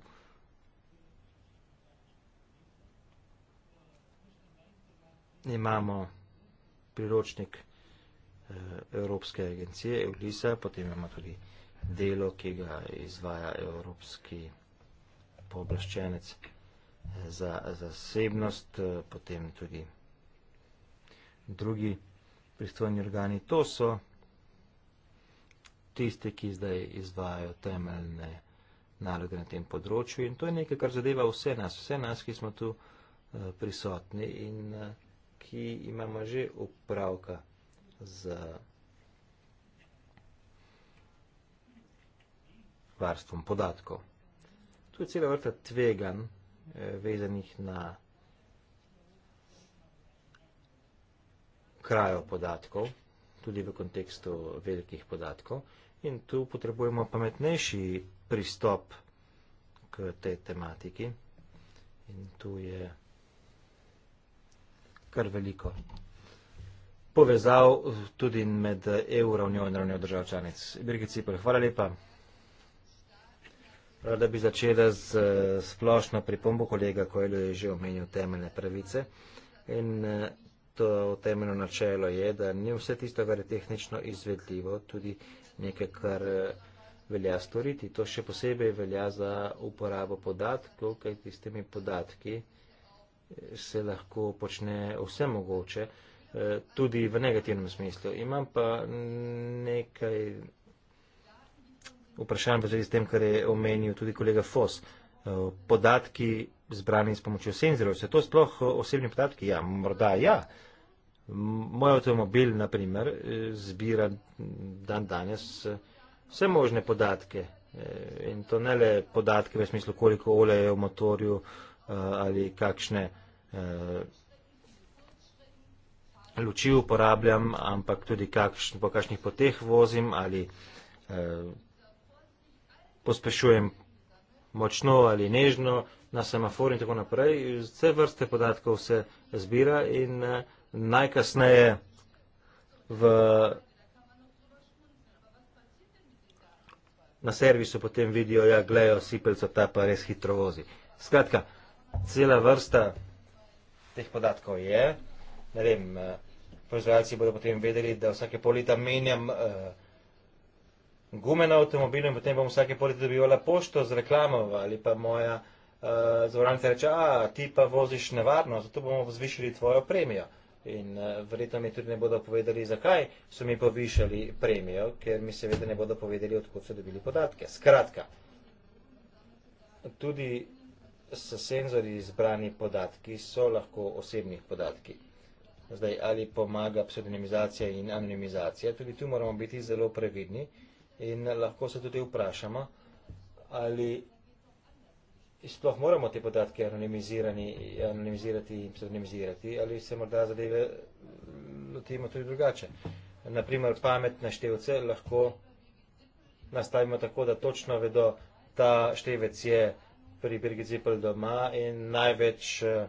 imamo priročnik eh, Evropske agencije EULISA, potem imamo tudi delo, ki ga izvaja Evropski pooblaščenec eh, za zasebnost, eh, potem tudi drugi pristojni organi. To so tiste, ki zdaj izvajajo temeljne naloge na tem področju in to je nekaj, kar zadeva vse nas, vse nas, ki smo tu prisotni in prisotni ki imamo že upravka z varstvom podatkov. Tu je cela vrta tvegan, eh, vezanih na krajo podatkov, tudi v kontekstu velikih podatkov. In tu potrebujemo pametnejši pristop k tej tematiki. In tu je kar veliko povezav tudi med EU ravnjo in ravnjo držav članic. Birgit Cipel, hvala lepa. Rada bi začela z eh, splošno pripombo kolega, ko je že omenil temeljne pravice. In eh, to temeljno načelo je, da ni vse tisto, kar je tehnično izvedljivo, tudi nekaj, kar eh, velja storiti. To še posebej velja za uporabo podatkov, kajti s temi podatki se lahko počne vse mogoče, eh, tudi v negativnem smislu. Imam pa nekaj vprašanj v zvezi s tem, kar je omenil tudi kolega Fos. Eh, podatki zbrani s pomočjo senzorjev, so to sploh eh, osebni podatki? Ja, morda ja. Moj avtomobil, na primer, zbira dan danes vse možne podatke. In to ne le podatke v smislu, koliko olja je v motorju, Eh, ali kakšne eh, luči uporabljam, ampak tudi kakšen, po kakšnih poteh vozim ali eh, pospešujem močno ali nežno na semafor in tako naprej. Vse vrste podatkov se zbira in najkasneje v, na servisu potem vidijo, ja, glejo, sipelca ta pa res hitro vozi. Skratka, cela vrsta teh podatkov je. Ne vem, eh, proizvajalci bodo potem vedeli, da vsake pol leta menjam uh, gume na avtomobilu in potem bom vsake pol leta dobivala pošto z reklamo ali pa moja uh, zavarovalnica reče, a ti pa voziš nevarno, zato bomo zvišali tvojo premijo. In uh, verjetno mi tudi ne bodo povedali, zakaj so mi povišali premijo, ker mi seveda ne bodo povedali, odkud so dobili podatke. Skratka, tudi s senzori izbrani podatki so lahko osebni podatki. Zdaj, ali pomaga pseudonimizacija in anonimizacija, tudi tu moramo biti zelo previdni in lahko se tudi vprašamo, ali sploh moramo te podatke anonimizirati in pseudonimizirati, ali se morda zadeve lotimo tudi drugače. Naprimer, pametne števce lahko nastavimo tako, da točno vedo, ta števec je pri Birgit Zipel doma in največ eh,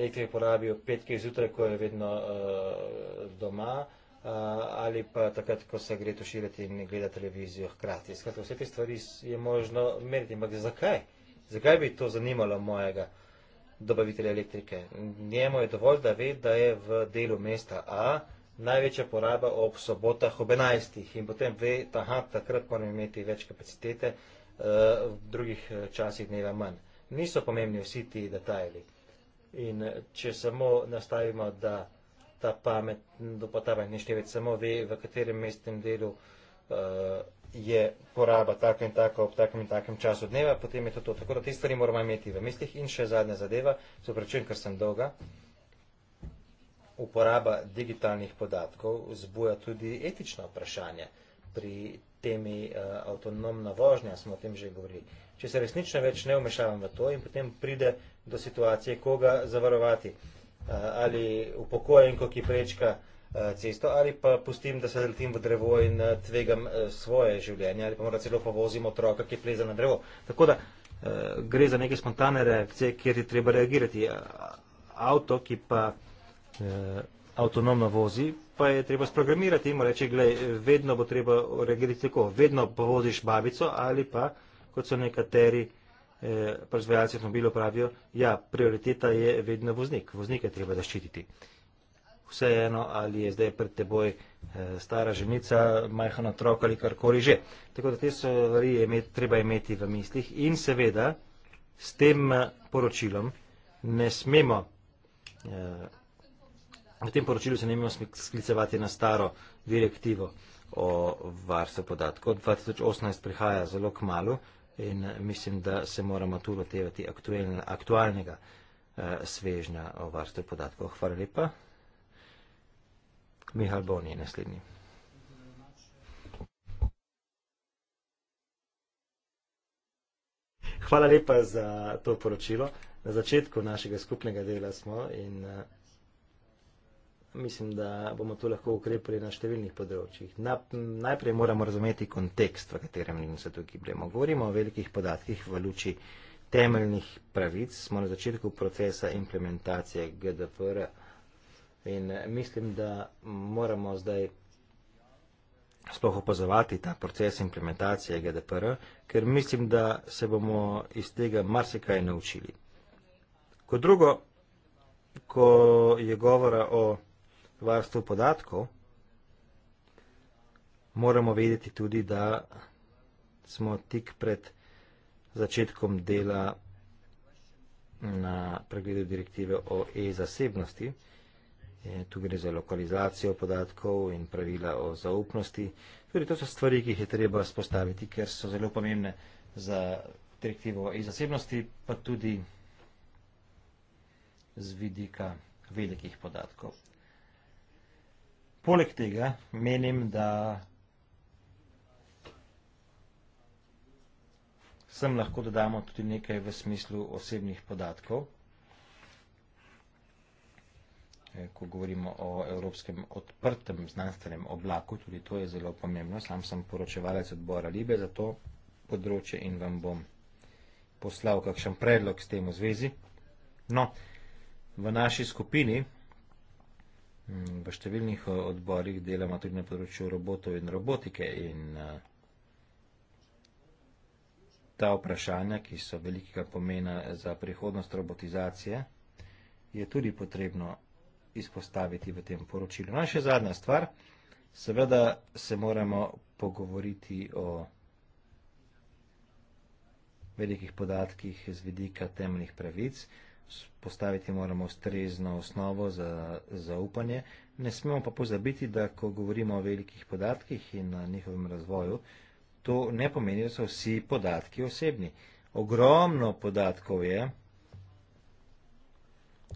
elektrike porabijo petke zjutraj, ko je vedno uh, doma uh, ali pa takrat, ko se gre to širiti in gleda televizijo hkrati. Skratka, vse te stvari je možno meriti, ampak zakaj? Zakaj bi to zanimalo mojega dobavitelja elektrike? Njemu je dovolj, da ve, da je v delu mesta A največja poraba ob sobotah ob 11. in potem ve, da takrat moram imeti več kapacitete, uh, Eh, v drugih eh, časih dneva manj. Niso pomembni vsi ti detajli. In eh, če samo nastavimo, da ta pamet, da pa ta pametništevec samo ve, v katerem mestnem delu uh, je poraba tako in tako ob takem in takem času dneva, potem je to to. Tako da te stvari moramo imeti v mislih. In še zadnja zadeva, soprečujem, ker sem dolga, uporaba digitalnih podatkov zbuja tudi etično vprašanje pri temi uh, avtonomna vožnja, smo o tem že govorili. Če se resnično več ne vmešavam v to in potem pride do situacije, koga zavarovati, uh, ali upokojenko, ki prečka uh, cesto, ali pa pustim, da se letim v drevo in uh, tvegam uh, svoje življenje, ali pa mora celo povozim otroka, ki pleza na drevo. Tako da uh, gre za neke spontane reakcije, kjer je treba reagirati. Uh, avto, ki pa. Uh, avtonomno vozi, pa je treba sprogramirati in mu reči, gledaj, vedno bo treba reagirati tako, vedno pa voziš babico ali pa, kot so nekateri eh, proizvajalci avtomobilov pravijo, ja, prioriteta je vedno voznik, voznik je treba zaščititi. Vseeno, ali je zdaj pred teboj eh, stara ženica, majhen otrok ali karkoli že. Tako da te stvari treba imeti v mislih in seveda s tem eh, poročilom ne smemo. Eh, V tem poročilu se ne imamo sklicevati na staro direktivo o varstvu podatkov. 2018 prihaja zelo k malu in eh, mislim, da se moramo tu lotevati aktualnega eh, svežnja o varstvu podatkov. Hvala lepa. Mihal Boni je naslednji. Hvala lepa za to poročilo. Na začetku našega skupnega dela smo in eh, Mislim, da bomo to lahko ukrepili na številnih področjih. Na, najprej moramo razumeti kontekst, v katerem se tukaj gremo. Govorimo o velikih podatkih v luči temeljnih pravic. Smo na začetku procesa implementacije GDPR in mislim, da moramo zdaj sploh opazovati ta proces implementacije GDPR, ker mislim, da se bomo iz tega marsikaj naučili. Kot drugo, ko je govora o varstvo podatkov, moramo vedeti tudi, da smo tik pred začetkom dela na pregledu direktive o e-zasebnosti. Tu gre za lokalizacijo podatkov in pravila o zaupnosti. Tudi to so stvari, ki jih je treba spostaviti, ker so zelo pomembne za direktivo o e-zasebnosti, pa tudi z vidika velikih podatkov. Poleg tega menim, da sem lahko dodamo tudi nekaj v smislu osebnih podatkov, e, ko govorimo o evropskem odprtem znanstvenem oblaku, tudi to je zelo pomembno. Sam sem poročevalec odbora Libe za to področje in vam bom poslal kakšen predlog s tem v zvezi. No, v naši skupini Mm, v številnih eh, odborih delamo tudi na področju robotov in robotike in eh, ta vprašanja, ki so velikega pomena za prihodnost robotizacije, je tudi potrebno izpostaviti v tem poročilu. Naša no, zadnja stvar, seveda se moramo pogovoriti o velikih podatkih z vidika temeljnih pravic, postaviti moramo ustrezno osnovo za zaupanje. Ne smemo pa pozabiti, da ko govorimo o velikih podatkih in na njihovem razvoju, to ne pomeni, da so vsi podatki osebni. Ogromno podatkov je,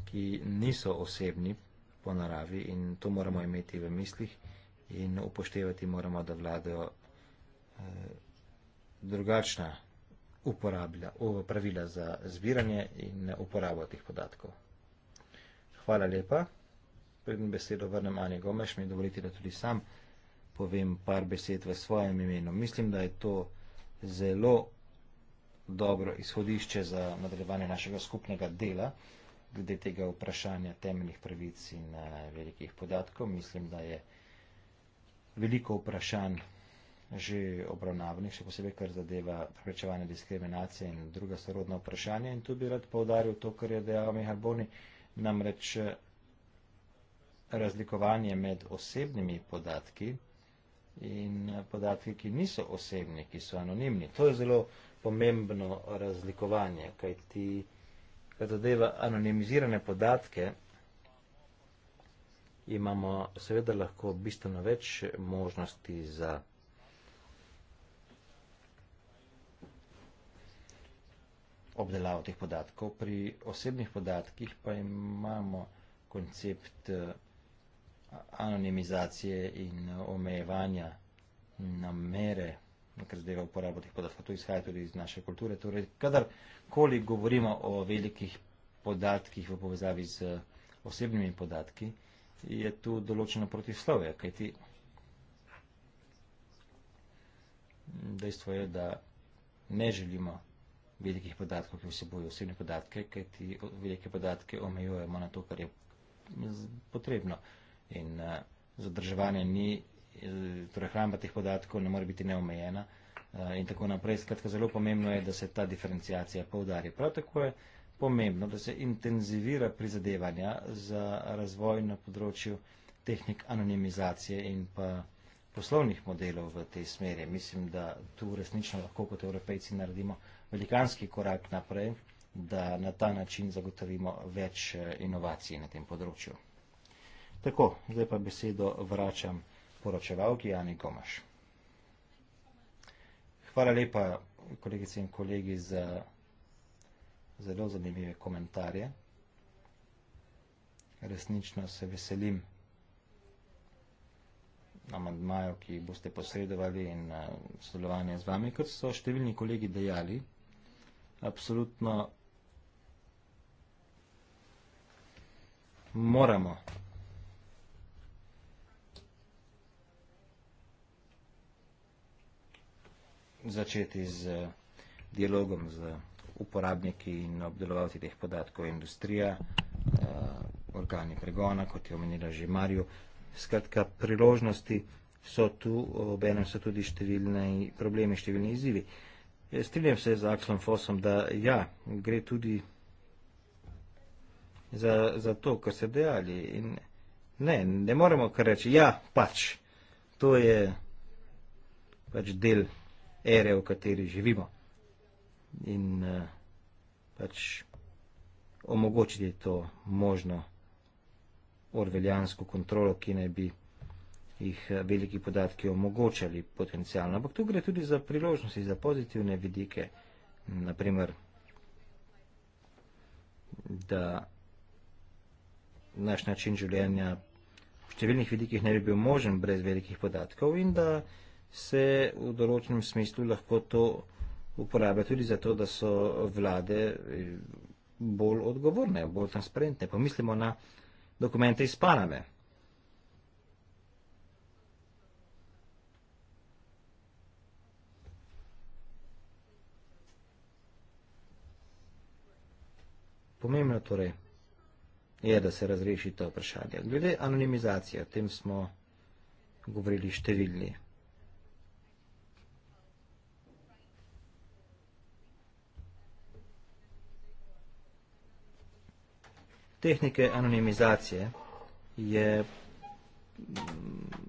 ki niso osebni po naravi in to moramo imeti v mislih in upoštevati moramo, da vladajo eh, drugačna uporablja, pravila za zbiranje in uporabo teh podatkov. Hvala lepa. Predn besedo vrnem Anja Gomeš, mi dovolite, da tudi sam povem par besed v svojem imenu. Mislim, da je to zelo dobro izhodišče za nadaljevanje našega skupnega dela, glede tega vprašanja temeljnih pravic in eh, velikih podatkov. Mislim, da je veliko vprašanj že obravnavanih, še posebej, kar zadeva preprečevanje diskriminacije in druga sorodna vprašanja. In tu bi rad povdaril to, kar je dejal Mihar Boni, namreč eh, razlikovanje med osebnimi podatki in eh, podatki, ki niso osebni, ki so anonimni. To je zelo pomembno razlikovanje, kaj ti, kar zadeva anonimizirane podatke, imamo seveda lahko bistveno več možnosti za obdelavo teh podatkov. Pri osebnih podatkih pa imamo koncept eh, anonimizacije in omejevanja namere, ker zdaj uporabo teh podatkov. To izhaja tudi iz naše kulture. Torej, kadarkoli govorimo o velikih podatkih v povezavi z eh, osebnimi podatki, je tu določeno protislovje, kajti dejstvo je, da ne želimo velikih podatkov, ki vsebojo osebne podatke, ker ti velike podatke omejujemo na to, kar je potrebno. In uh, zadrževanje ni, eh, torej hramba teh podatkov ne more biti neomejena uh, in tako naprej. Skratka, zelo pomembno je, da se ta diferencijacija povdari. Prav tako je pomembno, da se intenzivira prizadevanja za razvoj na področju tehnik anonimizacije in pa poslovnih modelov v tej smeri. Mislim, da tu resnično lahko kot evropejci naredimo velikanski korak naprej, da na ta način zagotovimo več eh, inovacij na tem področju. Tako, zdaj pa besedo vračam poročevalki Jani Gomaš. Hvala lepa, kolegice in kolegi, za zelo zanimive komentarje. Resnično se veselim amandmajo, ki boste posredovali in eh, sodelovanje z vami, kot so številni kolegi dejali, absolutno moramo. Začeti z dialogom z uporabniki in obdelovalci teh podatkov industrija, eh, organi pregona, kot je omenila že Marju. Skratka, priložnosti so tu, obenem so tudi številni problemi, številni izzivi. Eh, strinjam se z Akslom Fosom, da ja, gre tudi za, za to, kar ste dejali. In ne, ne moremo kar reči, ja, pač, to je pač del ere, v kateri živimo. In eh, pač omogočiti to možno orveljansko kontrolo, ki naj bi jih eh, veliki podatki omogočali potencijalno. Ampak tu gre tudi za priložnosti, za pozitivne vidike, naprimer, da naš način življenja v številnih vidikih ne bi bil možen brez velikih podatkov in da se v določenem smislu lahko to uporablja tudi zato, da so vlade eh, bolj odgovorne, bolj transparentne. Pomislimo na dokumente iz Paname. pomembno torej je, da se razreši ta vprašanja. Glede anonimizacije, o tem smo govorili številni. Tehnike anonimizacije je mm,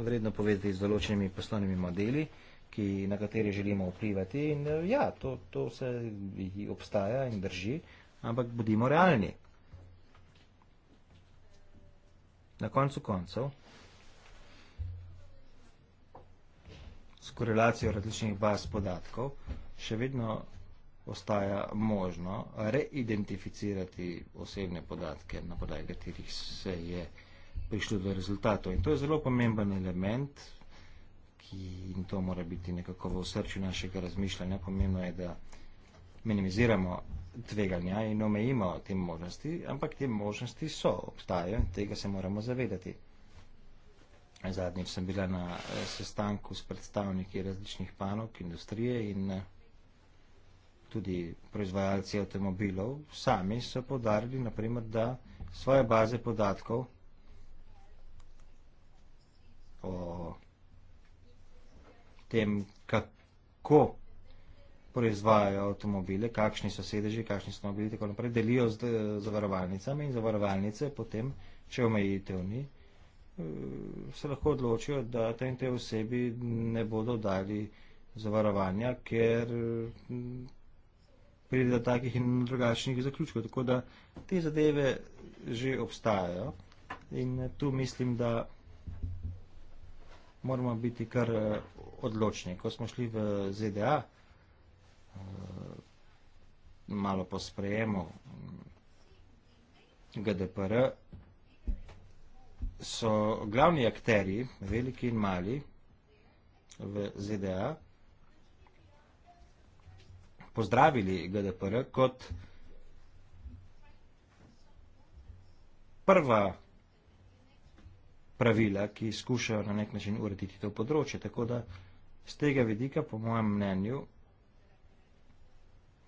vredno povedati z določenimi poslovnimi modeli, ki, na kateri želimo vplivati in ja, to, to se obstaja in drži. Uh, ampak bodimo realni. Na koncu koncev, s korelacijo različnih baz podatkov, še vedno ostaja možno reidentificirati osebne podatke, na podaj katerih se je prišlo do rezultatov. In to je zelo pomemben element, ki in to mora biti nekako v srču našega razmišljanja. Pomembno je, da minimiziramo tveganja in omejimo te možnosti, ampak te možnosti so, obstajajo in tega se moramo zavedati. Zadnjič sem bila na eh, sestanku s predstavniki različnih panok industrije in eh, tudi proizvajalci avtomobilov. Sami so podarili, naprimer, da svoje baze podatkov o tem, kako proizvajajo avtomobile, kakšni so sedeži, kakšni so mobili, tako naprej, delijo z zavarovalnicami in zavarovalnice potem, če omejitev ni, eh, se lahko odločijo, da tem te osebi ne bodo dali zavarovanja, ker pride do takih in drugačnih zaključkov. Tako da te zadeve že obstajajo in eh, tu mislim, da moramo biti kar eh, odločni. Ko smo šli v ZDA, Eh, malo po sprejemu mm, GDPR, so glavni akteri, veliki in mali, v ZDA, pozdravili GDPR kot prva pravila, ki skušajo na nek način urediti to področje. Tako da z tega vidika, po mojem mnenju,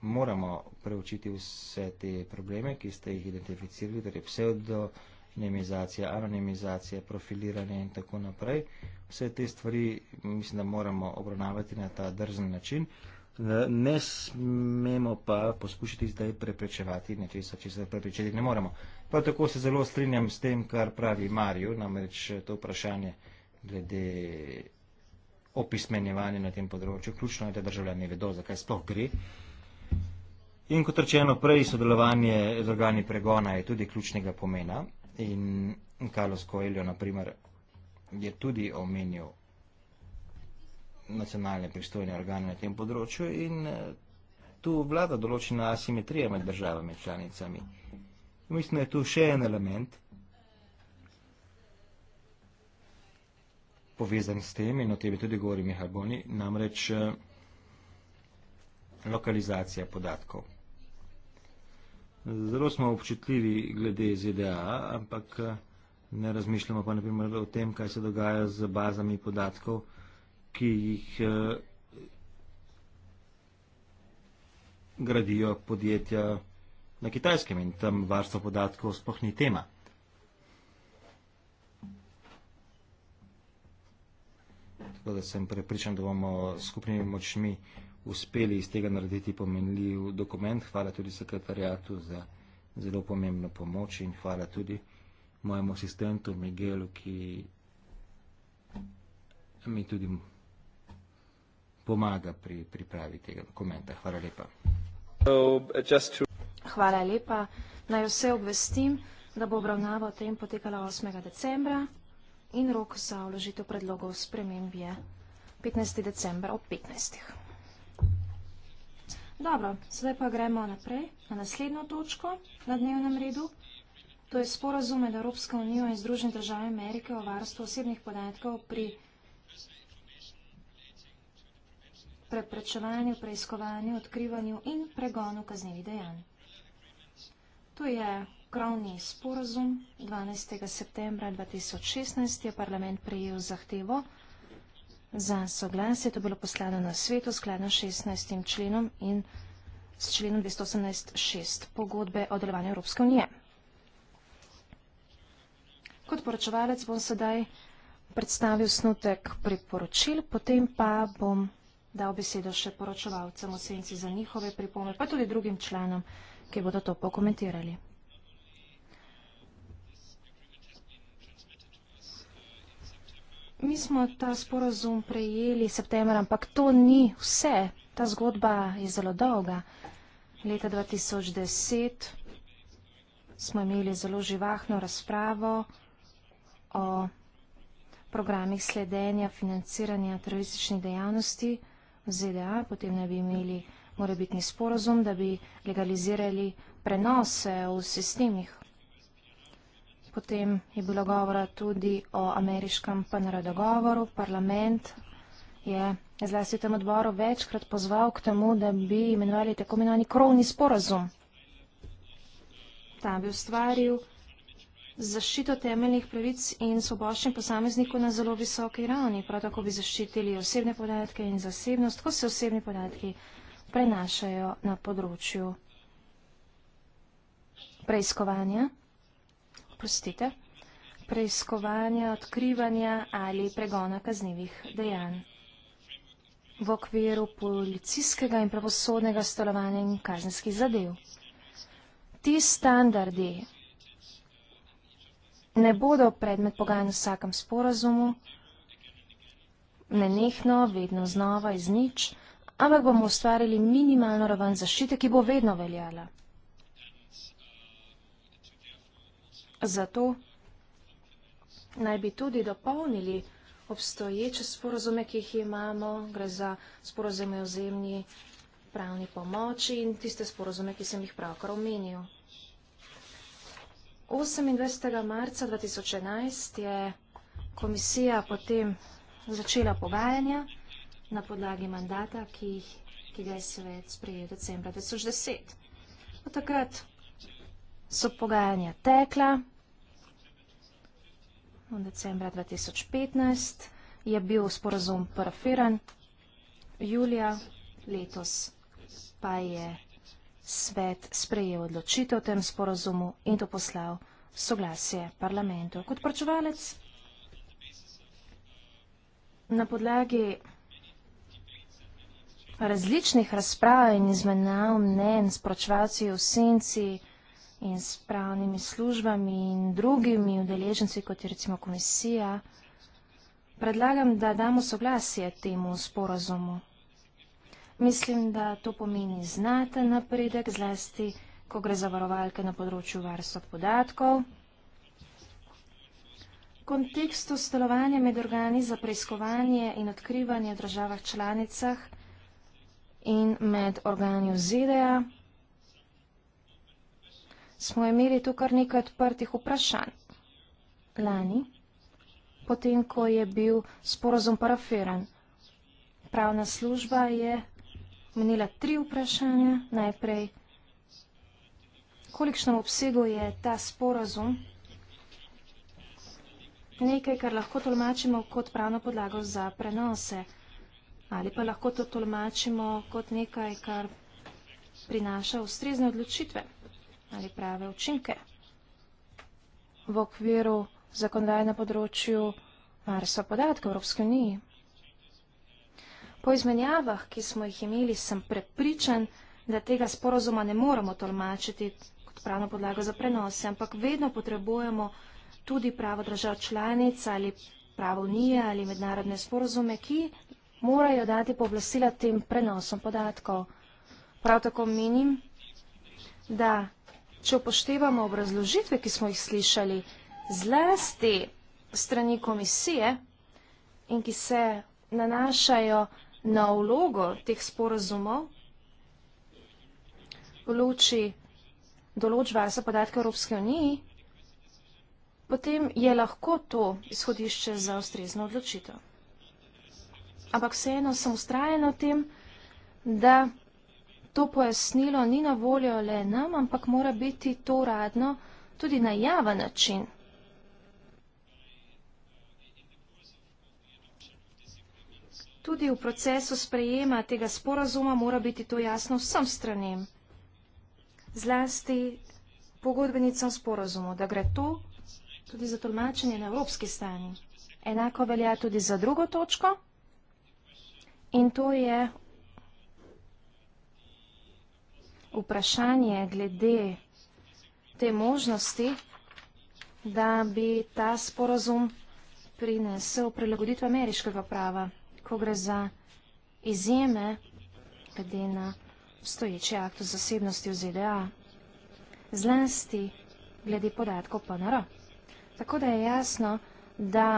moramo preučiti vse te probleme, ki ste jih identificirali, torej pseudonimizacija, anonimizacija, profiliranje in tako naprej. Vse te stvari mislim, da moramo obravnavati na ta drzen način. Eh, ne smemo pa poskušati zdaj preprečevati nečesa, če se preprečeti ne moremo. Prav tako se zelo strinjam s tem, kar pravi Marijo, namreč eh, to vprašanje glede opismenjevanja na tem področju. Ključno je, da državljani vedo, zakaj sploh gre. Uh, In kot rečeno prej, sodelovanje z organi pregona je tudi ključnega pomena in Carlos Coelho, naprimer, je tudi omenil nacionalne pristojne organe na tem področju in eh, tu vlada določena asimetrija med državami članicami. Mislim, da je tu še en element, povezan s tem in o tebi tudi govori Mihal Boni, namreč eh, lokalizacija podatkov. Zelo smo občutljivi glede ZDA, ampak eh, ne razmišljamo pa naprimer o tem, kaj se dogaja z bazami podatkov, ki jih eh, gradijo podjetja na kitajskem in tam varstvo podatkov sploh ni tema. Tako da sem prepričan, da bomo skupnimi močmi uspeli iz tega narediti pomenljiv dokument. Hvala tudi sekretarjatu za zelo pomembno pomoč in hvala tudi mojemu asistentu Miguelu, ki mi tudi pomaga pri pripravi tega dokumenta. Hvala lepa. Uh, hvala lepa. Naj vse obvestim, da bo obravnava o tem potekala 8. decembra in rok za vložitev predlogov sprememb je 15. decembra ob 15. Dobro, sedaj pa gremo naprej na naslednjo točko na dnevnem redu. To je sporazum med Evropsko unijo in Združenje države Amerike o varstvu osebnih podatkov pri preprečevanju, preiskovanju, odkrivanju in pregonu kaznevih dejanj. To je krovni sporazum 12. septembra 2016 je parlament prejel zahtevo za soglasje. To je bilo poslano na svetu skladno s 16. členom in s členom 218.6 pogodbe o delovanju Evropske unije. Kot poročevalec bom sedaj predstavil snutek priporočil, potem pa bom dal besedo še poročevalcem v senci za njihove pripome, pa tudi drugim članom, ki bodo to pokomentirali. Mi smo ta sporozum prejeli septembra, ampak to ni vse. Ta zgodba je zelo dolga. Leta 2010 smo imeli zelo živahno razpravo o programih sledenja, financiranja terorističnih dejavnosti v ZDA, potem ne bi imeli morebitni sporozum, da bi legalizirali prenose v sistemih Potem je bilo govora tudi o ameriškem PNR dogovoru. Parlament je zlasti v tem odboru večkrat pozval k temu, da bi imenovali tako imenovani krovni sporazum. Ta bi ustvaril zaščito temeljnih pravic in svoboščin posamezniku na zelo visoki ravni. Prav tako bi zaščitili osebne podatke in zasebnost, ko se osebni podatki prenašajo na področju preiskovanja oprostite, preiskovanja, odkrivanja ali pregona kaznjivih dejanj v okviru policijskega in pravosodnega stolovanja in kazenskih zadev. Ti standardi ne bodo predmet pogajanj v vsakem sporazumu, nenehno, vedno znova, iz nič, ampak bomo ustvarili minimalno raven zaščite, ki bo vedno veljala. Zato naj bi tudi dopolnili obstoječe sporozume, ki jih imamo, gre za sporozume o zemlji, pravni pomoči in tiste sporozume, ki sem jih pravkar omenil. 28. marca 2011 je komisija potem začela pogajanja na podlagi mandata, ki, ki ga je svet sprejel decembra 2010. Od takrat so pogajanja tekla decembra 2015 je bil sporazum parafiran, julija letos pa je svet sprejel odločitev tem sporazumu in to poslal soglasje parlamentu. Kot pročevalec na podlagi različnih razprav in izmenav mnen s pročevalci v senci, in s pravnimi službami in drugimi udeleženci, kot je recimo komisija, predlagam, da damo soglasje temu sporazumu. Mislim, da to pomeni znaten napredek, zlasti, ko gre za varovalke na področju varstva podatkov. V kontekstu stelovanja med organi za preiskovanje in odkrivanje v državah članicah in med organi v ZDA, smo imeli tu kar nekaj odprtih vprašanj. Lani, potem ko je bil sporozum parafiran, pravna služba je menila tri vprašanja. Najprej, kolikšnem obsegu je ta sporozum nekaj, kar lahko tolmačimo kot pravno podlago za prenose ali pa lahko to tolmačimo kot nekaj, kar prinaša ustrezne odločitve ali prave učinke. V okviru zakonodaje na področju varstva podatkov Evropske unije. Po izmenjavah, ki smo jih imeli, sem prepričan, da tega sporozuma ne moramo tolmačiti kot pravno podlago za prenose, ampak vedno potrebujemo tudi pravo držav članic ali pravo unije ali mednarodne sporozume, ki morajo dati povlasila tem prenosom podatkov. Prav tako menim, da če upoštevamo obrazložitve, ki smo jih slišali, zlasti strani komisije in ki se nanašajo na vlogo teh sporozumov, v luči določ vase podatke Evropske unije, potem je lahko to izhodišče za ustrezno odločitev. Ampak vseeno sem ustrajena v tem, da to pojasnilo ni na voljo le nam, ampak mora biti to radno tudi na javen način. Tudi v procesu sprejema tega sporazuma mora biti to jasno vsem stranem, zlasti pogodbenicam sporazumu, da gre to tudi za tolmačenje na evropski strani. Enako velja tudi za drugo točko in to je vprašanje glede te možnosti, da bi ta sporozum prinesel prilagoditve ameriškega prava, ko gre za izjeme glede na stoječe akt o zasebnosti v ZDA, zlasti glede podatkov PNR. Tako da je jasno, da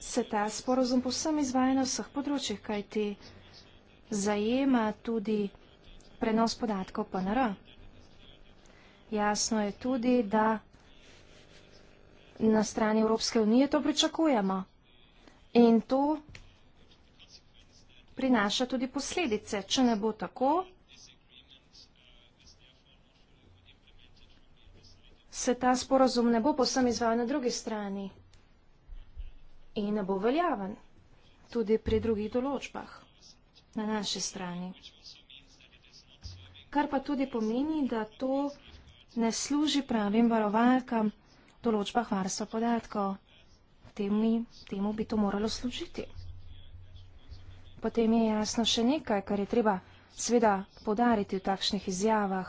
se ta sporozum povsem izvaja na vseh področjih, kajti zajema tudi prenos podatkov PNR. Jasno je tudi, da na strani Evropske unije to pričakujemo. In to prinaša tudi posledice. Če ne bo tako, se ta sporozum ne bo posem izvajal na drugi strani in ne bo veljaven tudi pri drugih določbah na naši strani. Kar pa tudi pomeni, da to ne služi pravim varovalkam določbah varstva podatkov. Temi, temu bi to moralo služiti. Potem je jasno še nekaj, kar je treba sveda podariti v takšnih izjavah.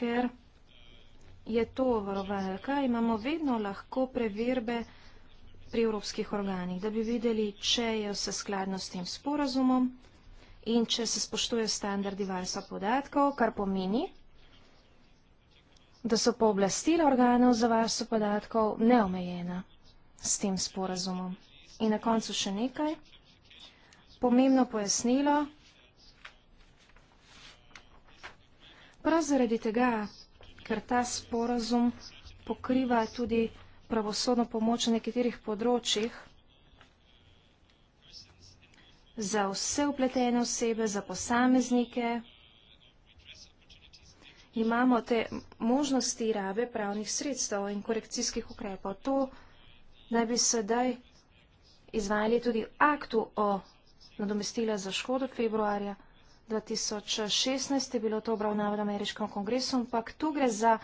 Ker je to varovalka, imamo vedno lahko preverbe, pri evropskih organih, da bi videli, če je vse skladno s tem sporazumom in če se spoštuje standardi varstva podatkov, kar pomeni, da so pooblastila organov za varstvo podatkov neomejena s tem sporazumom. In na koncu še nekaj. Pomembno pojasnilo. Prav zaradi tega, ker ta sporazum pokriva tudi vsega, pravosodno pomoč na nekaterih področjih za vse upletene osebe, za posameznike. Imamo te možnosti rabe pravnih sredstev in korekcijskih ukrepov. To naj bi sedaj izvajali tudi aktu o nadomestila za škodo februarja 2016. Je bilo to obravnavano v ameriškem kongresu, ampak tu gre za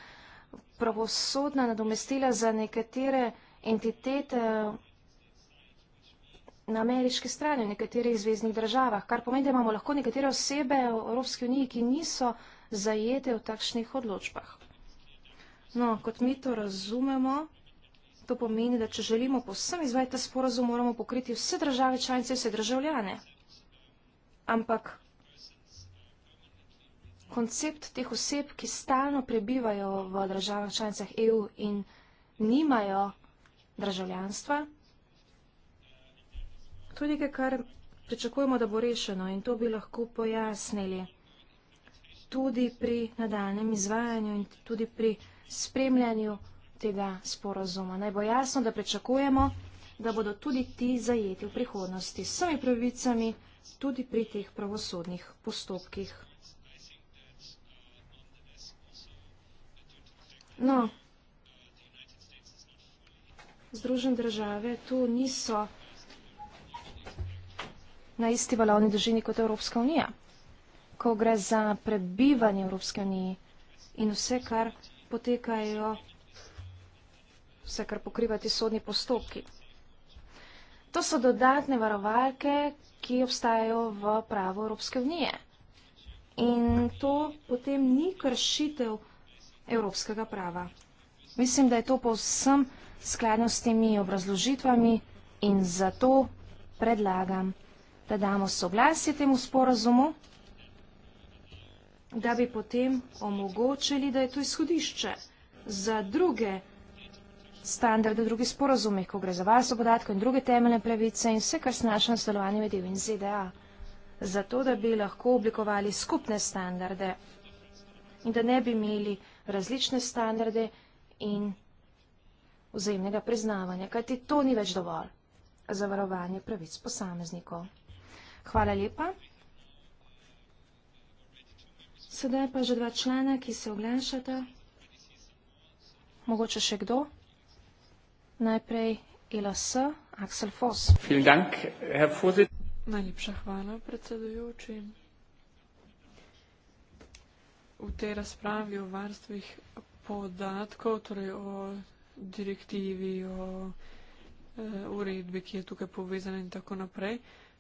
pravosodna nadomestila za nekatere entitete eh, na ameriški strani, v nekaterih zvezdnih državah, kar pomeni, da imamo lahko nekatere osebe v Evropski uniji, ki niso zajete v takšnih odločbah. No, kot mi to razumemo, to pomeni, da če želimo posem izvajati ta sporazum, moramo pokriti vse države članice, vse državljane. Ampak koncept teh oseb, ki stalno prebivajo v državah članicah EU in nimajo državljanstva, to je nekaj, kar pričakujemo, da bo rešeno in to bi lahko pojasnili tudi pri nadaljem izvajanju in tudi pri spremljanju tega sporozuma. Naj bo jasno, da pričakujemo, da bodo tudi ti zajeti v prihodnosti s svojimi pravicami tudi pri teh pravosodnih postopkih. No, Združen države tu niso na isti valovni držini kot Evropska unija, ko gre za prebivanje Evropske unije in vse, kar potekajo, vse, kar pokrivati sodni postopki. To so dodatne varovalke, ki obstajajo v pravu Evropske unije. In to potem ni kršitev evropskega prava. Mislim, da je to povsem skladno s temi obrazložitvami in zato predlagam, da damo soglasje temu sporazumu, da bi potem omogočili, da je to izhodišče za druge standarde, druge sporazume, ko gre za vaso podatko in druge temeljne pravice in vse, kar se naša na sodelovanju med EU in ZDA, zato da bi lahko oblikovali skupne standarde in da ne bi imeli standarde, različne standarde in vzajemnega priznavanja, kajti to ni več dovolj za varovanje pravic posameznikov. Hvala lepa. Sedaj pa že dva člena, ki se oglašata. Mogoče še kdo? Najprej ILS, Axel Foss. Najlepša hvala, predsedujoči v tej razpravi o varstvih podatkov, torej o direktivi, o e, uredbi, ki je tukaj povezana in tako naprej,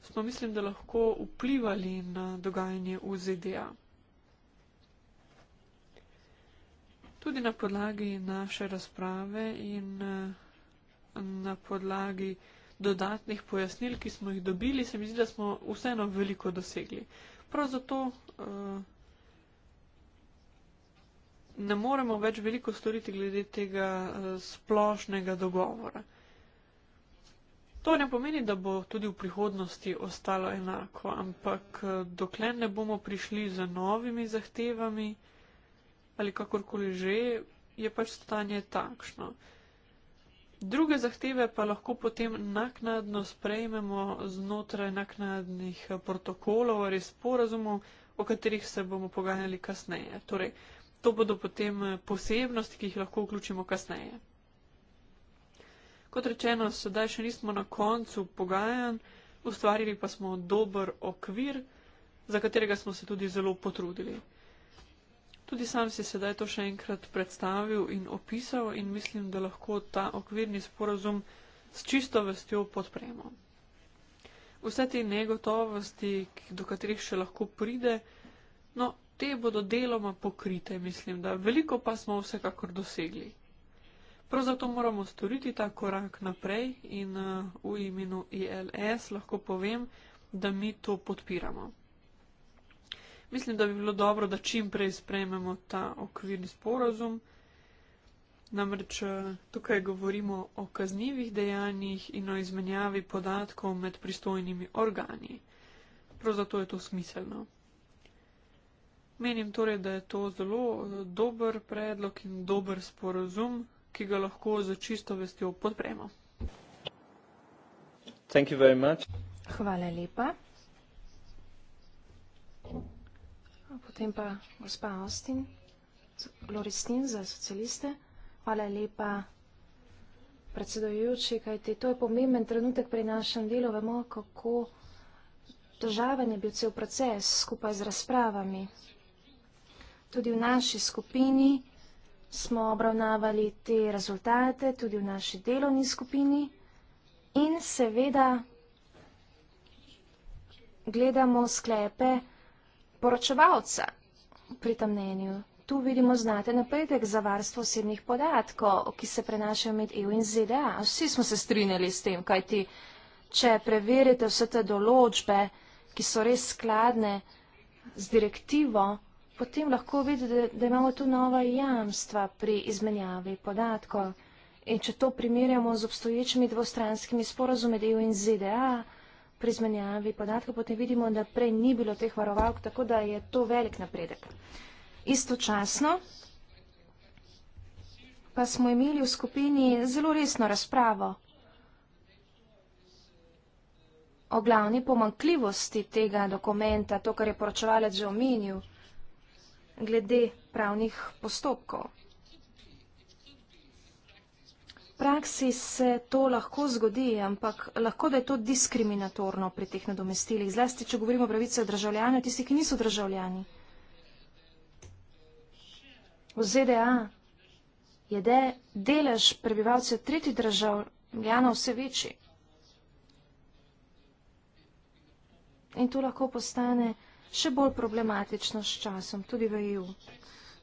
smo mislim, da lahko vplivali na dogajanje v ZDA. Tudi na podlagi naše razprave in e, na podlagi dodatnih pojasnil, ki smo jih dobili, se mi zdi, da smo vseeno veliko dosegli. Prav zato uh, ne moremo več veliko storiti glede tega eh, splošnega dogovora. To ne pomeni, da bo tudi v prihodnosti ostalo enako, ampak eh, dokler ne bomo prišli z novimi zahtevami ali kakorkoli že, je pač stanje takšno. Druge zahteve pa lahko potem naknadno sprejmemo znotraj naknadnih eh, protokolov ali sporazumov, o katerih se bomo pogajali kasneje. Torej, to bodo potem eh, posebnosti, ki jih lahko vključimo kasneje. Kot rečeno, sedaj še nismo na koncu pogajanj, ustvarili pa smo dober okvir, za katerega smo se tudi zelo potrudili. Tudi sam si sedaj to še enkrat predstavil in opisal in mislim, da lahko ta okvirni sporazum s čisto vestjo podpremo. Vse te negotovosti, do katerih še lahko pride, no, te bodo deloma pokrite, mislim, da veliko pa smo vsekakor dosegli. Prav zato moramo storiti ta korak naprej in uh, v imenu ILS lahko povem, da mi to podpiramo. Mislim, da bi bilo dobro, da čim prej sprejmemo ta okvirni sporozum. Namreč uh, tukaj govorimo o kaznjivih dejanjih in o izmenjavi podatkov med pristojnimi organi. Prav zato je to smiselno. Menim torej, da je to zelo eh, dober predlog in dober sporozum, ki ga lahko za čisto vestjo podpremo. Hvala lepa. Potem pa gospa Austin, Gloris Tin za socialiste. Hvala lepa, predsedojoči, kajte to je pomemben trenutek pri našem delu. Vemo, kako državen je bil cel proces skupaj z razpravami. Tudi v naši skupini smo obravnavali te rezultate, tudi v naši delovni skupini in seveda gledamo sklepe poročevalca pri tem mnenju. Tu vidimo znate napredek za varstvo osebnih podatkov, ki se prenašajo med EU in ZDA. Vsi smo se strinjali s tem, kajti če preverite vse te določbe, ki so res skladne z direktivo, potem lahko vidi, da, da imamo tu nova jamstva pri izmenjavi podatkov. In če to primerjamo z obstoječimi dvostranskimi sporozumi EU in ZDA pri izmenjavi podatkov, potem vidimo, da prej ni bilo teh varovalk, tako da je to velik napredek. Istočasno pa smo imeli v skupini zelo resno razpravo o glavni pomankljivosti tega dokumenta, to, kar je poročevalec že omenil glede pravnih postopkov. V praksi se to lahko zgodi, ampak lahko da je to diskriminatorno pri teh nadomestilih, zlasti, če govorimo pravice državljanja, tisti, ki niso državljani. V ZDA je de delež prebivalcev tretji državljanov vse večji. In to lahko postane še bolj problematično s časom, tudi v EU.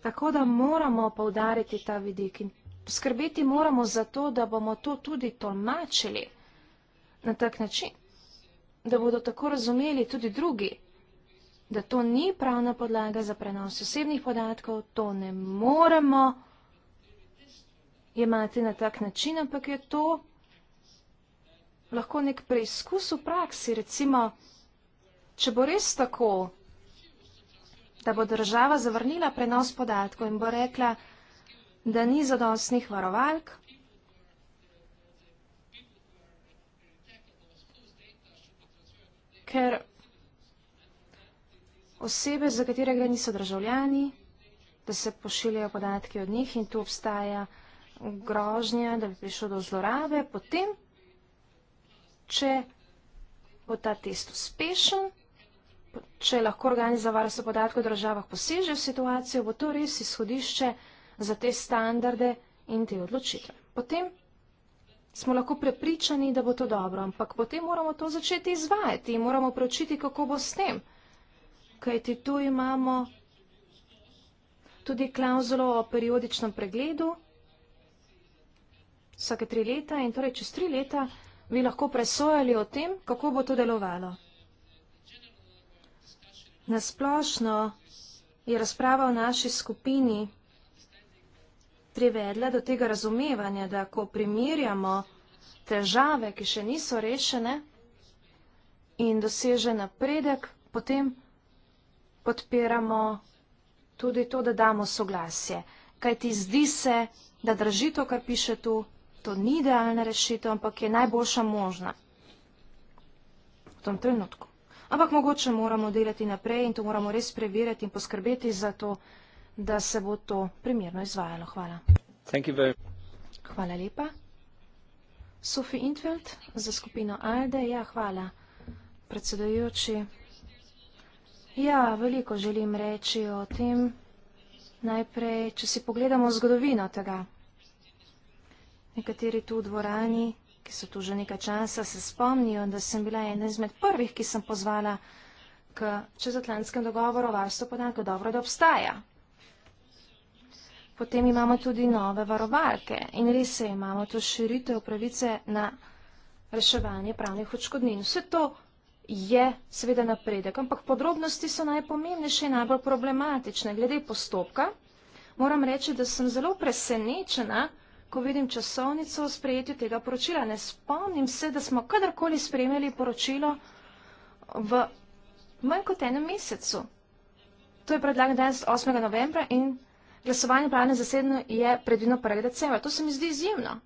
Tako da moramo povdariti ta vidik in skrbeti moramo za to, da bomo to tudi tolmačili na tak način, da bodo tako razumeli tudi drugi, da to ni pravna podlaga za prenos osebnih podatkov, to ne moremo jemati na tak način, ampak je to lahko nek preizkus v praksi, recimo. Če bo res tako, da bo država zavrnila prenos podatkov in bo rekla, da ni zadostnih varovalk, ker osebe, za katerega niso državljani, da se pošiljajo podatki od njih in tu obstaja grožnja, da bi prišlo do zlorabe, potem, če bo ta test uspešen, če lahko organi za varstvo podatkov v državah posežejo v situacijo, bo to res izhodišče za te standarde in te odločitve. Potem smo lahko prepričani, da bo to dobro, ampak potem moramo to začeti izvajati in moramo preučiti, kako bo s tem. Kaj ti tu imamo tudi klauzulo o periodičnem pregledu vsake tri leta in torej čez tri leta bi lahko presojali o tem, kako bo to delovalo. Nasplošno je razprava v naši skupini privedla do tega razumevanja, da ko primerjamo težave, ki še niso rešene in doseže napredek, potem podpiramo tudi to, da damo soglasje. Kajti zdi se, da drži to, kar piše tu, to ni idealna rešitev, ampak je najboljša možna v tom trenutku. Ampak mogoče moramo delati naprej in to moramo res preverjati in poskrbeti za to, da se bo to primerno izvajalo. Hvala. Hvala lepa. Sofi Intveld za skupino ALDE. Ja, hvala, predsedojoči. Ja, veliko želim reči o tem. Najprej, če si pogledamo zgodovino tega. Nekateri tu v dvorani ki so tu že nekaj časa, se spomnijo, da sem bila ena izmed prvih, ki sem pozvala k čezatlantskem dogovoru o varstvu podatkov, dobro, da obstaja. Potem imamo tudi nove varovalke in res je, imamo tu širitev pravice na reševanje pravnih očkodnin. Vse to je seveda napredek, ampak podrobnosti so najpomembnejše in najbolj problematične. Glede postopka moram reči, da sem zelo presenečena, ko vidim časovnico o sprejetju tega poročila. Ne spomnim se, da smo kadarkoli sprejemili poročilo v manj kot enem mesecu. To je predlagan danes 8. novembra in glasovanje plane zasedno je predvino 1. decembra. To se mi zdi izjemno.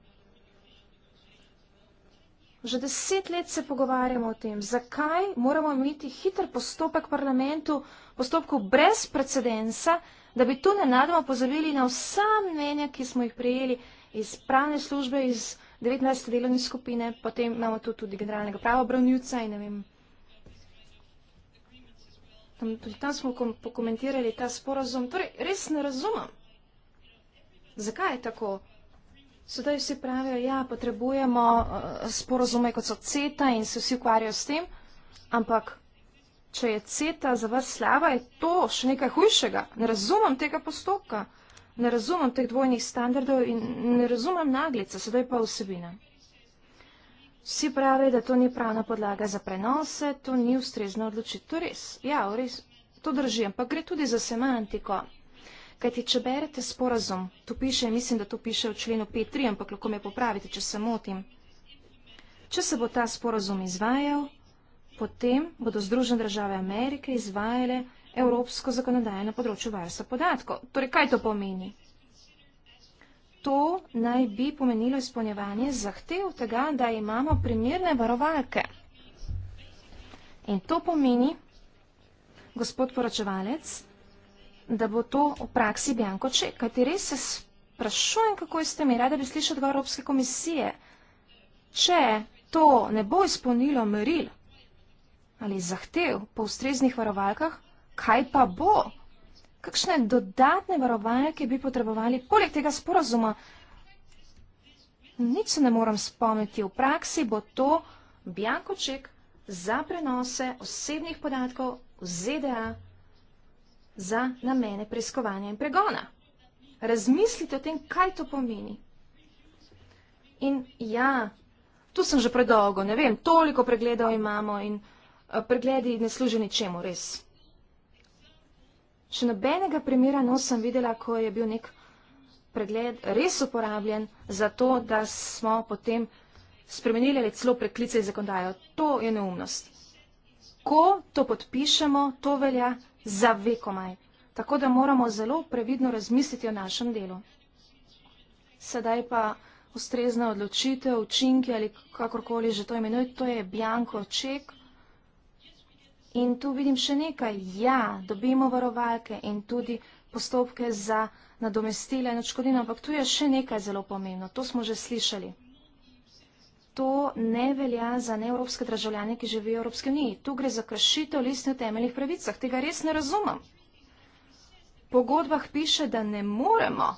Že deset let se pogovarjamo o tem, zakaj moramo imeti hiter postopek parlamentu, postopku brez precedensa, da bi tu nenadoma pozorili na vsa mnenja, ki smo jih prijeli iz pravne službe, iz 19. delovne skupine, potem imamo tu tudi generalnega prava obravnjuca in ne vem. Tam, tudi tam smo kom, pokomentirali ta sporazum. Torej, res ne razumem, zakaj je tako. Sedaj vsi pravijo, ja, potrebujemo uh, eh, sporozume, kot so CETA in se vsi ukvarjajo s tem, ampak če je CETA za vas slava, je to še nekaj hujšega. Ne razumem tega postopka ne razumem teh dvojnih standardov in ne razumem naglice, sedaj pa vsebine. Vsi pravijo, da to ni pravna podlaga za prenose, to ni ustrezno odločitev. To res, ja, res, to drži, ampak gre tudi za semantiko. Kajti, če berete sporazum, tu piše, mislim, da to piše v členu 5.3, ampak lahko me popravite, če se motim. Če se bo ta sporazum izvajal, potem bodo Združene države Amerike izvajale evropsko zakonodajo na področju varstva podatkov. Torej, kaj to pomeni? To naj bi pomenilo izpolnjevanje zahtev tega, da imamo primerne varovalke. In to pomeni, gospod poročevalec, da bo to v praksi Bjankoče, kajti res se sprašujem, kako ste mi rada bi slišali odgovor Evropske komisije. Če to ne bo izpolnilo meril ali zahtev po ustreznih varovalkah, kaj pa bo? Kakšne dodatne varovanja, ki bi potrebovali poleg tega sporazuma? Nič se ne moram spomniti. V praksi bo to bjankoček za prenose osebnih podatkov v ZDA za namene preiskovanja in pregona. Razmislite o tem, kaj to pomeni. In ja, tu sem že predolgo, ne vem, toliko pregledov imamo in eh, pregledi ne služijo ničemu, res. Še nobenega primera nisem videla, ko je bil nek pregled res uporabljen za to, da smo potem spremenili ali celo preklice zakonodajo. To je neumnost. Ko to podpišemo, to velja za vekomaj. Tako da moramo zelo previdno razmisliti o našem delu. Sedaj pa ustrezna odločitev, učinki ali kakorkoli že to imenuje, to je bjanko ček, In tu vidim še nekaj. Ja, dobimo varovalke in tudi postopke za nadomestila in očkodina, ampak tu je še nekaj zelo pomembno. To smo že slišali. To ne velja za neevropske državljane, ki živijo v Evropski uniji. Tu gre za kršitev listne temeljnih pravicah. Tega res ne razumem. Pogodbah piše, da ne moremo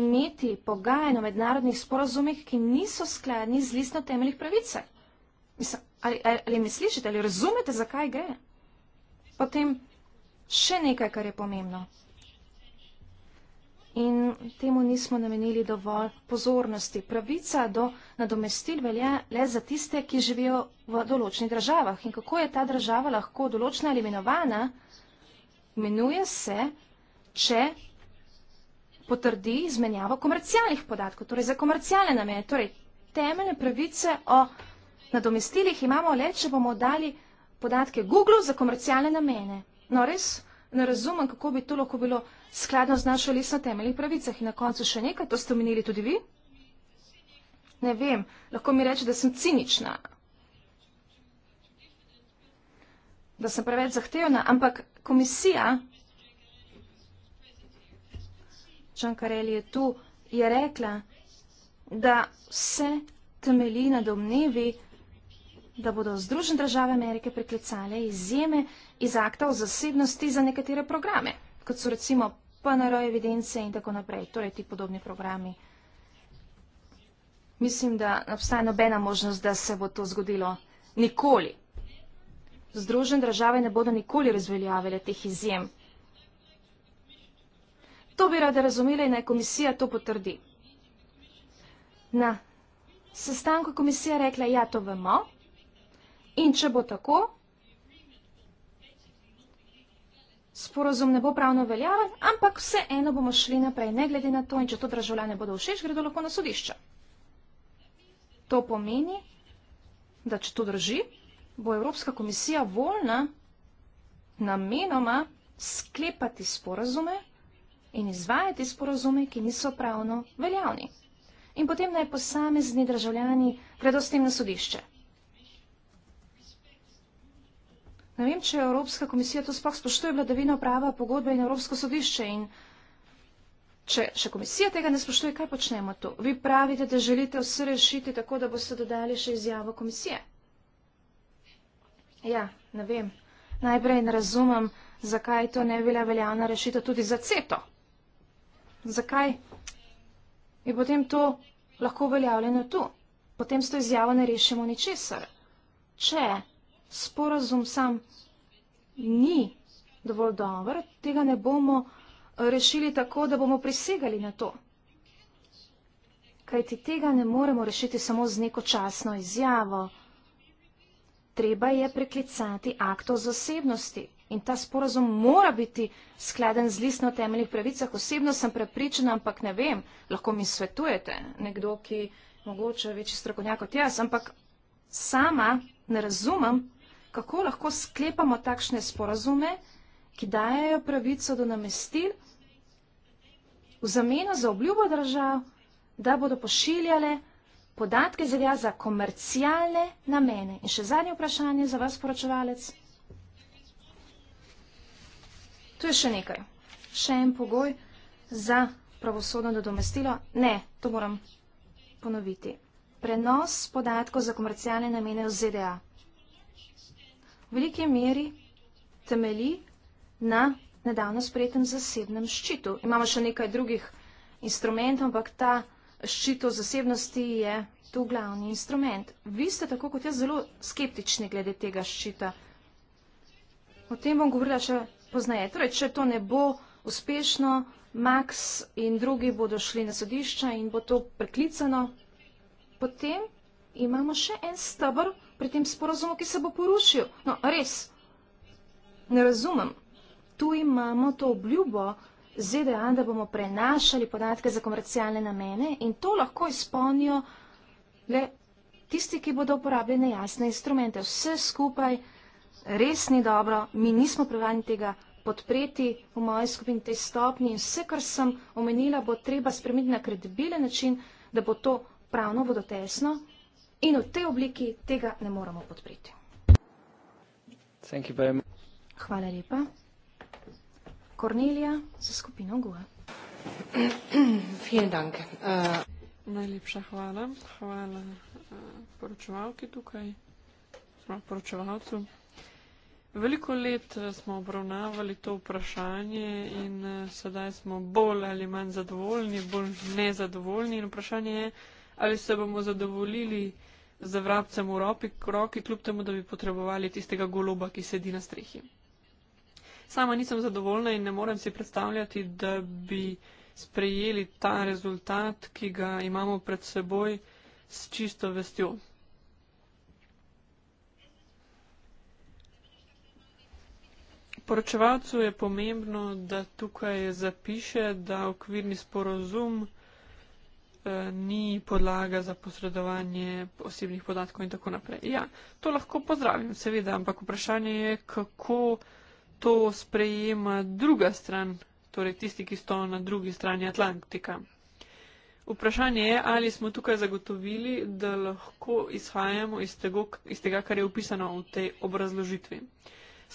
imeti pogajanj o mednarodnih sporazumih, ki niso skladni z listno temeljnih pravicah. Mislim, ali, ali, ali me slišite, ali razumete, zakaj gre? Potem še nekaj, kar je pomembno. In temu nismo namenili dovolj pozornosti. Pravica do nadomestil velja le za tiste, ki živijo v določenih državah. In kako je ta država lahko določena ali imenovana, imenuje se, če potrdi izmenjavo komercialnih podatkov, torej za komercialne namene, torej temeljne pravice o nadomestilih imamo le, če bomo dali podatke Google za komercialne namene. No, res ne razumem, kako bi to lahko bilo skladno z našo listno temeljnih pravicah. In na koncu še nekaj, to ste omenili tudi vi? Ne vem, lahko mi reče, da sem cinična, da sem preveč zahtevna, ampak komisija, Čan Kareli je tu, je rekla, da vse temelji na domnevi, da bodo Združene države Amerike priklicale izjeme iz akta o zasebnosti za nekatere programe, kot so recimo PNR evidence in tako naprej, torej ti podobni programi. Mislim, da obstaja nobena možnost, da se bo to zgodilo nikoli. Združene države ne bodo nikoli razveljavile teh izjem. To bi rade razumeli in naj komisija to potrdi. Na sestanku komisija rekla, ja, to vemo, In če bo tako, sporozum ne bo pravno veljaven, ampak vse eno bomo šli naprej, ne glede na to, in če to državljane bodo všeč, gredo lahko na sodišče. To pomeni, da če to drži, bo Evropska komisija voljna namenoma sklepati sporozume in izvajati sporozume, ki niso pravno veljavni. In potem naj posamezni državljani gredo s tem na sodišče. Ne vem, če je Evropska komisija to sploh spoštuje vladavino prava, pogodbe in Evropsko sodišče. In če še komisija tega ne spoštuje, kaj počnemo tu? Vi pravite, da želite vse rešiti tako, da boste dodali še izjavo komisije. Ja, ne vem. Najprej ne razumem, zakaj to ne bila veljavna rešitev tudi za CETO. Zakaj je potem to lahko uveljavljeno tu? Potem s to izjavo ne rešimo ničesar. Če sporazum sam ni dovolj dober, tega ne bomo rešili tako, da bomo prisegali na to. Kajti tega ne moremo rešiti samo z neko časno izjavo. Treba je preklicati akt o zasebnosti in ta sporazum mora biti skladen z listno temeljnih pravicah. Osebno sem prepričana, ampak ne vem, lahko mi svetujete nekdo, ki mogoče večji strokovnjak kot jaz, ampak sama ne razumem, kako lahko sklepamo takšne sporazume, ki dajajo pravico do namestil v zameno za obljubo držav, da bodo pošiljale podatke zelja za komercijalne namene. In še zadnje vprašanje za vas, poročevalec. Tu je še nekaj. Še en pogoj za pravosodno nadomestilo. Ne, to moram ponoviti. Prenos podatkov za komercijalne namene v ZDA veliki meri temelji na nedavno sprejetem zasebnem ščitu. Imamo še nekaj drugih instrumentov, ampak ta ščito zasebnosti je tu glavni instrument. Vi ste tako kot jaz zelo skeptični glede tega ščita. O tem bom govorila še poznaje. Torej, če to ne bo uspešno, Max in drugi bodo šli na sodišča in bo to preklicano. Potem imamo še en stabr, pri tem sporozumu, ki se bo porušil. No, res, ne razumem. Tu imamo to obljubo ZDA, da bomo prenašali podatke za komercialne namene in to lahko izpolnijo le tisti, ki bodo uporabljali nejasne instrumente. Vse skupaj res ni dobro, mi nismo privani tega podpreti v moji skupini tej stopnji in vse, kar sem omenila, bo treba spremeniti na kredibilen način, da bo to pravno vodotesno. In v tej obliki tega ne moremo podpreti. Hvala lepa. Kornelija za skupino GUA. E. Uh, Najlepša hvala. Hvala uh, poročevalki tukaj, smo poročevalcu. Veliko let uh, smo obravnavali to vprašanje in sedaj smo bolj ali manj zadovoljni, bolj nezadovoljni. In vprašanje je, ali se bomo zadovoljili za vrabcem v ropi, roki, kljub temu, da bi potrebovali tistega goloba, ki sedi na strehi. Sama nisem zadovoljna in ne morem si predstavljati, da bi sprejeli ta rezultat, ki ga imamo pred seboj, s čisto vestjo. Poročevalcu je pomembno, da tukaj zapiše, da okvirni sporozum Eh, ni podlaga za posredovanje osebnih podatkov in tako naprej. Ja, to lahko pozdravim, seveda, ampak vprašanje je, kako to sprejema druga stran, torej tisti, ki sto na drugi strani Atlantika. Vprašanje je, ali smo tukaj zagotovili, da lahko izhajamo iz tega, iz tega, kar je upisano v tej obrazložitvi.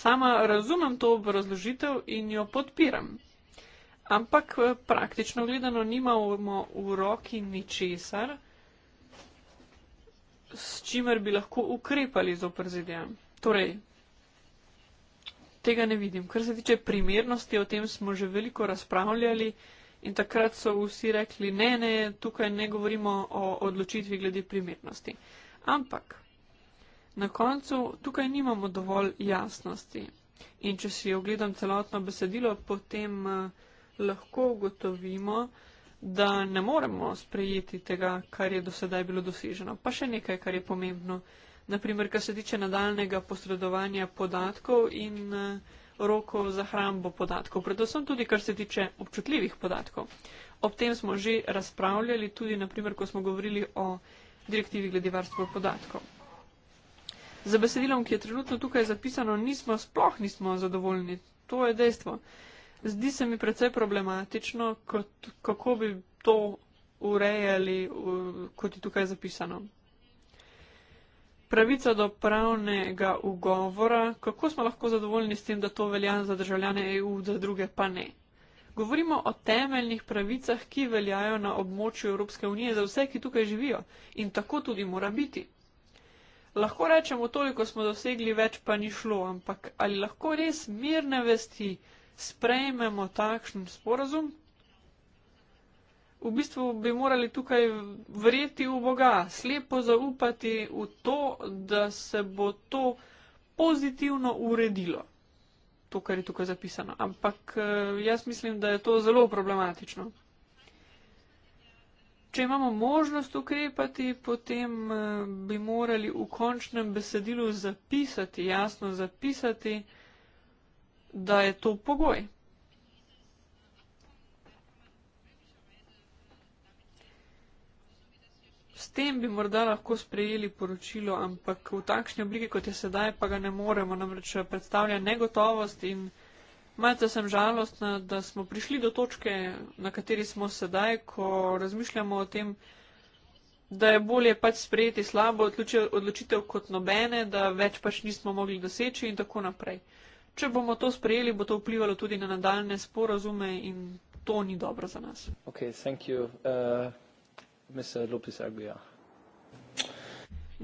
Sama razumem to obrazložitev in jo podpiram. Ampak eh, praktično gledano nimamo v roki ničesar, s čimer bi lahko ukrepali zopr ZDA. Torej, tega ne vidim. Kar se tiče primernosti, o tem smo že veliko razpravljali in takrat so vsi rekli, ne, ne, tukaj ne govorimo o odločitvi glede primernosti. Ampak, na koncu, tukaj nimamo dovolj jasnosti. In če si ogledam celotno besedilo, potem. Uh, lahko ugotovimo, da ne moremo sprejeti tega, kar je do sedaj bilo doseženo. Pa še nekaj, kar je pomembno. Naprimer, kar se tiče nadaljnega posredovanja podatkov in eh, rokov za hrambo podatkov, predvsem tudi, kar se tiče občutljivih podatkov. Ob tem smo že razpravljali, tudi, naprimer, ko smo govorili o direktivi glede varstva podatkov. Za besedilom, ki je trenutno tukaj zapisano, nismo, sploh nismo zadovoljni. To je dejstvo. Uh, Zdi se mi precej problematično, kot, kako bi to urejali, kot je tukaj zapisano. Pravica do pravnega ugovora, kako smo lahko zadovoljni s tem, da to velja za državljane EU, za druge pa ne. Govorimo o temeljnih pravicah, ki veljajo na območju Evropske unije za vse, ki tukaj živijo in tako tudi mora biti. Lahko rečemo toliko smo dosegli, več pa ni šlo, ampak ali lahko res mirne vesti sprejmemo takšen sporazum, v bistvu bi morali tukaj verjeti v Boga, slepo zaupati v to, da se bo to pozitivno uredilo. To, kar je tukaj zapisano. Ampak eh, jaz mislim, da je to zelo problematično. Če imamo možnost ukrepati, potem eh, bi morali v končnem besedilu zapisati, jasno zapisati, da je to pogoj. S tem bi morda lahko sprejeli poročilo, ampak v takšni obliki, kot je sedaj, pa ga ne moremo, namreč eh, predstavlja negotovost in malce sem žalostna, da smo prišli do točke, na kateri smo sedaj, ko razmišljamo o tem, da je bolje pač sprejeti slabo odločitev kot nobene, da več pač nismo mogli doseči in tako naprej. Če bomo to sprejeli, bo to vplivalo tudi na nadaljne sporazume in to ni dobro za nas. Okay, uh,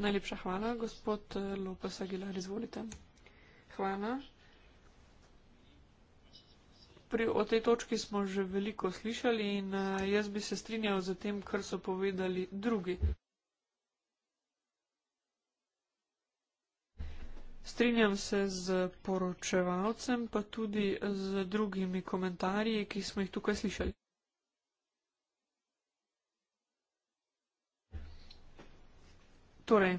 Najlepša hvala, gospod uh, Lopes Aguilar, izvolite. Hvala. Pri, o tej točki smo že veliko slišali in uh, jaz bi se strinjal z tem, kar so povedali drugi. Strinjam se z poročevalcem, pa tudi z drugimi komentarji, ki smo jih tukaj slišali. Torej,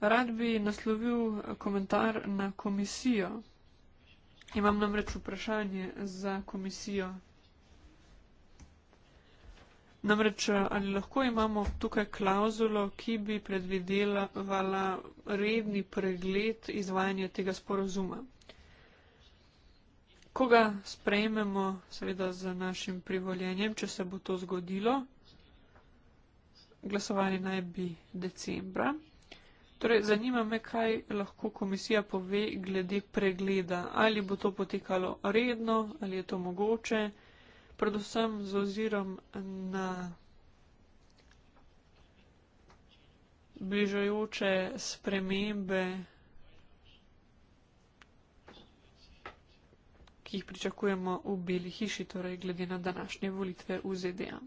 rad bi naslovil komentar na komisijo. Imam namreč vprašanje za komisijo. Namreč, ali lahko imamo tukaj klauzulo, ki bi predvidela redni pregled izvajanja tega sporozuma? Koga sprejmemo, seveda, z našim privoljenjem, če se bo to zgodilo? Glasovali naj bi decembra. Torej, zanima me, kaj lahko komisija pove glede pregleda. Ali bo to potekalo redno, ali je to mogoče? predvsem z ozirom na bližajoče spremembe, ki jih pričakujemo v Beli hiši, torej glede na današnje volitve v ZDA.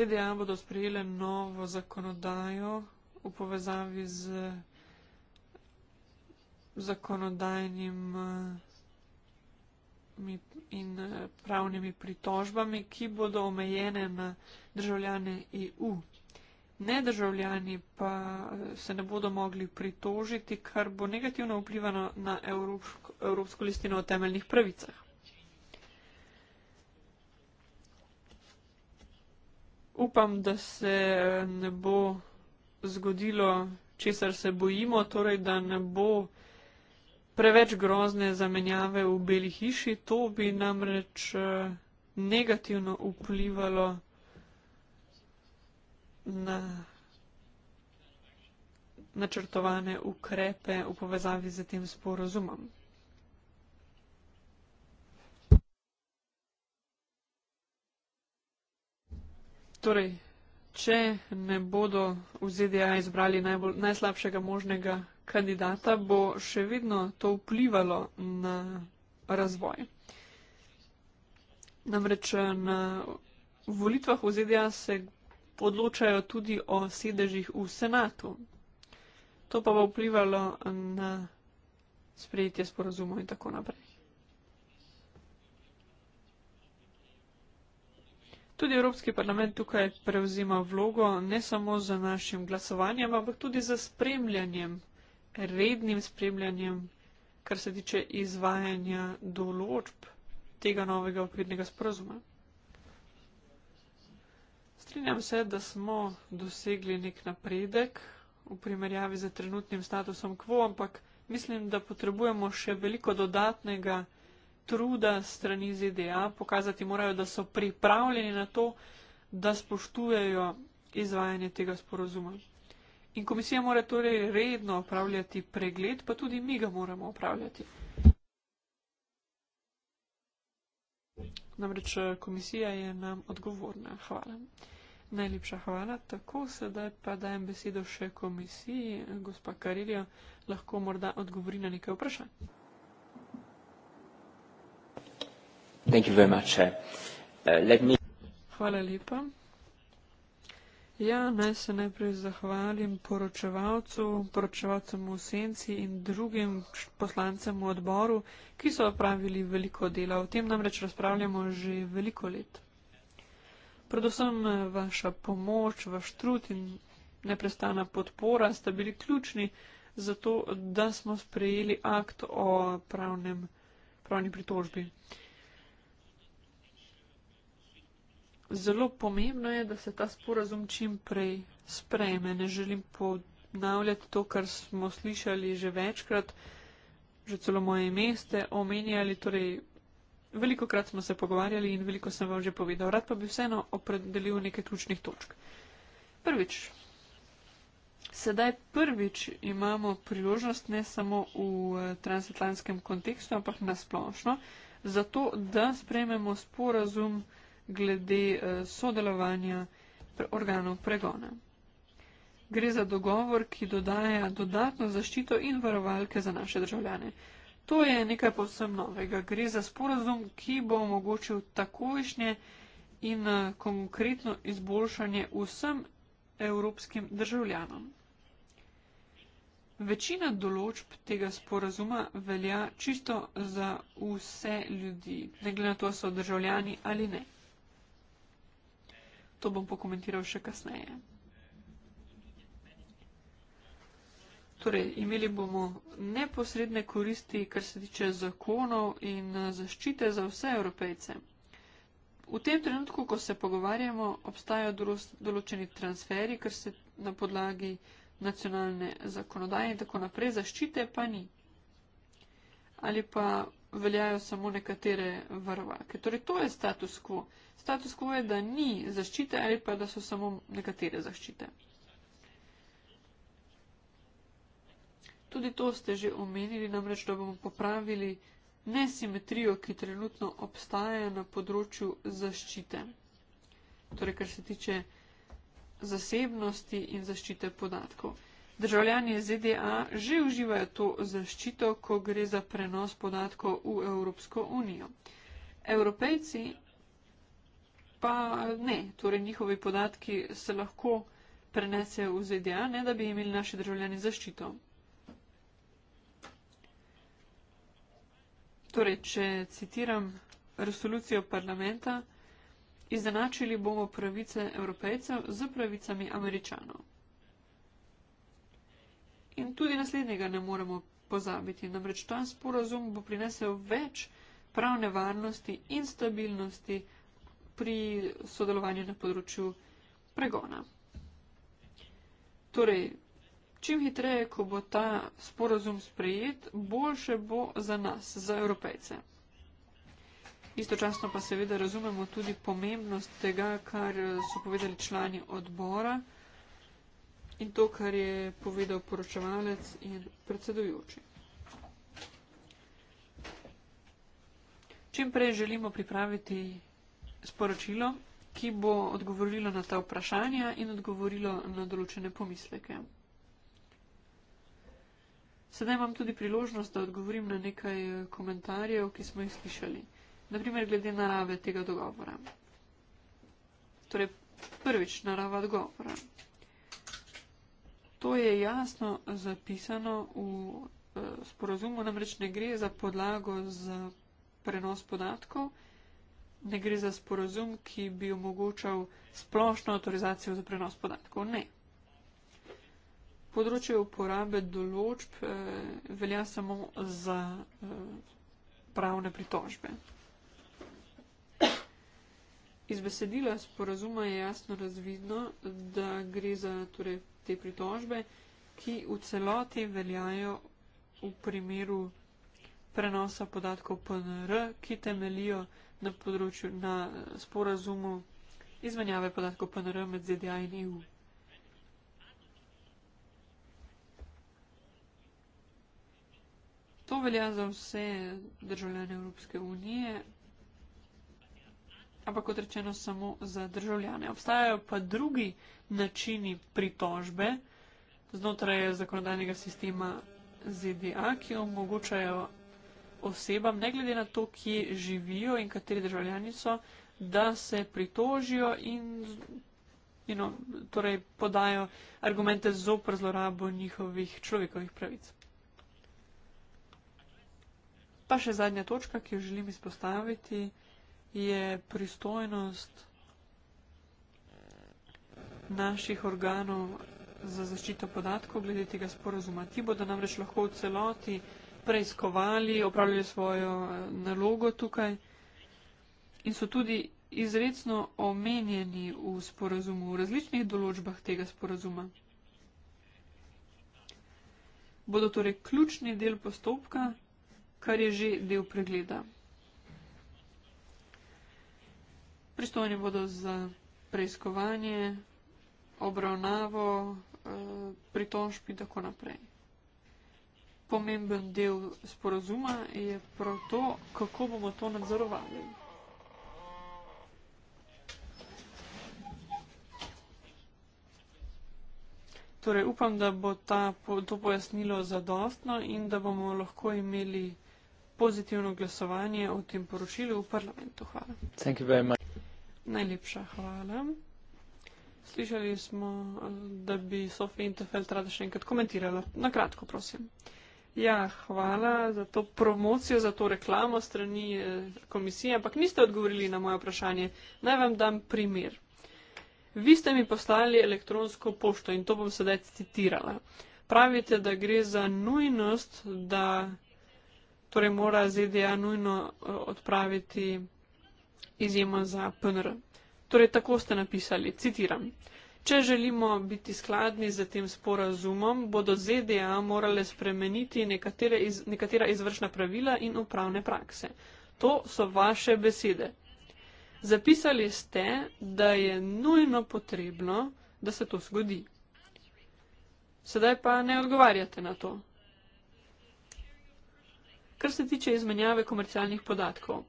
ZDA bodo sprejele novo zakonodajo v povezavi z zakonodajnimi eh, in eh, pravnimi pritožbami, ki bodo omejene na državljane EU. Ne državljani pa eh, se ne bodo mogli pritožiti, kar bo negativno vplivano na Evropsko, Evropsko listino o temeljnih pravicah. Upam, da se ne bo zgodilo, česar se bojimo, torej da ne bo preveč grozne zamenjave v beli hiši, to bi namreč eh, negativno vplivalo na načrtovane ukrepe v povezavi z tem sporozumom. Torej, če ne bodo v ZDA izbrali najbolj, najslabšega možnega kandidata, bo še vedno to vplivalo na razvoj. Namreč na volitvah v ZDA se odločajo tudi o sedežih v senatu. To pa bo vplivalo na sprejetje sporozumov in tako naprej. Tudi Evropski parlament tukaj prevzima vlogo ne samo z našim glasovanjem, ampak tudi z spremljanjem rednim spremljanjem, kar se tiče izvajanja določb tega novega okvirnega sporozuma. Strinjam se, da smo dosegli nek napredek v primerjavi z trenutnim statusom quo, ampak mislim, da potrebujemo še veliko dodatnega truda strani ZDA. Pokazati morajo, da so pripravljeni na to, da spoštujejo izvajanje tega sporozuma. In komisija mora torej redno opravljati pregled, pa tudi mi ga moramo opravljati. Namreč eh, komisija je nam odgovorna. Hvala. Najlepša hvala. Tako, sedaj pa dajem besedo še komisiji. Gospa Karirjo lahko morda odgovori na nekaj vprašanj. Uh, hvala lepa. Ja, naj se najprej zahvalim poročevalcu, poročevalcem v senci in drugim poslancem v odboru, ki so opravili veliko dela. O tem namreč razpravljamo že veliko let. Predvsem eh, vaša pomoč, vaš trud in neprestana podpora sta bili ključni za to, da smo sprejeli akt o pravnem, pravni pritožbi. Uh, zelo pomembno je, da se ta sporazum čim prej sprejme. Ne želim ponavljati to, kar smo slišali že večkrat, že celo moje meste omenjali. Torej, veliko krat smo se pogovarjali in veliko sem vam že povedal. Rad pa bi vseeno opredelil nekaj ključnih točk. Prvič. Sedaj prvič imamo priložnost ne samo v eh, transatlantskem kontekstu, ampak nasplošno, zato da sprejmemo sporazum glede eh, sodelovanja organov pregona. Gre za dogovor, ki dodaja dodatno zaščito in varovalke za naše državljane. To je nekaj povsem novega. Gre za sporazum, ki bo omogočil takojšnje in eh, konkretno izboljšanje vsem evropskim državljanom. Večina določb tega sporazuma velja čisto za vse ljudi, ne glede na to, so državljani ali ne. To bom pokomentiral še kasneje. Torej, imeli bomo neposredne koristi, kar se tiče zakonov in eh, zaščite za vse evropejce. V tem trenutku, ko se pogovarjamo, obstajajo določeni transferi, kar se na podlagi nacionalne zakonodaje in tako naprej, zaščite pa ni. Ali pa veljajo samo nekatere varovalke. Torej, to je status quo. Status quo je, da ni zaščite ali pa da so samo nekatere zaščite. Tudi to ste že omenili, namreč, da bomo popravili nesimetrijo, ki trenutno obstaja na področju zaščite. Torej, kar se tiče zasebnosti in zaščite podatkov. Državljani ZDA že uživajo to zaščito, ko gre za prenos podatkov v Evropsko unijo. Evropejci pa ne, torej njihovi podatki se lahko prenesejo v ZDA, ne da bi imeli naši državljani zaščito. Torej, če citiram resolucijo parlamenta, izenačili bomo pravice evropejcev z pravicami američanov. In tudi naslednjega ne moremo pozabiti. Namreč ta sporazum bo prinesel več pravne varnosti in stabilnosti pri sodelovanju na področju pregona. Torej, čim hitreje, ko bo ta sporazum sprejet, boljše bo za nas, za evropejce. Istočasno pa seveda razumemo tudi pomembnost tega, kar so povedali člani odbora in to, kar je povedal poročevalec in predsedujoči. Čim prej želimo pripraviti sporočilo, ki bo odgovorilo na ta vprašanja in odgovorilo na določene pomisleke. Sedaj imam tudi priložnost, da odgovorim na nekaj komentarjev, ki smo jih slišali. Naprimer, glede narave tega dogovora. Torej, prvič narava dogovora. To je jasno zapisano v eh, sporazumu, namreč ne gre za podlago za prenos podatkov, ne gre za sporazum, ki bi omogočal splošno avtorizacijo za prenos podatkov. Ne. Področje uporabe določb eh, velja samo za eh, pravne pritožbe. Iz besedila sporazuma je jasno razvidno, da gre za torej, te pritožbe, ki v celoti veljajo v primeru prenosa podatkov PNR, ki temelijo na, področju, na sporazumu izmenjave podatkov PNR med ZDA in EU. To velja za vse državljane Evropske unije, ampak kot rečeno samo za državljane. Obstajajo pa drugi načini pritožbe znotraj zakonodajnega sistema ZDA, ki omogočajo osebam, ne glede na to, kje živijo in kateri državljani so, da se pritožijo in you know, torej podajo argumente zopr zlorabo njihovih človekovih pravic. Pa še zadnja točka, ki jo želim izpostaviti, je pristojnost naših organov za zaščito podatkov glede tega sporozuma. Ti bodo namreč lahko v celoti preiskovali, opravljali svojo eh, nalogo tukaj in so tudi izredno omenjeni v sporozumu, v različnih določbah tega sporozuma. Bodo torej ključni del postopka, kar je že del pregleda. Pristojni bodo za preiskovanje, obravnavo, eh, pritožb in tako naprej. Pomemben del sporozuma je prav to, kako bomo to nadzorovali. Torej, upam, da bo ta, to pojasnilo zadostno in da bomo lahko imeli pozitivno glasovanje o tem poročilu v parlamentu. Hvala. Najlepša hvala. Slišali smo, da bi Sofija Intefeld rada še enkrat komentirala. Na kratko, prosim. Ja, hvala za to promocijo, za to reklamo strani eh, komisije, ampak niste odgovorili na moje vprašanje. Naj vam dam primer. Vi ste mi poslali elektronsko pošto in to bom sedaj citirala. Pravite, da gre za nujnost, da torej mora ZDA nujno eh, odpraviti izjema za PNR. Torej, tako ste napisali, citiram. Če želimo biti skladni z tem sporazumom, bodo ZDA morale spremeniti iz, nekatera izvršna pravila in upravne prakse. To so vaše besede. Zapisali ste, da je nujno potrebno, da se to zgodi. Sedaj pa ne odgovarjate na to. Kar se tiče izmenjave komercialnih podatkov,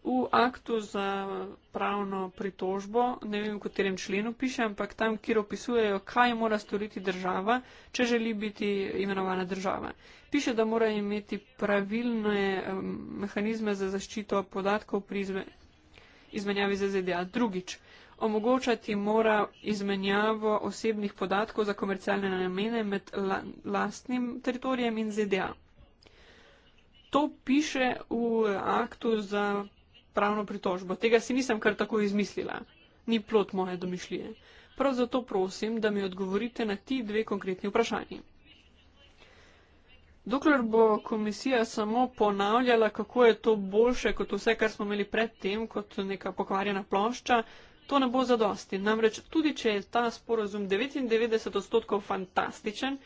v aktu za pravno pritožbo, ne vem, v katerem členu piše, ampak tam, kjer opisujejo, kaj mora storiti država, če želi biti imenovana država. Piše, da mora imeti pravilne mehanizme za zaščito podatkov pri izme, izmenjavi za ZDA. Drugič, omogočati mora izmenjavo osebnih podatkov za komercialne namene med la, lastnim teritorijem in ZDA. To piše v aktu za pravno pritožbo. Tega si nisem kar tako izmislila, ni plot moje domišljije. Prav zato prosim, da mi odgovorite na ti dve konkretni vprašanji. Dokler bo komisija samo ponavljala, kako je to boljše kot vse, kar smo imeli predtem, kot neka pokvarjena plošča, to ne bo zadosti. Namreč tudi, če je ta sporozum 99 odstotkov fantastičen,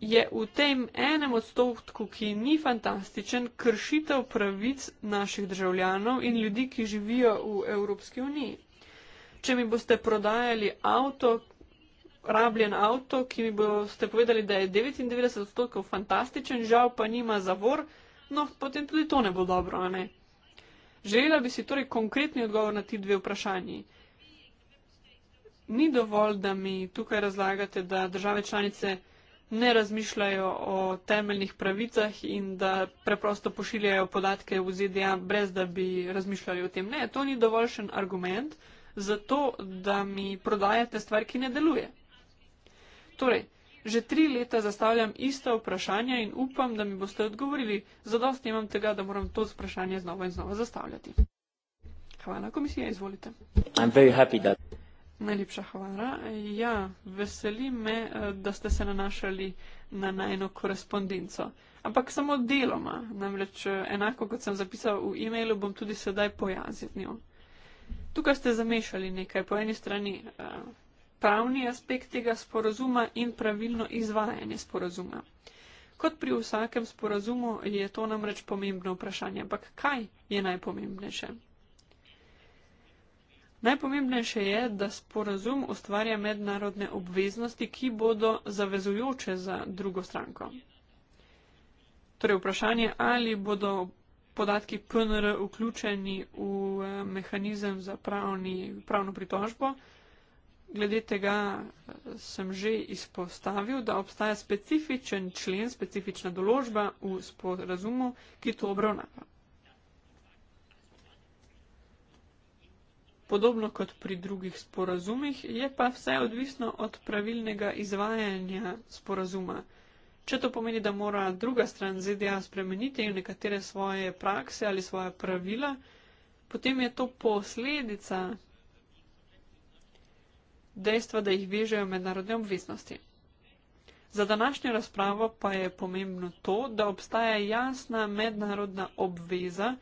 je v tem enem odstotku, ki ni fantastičen, kršitev pravic naših državljanov in ljudi, ki živijo v Evropski uniji. Če mi boste prodajali avto, rabljen avto, ki mi boste povedali, da je 99 odstotkov fantastičen, žal pa nima zavor, no potem tudi to ne bo dobro, a ne? Želela bi si torej konkretni odgovor na ti dve vprašanji. Ni dovolj, da mi tukaj razlagate, da države članice ne razmišljajo o temeljnih pravicah in da preprosto pošiljajo podatke v ZDA, brez da bi razmišljali o tem. Ne, to ni dovoljšen argument za to, da mi prodajate stvar, ki ne deluje. Torej, Že tri leta zastavljam ista vprašanja in upam, da mi boste odgovorili. Zadost imam tega, da moram to vprašanje znova in znova zastavljati. Hvala, komisija, izvolite. Najlepša hvala. Ja, veseli me, eh, da ste se nanašali na najno korespondenco. Ampak samo deloma, namreč eh, enako kot sem zapisal v e-mailu, bom tudi sedaj pojasnil. Tukaj ste zamešali nekaj. Po eni strani eh, pravni aspekt tega sporozuma in pravilno izvajanje sporozuma. Kot pri vsakem sporozumu je to namreč pomembno vprašanje. Ampak kaj je najpomembnejše? Najpomembnejše je, da sporazum ustvarja mednarodne obveznosti, ki bodo zavezujoče za drugo stranko. Torej vprašanje, ali bodo podatki PNR vključeni v eh, mehanizem za pravni, pravno pritožbo. Glede tega eh, sem že izpostavil, da obstaja specifičen člen, specifična določba v sporazumu, ki to obravnava. Podobno kot pri drugih sporazumih, je pa vse odvisno od pravilnega izvajanja sporazuma. Če to pomeni, da mora druga stran ZDA spremeniti nekatere svoje prakse ali svoje pravila, potem je to posledica dejstva, da jih vežejo mednarodne obveznosti. Za današnjo razpravo pa je pomembno to, da obstaja jasna mednarodna obveza,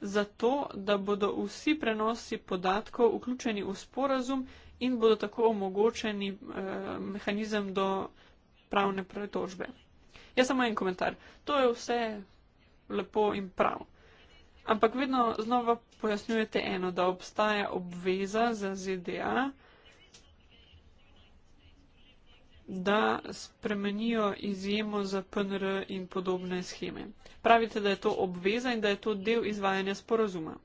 zato da bodo vsi prenosi podatkov vključeni v sporazum in bodo tako omogočeni eh, mehanizem do pravne pretožbe. Jaz samo en komentar. To je vse lepo in prav. Ampak vedno znova pojasnjujete eno, da obstaja obveza za ZDA, da spremenijo izjemo za PNR in podobne scheme. Pravite, da je to obveza in da je to del izvajanja sporozuma.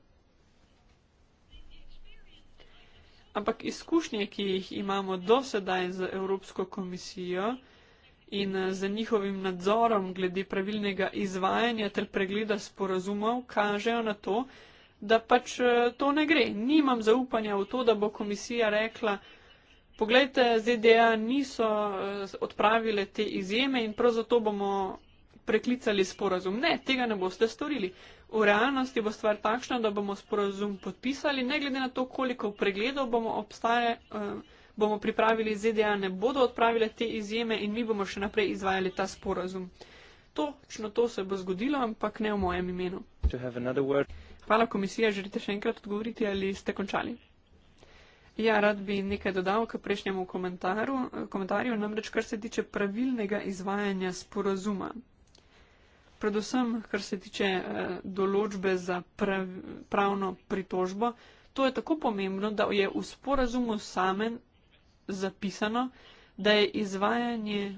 Ampak izkušnje, ki jih imamo do sedaj z Evropsko komisijo in z njihovim nadzorom glede pravilnega izvajanja ter pregleda sporozumov, kažejo na to, da pač eh, to ne gre. Nimam zaupanja v to, da bo komisija rekla, Poglejte, ZDA niso eh, odpravile te izjeme in prav zato bomo preklicali sporazum. Ne, tega ne boste storili. V realnosti bo stvar takšna, da bomo sporazum podpisali, ne glede na to, koliko pregledov bomo, obstaje, eh, bomo pripravili, ZDA ne bodo odpravile te izjeme in mi bomo še naprej izvajali ta sporazum. Točno to se bo zgodilo, ampak ne v mojem imenu. Hvala komisija, želite še enkrat odgovoriti ali ste končali? Ja, rad bi nekaj dodal k prejšnjemu komentarju, komentarju namreč kar se tiče pravilnega izvajanja sporazuma. Predvsem, kar se tiče eh, določbe za pravno pritožbo, to je tako pomembno, da je v sporazumu samem zapisano, da je izvajanje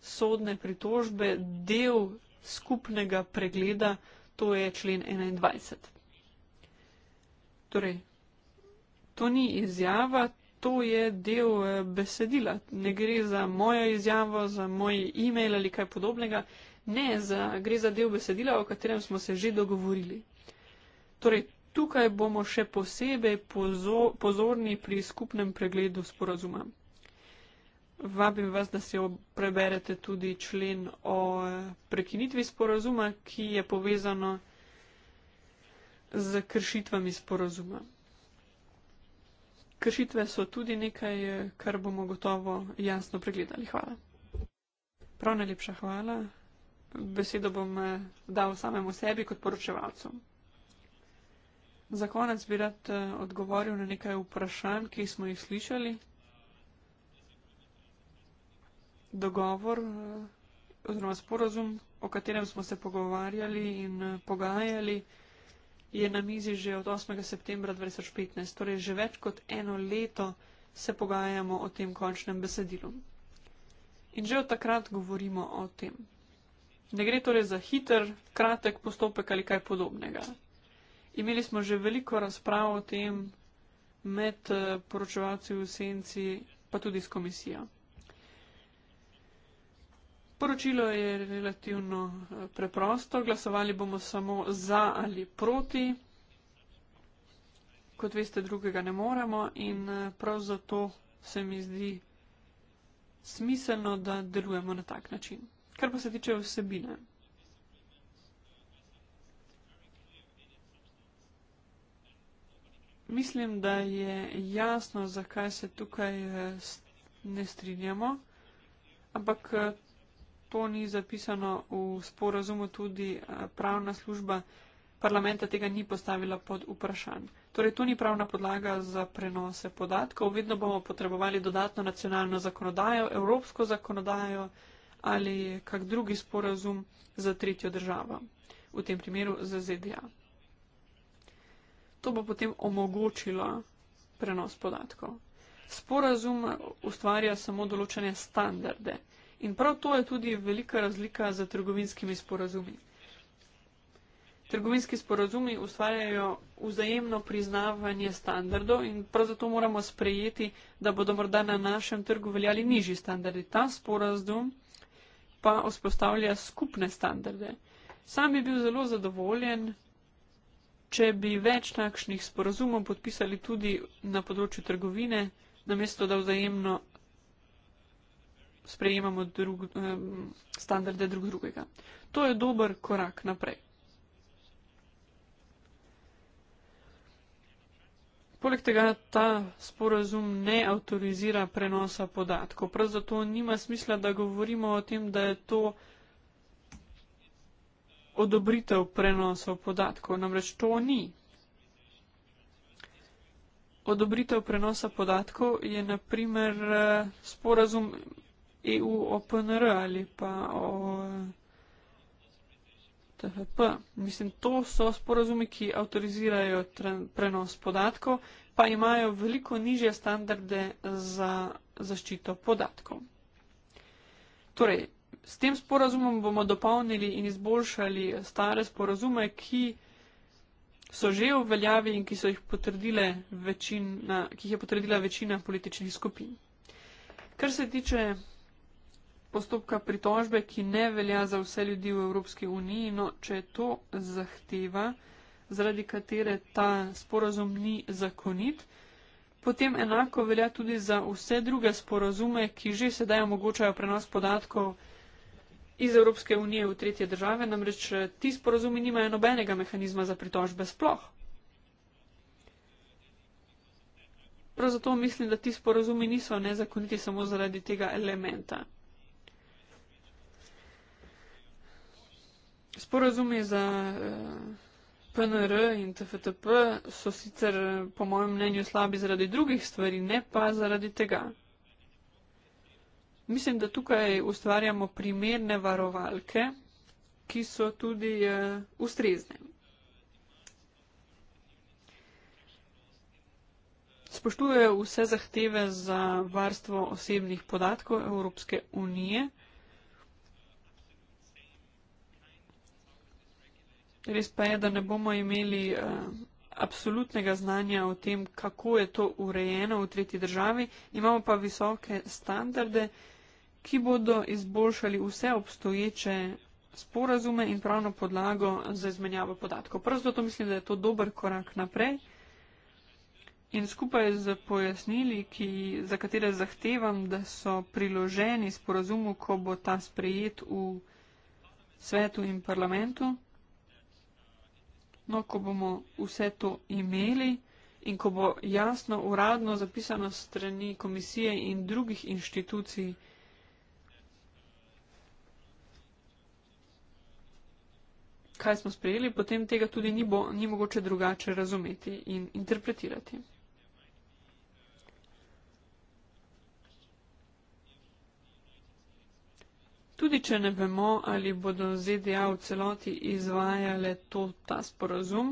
sodne pritožbe del skupnega pregleda, to je člen 21. Torej, to ni izjava, to je del eh, besedila. Ne gre za mojo izjavo, za moj e-mail ali kaj podobnega. Ne, za, gre za del besedila, o katerem smo se že dogovorili. Torej, tukaj bomo še posebej pozo, pozorni pri skupnem pregledu sporazuma. Vabim vas, da si preberete tudi člen o eh, prekinitvi sporazuma, ki je povezano z kršitvami sporazuma. Kršitve so tudi nekaj, kar bomo gotovo jasno pregledali. Hvala. Prav najlepša hvala. Besedo bom eh, dal samemu sebi kot poročevalcu. Za konec bi rad eh, odgovoril na nekaj vprašanj, ki smo jih slišali. Dogovor eh, oziroma sporozum, o katerem smo se pogovarjali in pogajali je na mizi že od 8. septembra 2015, torej že več kot eno leto se pogajamo o tem končnem besedilu. In že od takrat govorimo o tem. Ne gre torej za hiter, kratek postopek ali kaj podobnega. Imeli smo že veliko razprav o tem med eh, poročevalci v senci, pa tudi s komisijo. Poročilo je relativno eh, preprosto, glasovali bomo samo za ali proti. Kot veste, drugega ne moremo in eh, prav zato se mi zdi smiselno, da delujemo na tak način. Kar pa se tiče vsebine. Mislim, da je jasno, zakaj se tukaj eh, ne strinjamo, ampak to ni zapisano v sporazumu, tudi eh, pravna služba parlamenta tega ni postavila pod vprašanj. Torej, to ni pravna podlaga za prenose podatkov. Vedno bomo potrebovali dodatno nacionalno zakonodajo, evropsko zakonodajo ali kak drugi sporazum za tretjo državo, v tem primeru za ZDA. To bo potem omogočilo prenos podatkov. Sporazum ustvarja samo določene standarde. In prav to je tudi velika razlika z trgovinskimi sporazumi. Trgovinski sporazumi ustvarjajo vzajemno priznavanje standardov in prav zato moramo sprejeti, da bodo morda na našem trgu veljali nižji standardi. Ta sporazum pa vzpostavlja skupne standarde. Sam bi bil zelo zadovoljen, če bi več takšnih sporazumov podpisali tudi na področju trgovine, namesto da vzajemno sprejemamo drug, um, standarde drug drugega. To je dober korak naprej. Poleg tega ta sporazum ne avtorizira prenosa podatkov. Prav zato nima smisla, da govorimo o tem, da je to odobritev prenosa podatkov. Namreč to ni. Odobritev prenosa podatkov je naprimer eh, sporazum EU OpenR ali pa o THP. Mislim, to so sporazumi, ki avtorizirajo prenos podatkov, pa imajo veliko nižje standarde za zaščito podatkov. Torej, s tem sporazumom bomo dopolnili in izboljšali stare sporazume, ki so že v veljavi in ki, večina, ki jih je potrdila večina političnih skupin. Kar se tiče postopka pritožbe, ki ne velja za vse ljudi v Evropski uniji, no če je to zahteva, zaradi katere ta sporazum ni zakonit, potem enako velja tudi za vse druge sporazume, ki že sedaj omogočajo prenos podatkov iz Evropske unije v tretje države, namreč eh, ti sporazumi nimajo nobenega mehanizma za pritožbe sploh. Prav zato mislim, da ti sporazumi niso nezakoniti samo zaradi tega elementa. Sporazumi za eh, PNR in TFTP so sicer, po mojem mnenju, slabi zaradi drugih stvari, ne pa zaradi tega. Mislim, da tukaj ustvarjamo primerne varovalke, ki so tudi eh, ustrezne. Spoštujejo vse zahteve za varstvo osebnih podatkov Evropske unije. Res pa je, da ne bomo imeli eh, absolutnega znanja o tem, kako je to urejeno v tretji državi, imamo pa visoke standarde, ki bodo izboljšali vse obstoječe sporazume in pravno podlago za izmenjavo podatkov. Prav zato mislim, da je to dober korak naprej in skupaj z pojasnili, ki, za katere zahtevam, da so priloženi sporazumu, ko bo ta sprejet v svetu in parlamentu. No, ko bomo vse to imeli in ko bo jasno uradno zapisano strani komisije in drugih inštitucij, kaj smo sprejeli, potem tega tudi ni, bo, ni mogoče drugače razumeti in interpretirati. Tudi če ne vemo, ali bodo ZDA v celoti izvajale to, ta sporozum,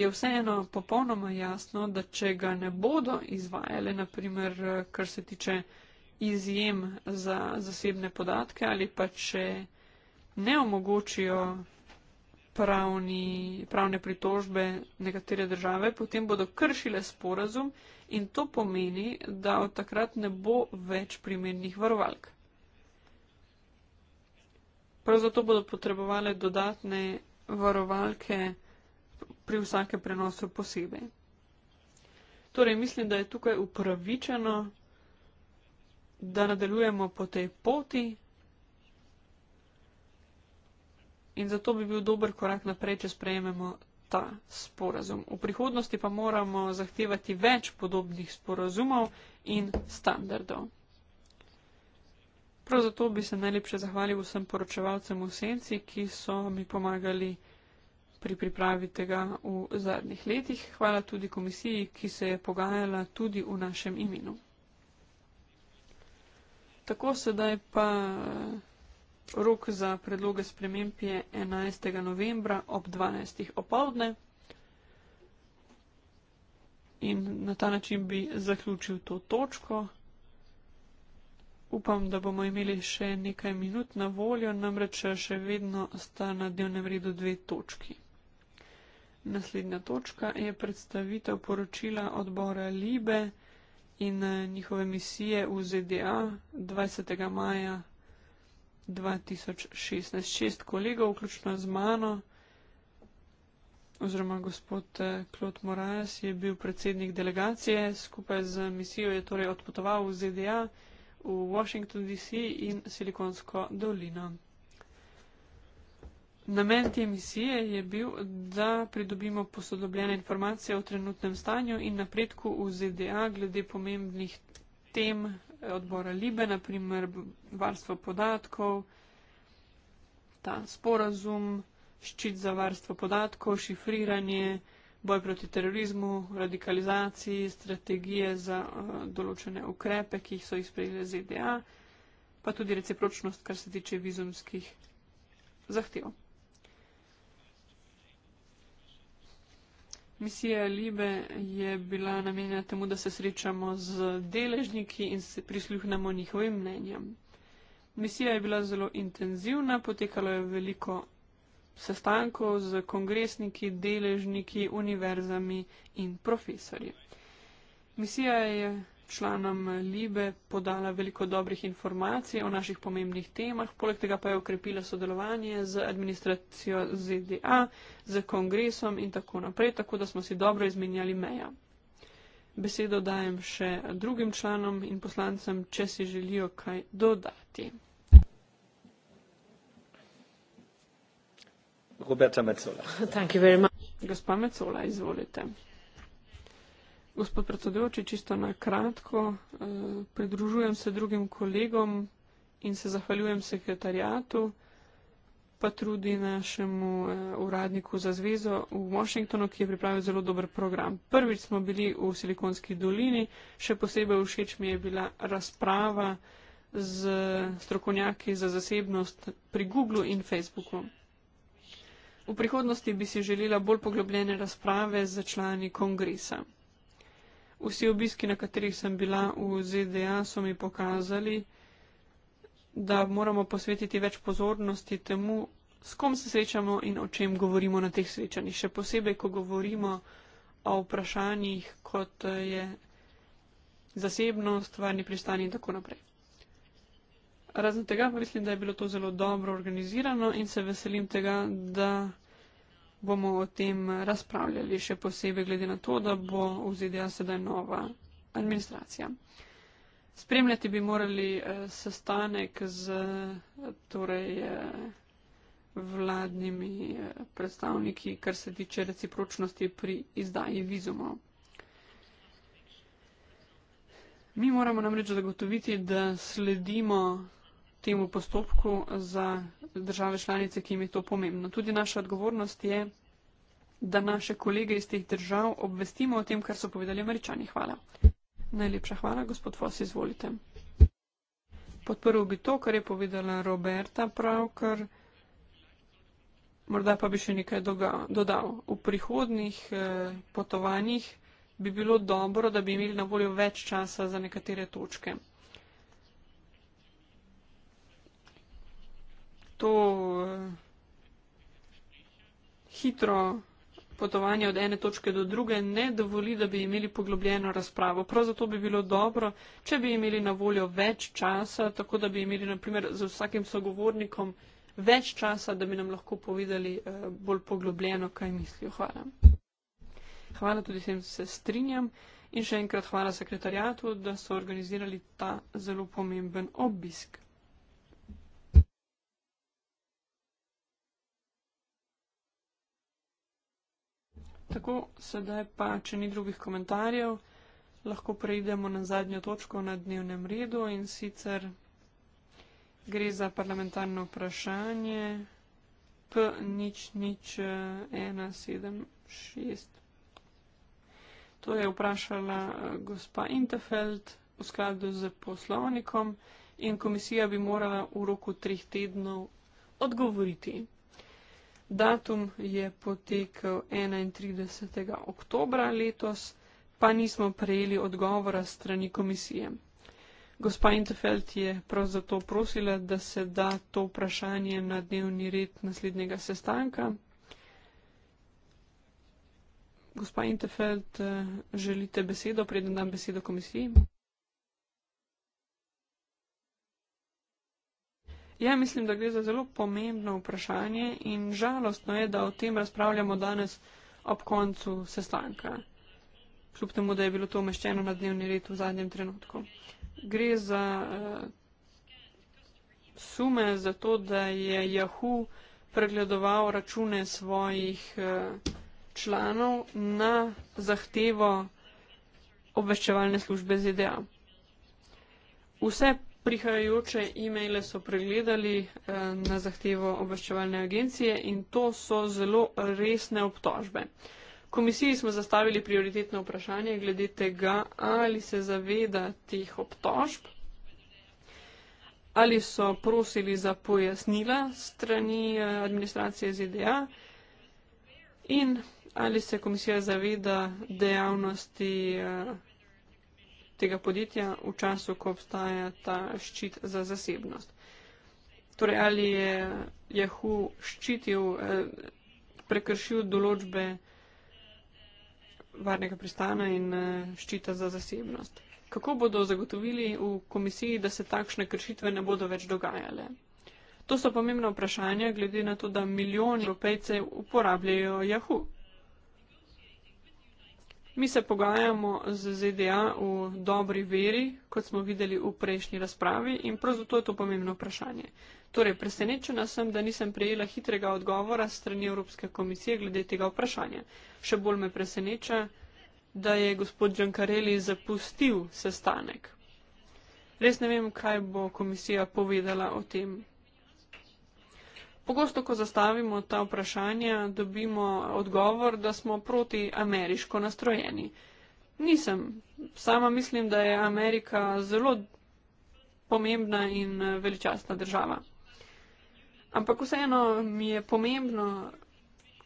je vseeno popolnoma jasno, da če ga ne bodo izvajale, naprimer, kar se tiče izjem za zasebne podatke ali pa če ne omogočijo pravni, pravne pritožbe nekatere države, potem bodo kršile sporazum in to pomeni, da od takrat ne bo več primernih varovalk. Prav zato bodo potrebovali dodatne varovalke pri vsakem prenosu posebej. Torej, mislim, da je tukaj upravičeno, da nadaljujemo po tej poti. In zato bi bil dober korak naprej, če sprejmemo ta sporazum. V prihodnosti pa moramo zahtevati več podobnih sporazumov in standardov. Prav zato bi se najlepše zahvalil vsem poročevalcem v Senci, ki so mi pomagali pri pripravi tega v zadnjih letih. Hvala tudi komisiji, ki se je pogajala tudi v našem imenu. Tako sedaj pa eh, rok za predloge sprememb je 11. novembra ob 12. opoldne. In na ta način bi zaključil to točko upam, da bomo imeli še nekaj minut na voljo, namreč še vedno sta na dnevnem redu dve točki. Naslednja točka je predstavitev poročila odbora Libe in eh, njihove misije v ZDA 20. maja 2016. Šest kolegov, vključno z mano, oziroma gospod Klot eh, Morajas je bil predsednik delegacije, skupaj z misijo je torej odpotoval v ZDA v Washington DC in Silikonsko dolino. Namen te misije je bil, da pridobimo posodobljene informacije o trenutnem stanju in napredku v ZDA glede pomembnih tem odbora Libe, naprimer varstvo podatkov, ta sporazum, ščit za varstvo podatkov, šifriranje, boj proti terorizmu, radikalizaciji, strategije za uh, določene ukrepe, ki so jih sprejeli ZDA, pa tudi recipročnost, kar se tiče vizumskih zahtev. Misija Libe je bila namenjena temu, da se srečamo z deležniki in se prisluhnemo njihovim mnenjem. Misija je bila zelo intenzivna, potekalo je veliko sestankov z kongresniki, deležniki, univerzami in profesorji. Misija je članom Libe podala veliko dobrih informacij o naših pomembnih temah, poleg tega pa je okrepila sodelovanje z administracijo ZDA, z kongresom in tako naprej, tako da smo si dobro izmenjali meja. Besedo dajem še drugim članom in poslancem, če si želijo kaj dodati. gospa metsola izvolite gospod predsedujoči čisto na kratko eh, pridružujem se drugim kolegom in se zahvaljujem sekretarijatu pa tudi našemu eh, uradniku za zvezo v Washingtonu, ki je pripravil zelo dober program. Prvič smo bili v Silikonski dolini, še posebej všeč mi je bila razprava z strokovnjaki za zasebnost pri Googlu in Facebooku. V prihodnosti bi si želela bolj poglobljene razprave z člani kongresa. Vsi obiski, na katerih sem bila v ZDA, so mi pokazali, da moramo posvetiti več pozornosti temu, s kom se srečamo in o čem govorimo na teh srečanjih. Še posebej, ko govorimo o vprašanjih, kot je zasebnost, varni pristani in tako naprej razen tega mislim, da je bilo to zelo dobro organizirano in se veselim tega, da bomo o tem razpravljali, še posebej glede na to, da bo v ZDA sedaj nova administracija. Spremljati bi morali eh, sestanek z torej, eh, vladnimi eh, predstavniki, kar se tiče recipročnosti pri izdaji vizumov. Mi moramo namreč zagotoviti, da sledimo temu postopku za države članice, ki jim je to pomembno. Tudi naša odgovornost je, da naše kolege iz teh držav obvestimo o tem, kar so povedali američani. Hvala. Najlepša hvala, gospod Fos, izvolite. Podprl bi to, kar je povedala Roberta pravkar. Morda pa bi še nekaj doga, dodal. V prihodnih eh, potovanjih bi bilo dobro, da bi imeli na voljo več časa za nekatere točke. to eh, hitro potovanje od ene točke do druge ne dovoli, da bi imeli poglobljeno razpravo. Prav zato bi bilo dobro, če bi imeli na voljo več časa, tako da bi imeli naprimer z vsakim sogovornikom več časa, da bi nam lahko povedali eh, bolj poglobljeno, kaj mislijo. Hvala. Hvala tudi vsem, se strinjam. In še enkrat hvala sekretarjatu, da so organizirali ta zelo pomemben obisk. Tako, sedaj pa, če ni drugih komentarjev, lahko preidemo na zadnjo točko na dnevnem redu in sicer gre za parlamentarno vprašanje P0176. Eh, to je vprašala eh, gospa Interfeld v skladu z poslovnikom in komisija bi morala v roku treh tednov odgovoriti. Datum je potekel 31. oktobra letos, pa nismo prejeli odgovora strani komisije. Gospa Interfeld je prav zato prosila, da se da to vprašanje na dnevni red naslednjega sestanka. Gospa Interfeld, eh, želite besedo, predem dam besedo komisiji. Ja, mislim, da gre za zelo pomembno vprašanje in žalostno je, da o tem razpravljamo danes ob koncu sestanka, kljub temu, da je bilo to umeščeno na dnevni red v zadnjem trenutku. Gre za uh, sume za to, da je Jahu pregledoval račune svojih uh, članov na zahtevo obveščevalne službe ZDA. Vse Prihajajoče e-maile so pregledali eh, na zahtevo obveščevalne agencije in to so zelo resne obtožbe. Komisiji smo zastavili prioritetno vprašanje glede tega, ali se zaveda teh obtožb, ali so prosili za pojasnila strani eh, administracije ZDA in ali se komisija zaveda dejavnosti. Eh, tega podjetja v času, ko obstaja ta ščit za zasebnost. Torej, ali je Jahu ščitil, eh, prekršil določbe varnega pristana in eh, ščita za zasebnost. Kako bodo zagotovili v komisiji, da se takšne kršitve ne bodo več dogajale? To so pomembna vprašanja, glede na to, da milijoni evropejcev uporabljajo Yahoo. Mi se pogajamo z ZDA v dobri veri, kot smo videli v prejšnji razpravi in prav zato je to pomembno vprašanje. Torej, presenečena sem, da nisem prejela hitrega odgovora strani Evropske komisije glede tega vprašanja. Še bolj me preseneča, da je gospod Džankareli zapustil sestanek. Res ne vem, kaj bo komisija povedala o tem Pogosto, ko zastavimo ta vprašanja, dobimo odgovor, da smo proti ameriško nastrojeni. Nisem. Sama mislim, da je Amerika zelo pomembna in eh, veličastna država. Ampak vseeno mi je pomembno,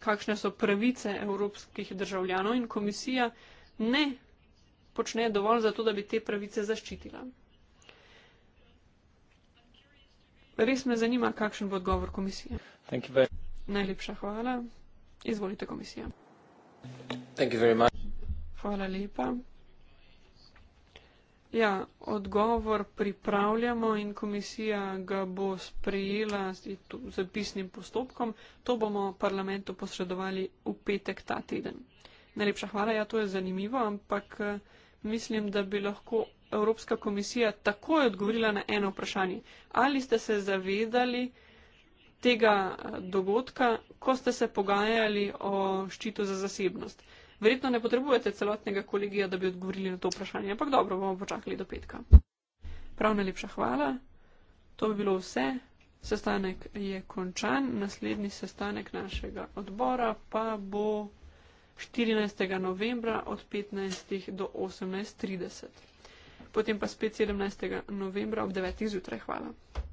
kakšne so pravice evropskih državljanov in komisija ne počne dovolj za to, da bi te pravice zaščitila. Res me zanima, kakšen bo odgovor komisije. Najlepša hvala. Izvolite komisija. Hvala lepa. Ja, odgovor pripravljamo in komisija ga bo sprejela z zapisnim postopkom. To bomo parlamentu posredovali v petek ta teden. Najlepša hvala, ja, to je zanimivo, ampak eh, mislim, da bi lahko Evropska komisija takoj odgovorila na eno vprašanje. Ali ste se zavedali tega eh, dogodka, ko ste se pogajali o ščitu za zasebnost? Verjetno ne potrebujete celotnega kolegija, da bi odgovorili na to vprašanje, ampak dobro, bomo počakali do petka. Prav najlepša hvala. To bi bilo vse. Sestanek je končan. Naslednji sestanek našega odbora pa bo 14. novembra od 15. do 18.30 potem pa spet 17. novembra ob 9. zjutraj. Hvala.